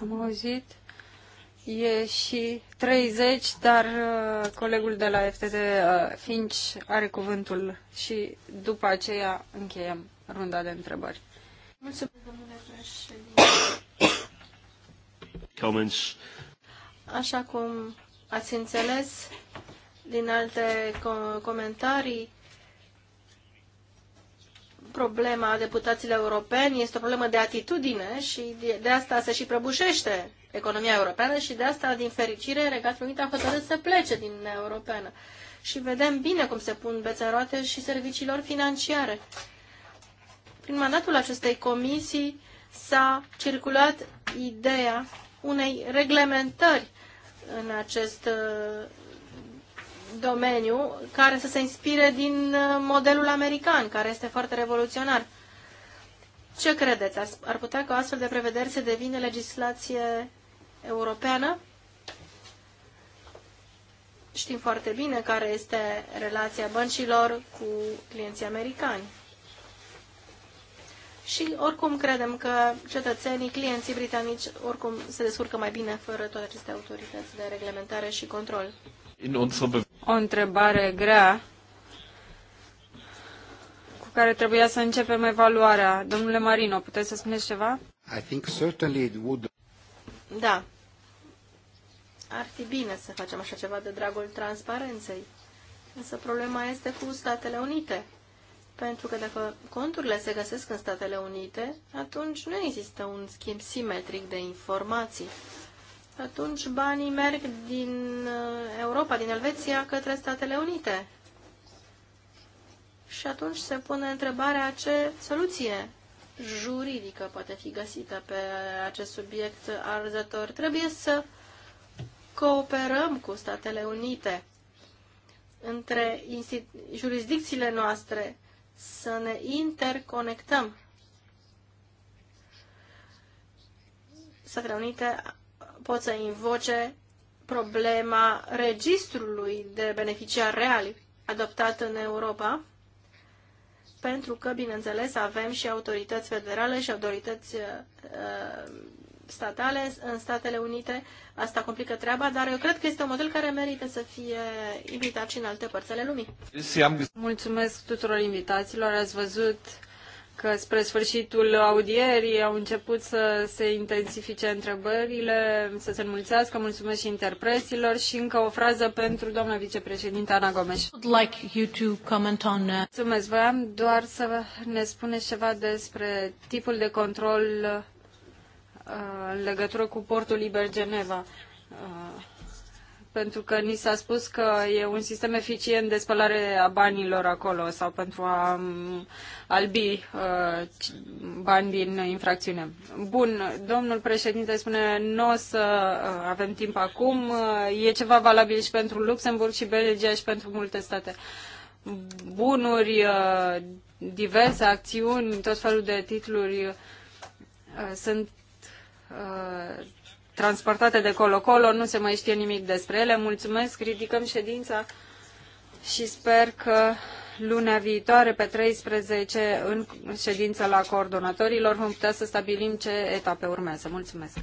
Am auzit E și 30, dar uh, colegul de la FTD uh, Finch are cuvântul și după aceea încheiem runda de întrebări. Mulțumesc, domnule președinte. Comments. Așa cum ați înțeles din alte co comentarii, problema deputaților europeni, este o problemă de atitudine și de asta se și prăbușește economia europeană și de asta, din fericire, Regatul Unit a hotărât să plece din Uniunea Europeană. Și vedem bine cum se pun bețe roate și serviciilor financiare. Prin mandatul acestei comisii s-a circulat ideea unei reglementări în acest domeniu care să se inspire din uh, modelul american, care este foarte revoluționar. Ce credeți? Ar putea ca astfel de prevederi să devină legislație europeană? Știm foarte bine care este relația băncilor cu clienții americani. Și oricum credem că cetățenii, clienții britanici, oricum se descurcă mai bine fără toate aceste autorități de reglementare și control. O întrebare grea cu care trebuia să începem evaluarea. Domnule Marino, puteți să spuneți ceva? I think certainly it would... Da. Ar fi bine să facem așa ceva de dragul transparenței. Însă problema este cu Statele Unite. Pentru că dacă conturile se găsesc în Statele Unite, atunci nu există un schimb simetric de informații atunci banii merg din uh, Europa, din Elveția, către Statele Unite. Și atunci se pune întrebarea ce soluție juridică poate fi găsită pe acest subiect arzător. Trebuie să cooperăm cu Statele Unite între jurisdicțiile noastre, să ne interconectăm. Statele Unite pot să invoce problema registrului de beneficiari reali adoptat în Europa, pentru că, bineînțeles, avem și autorități federale și autorități uh, statale în Statele Unite. Asta complică treaba, dar eu cred că este un model care merită să fie invitat și în alte părți ale lumii. Mulțumesc tuturor invitațiilor. Ați văzut că spre sfârșitul audierii au început să se intensifice întrebările, să se înmulțească. Mulțumesc și interpreților și încă o frază pentru doamna vicepreședinte Ana Gomes. Like you to comment on... Uh, Mulțumesc. Voiam doar să ne spuneți ceva despre tipul de control uh, în legătură cu portul Liber Geneva. Uh, pentru că ni s-a spus că e un sistem eficient de spălare a banilor acolo sau pentru a um, albi uh, bani din infracțiune. Bun, domnul președinte spune nu o să uh, avem timp acum, uh, e ceva valabil și pentru Luxemburg și Belgia și pentru multe state. Bunuri, uh, diverse acțiuni, tot felul de titluri uh, sunt uh, transportate de colo-colo, nu se mai știe nimic despre ele. Mulțumesc, ridicăm ședința și sper că luna viitoare, pe 13, în ședința la coordonatorilor, vom putea să stabilim ce etape urmează. Mulțumesc!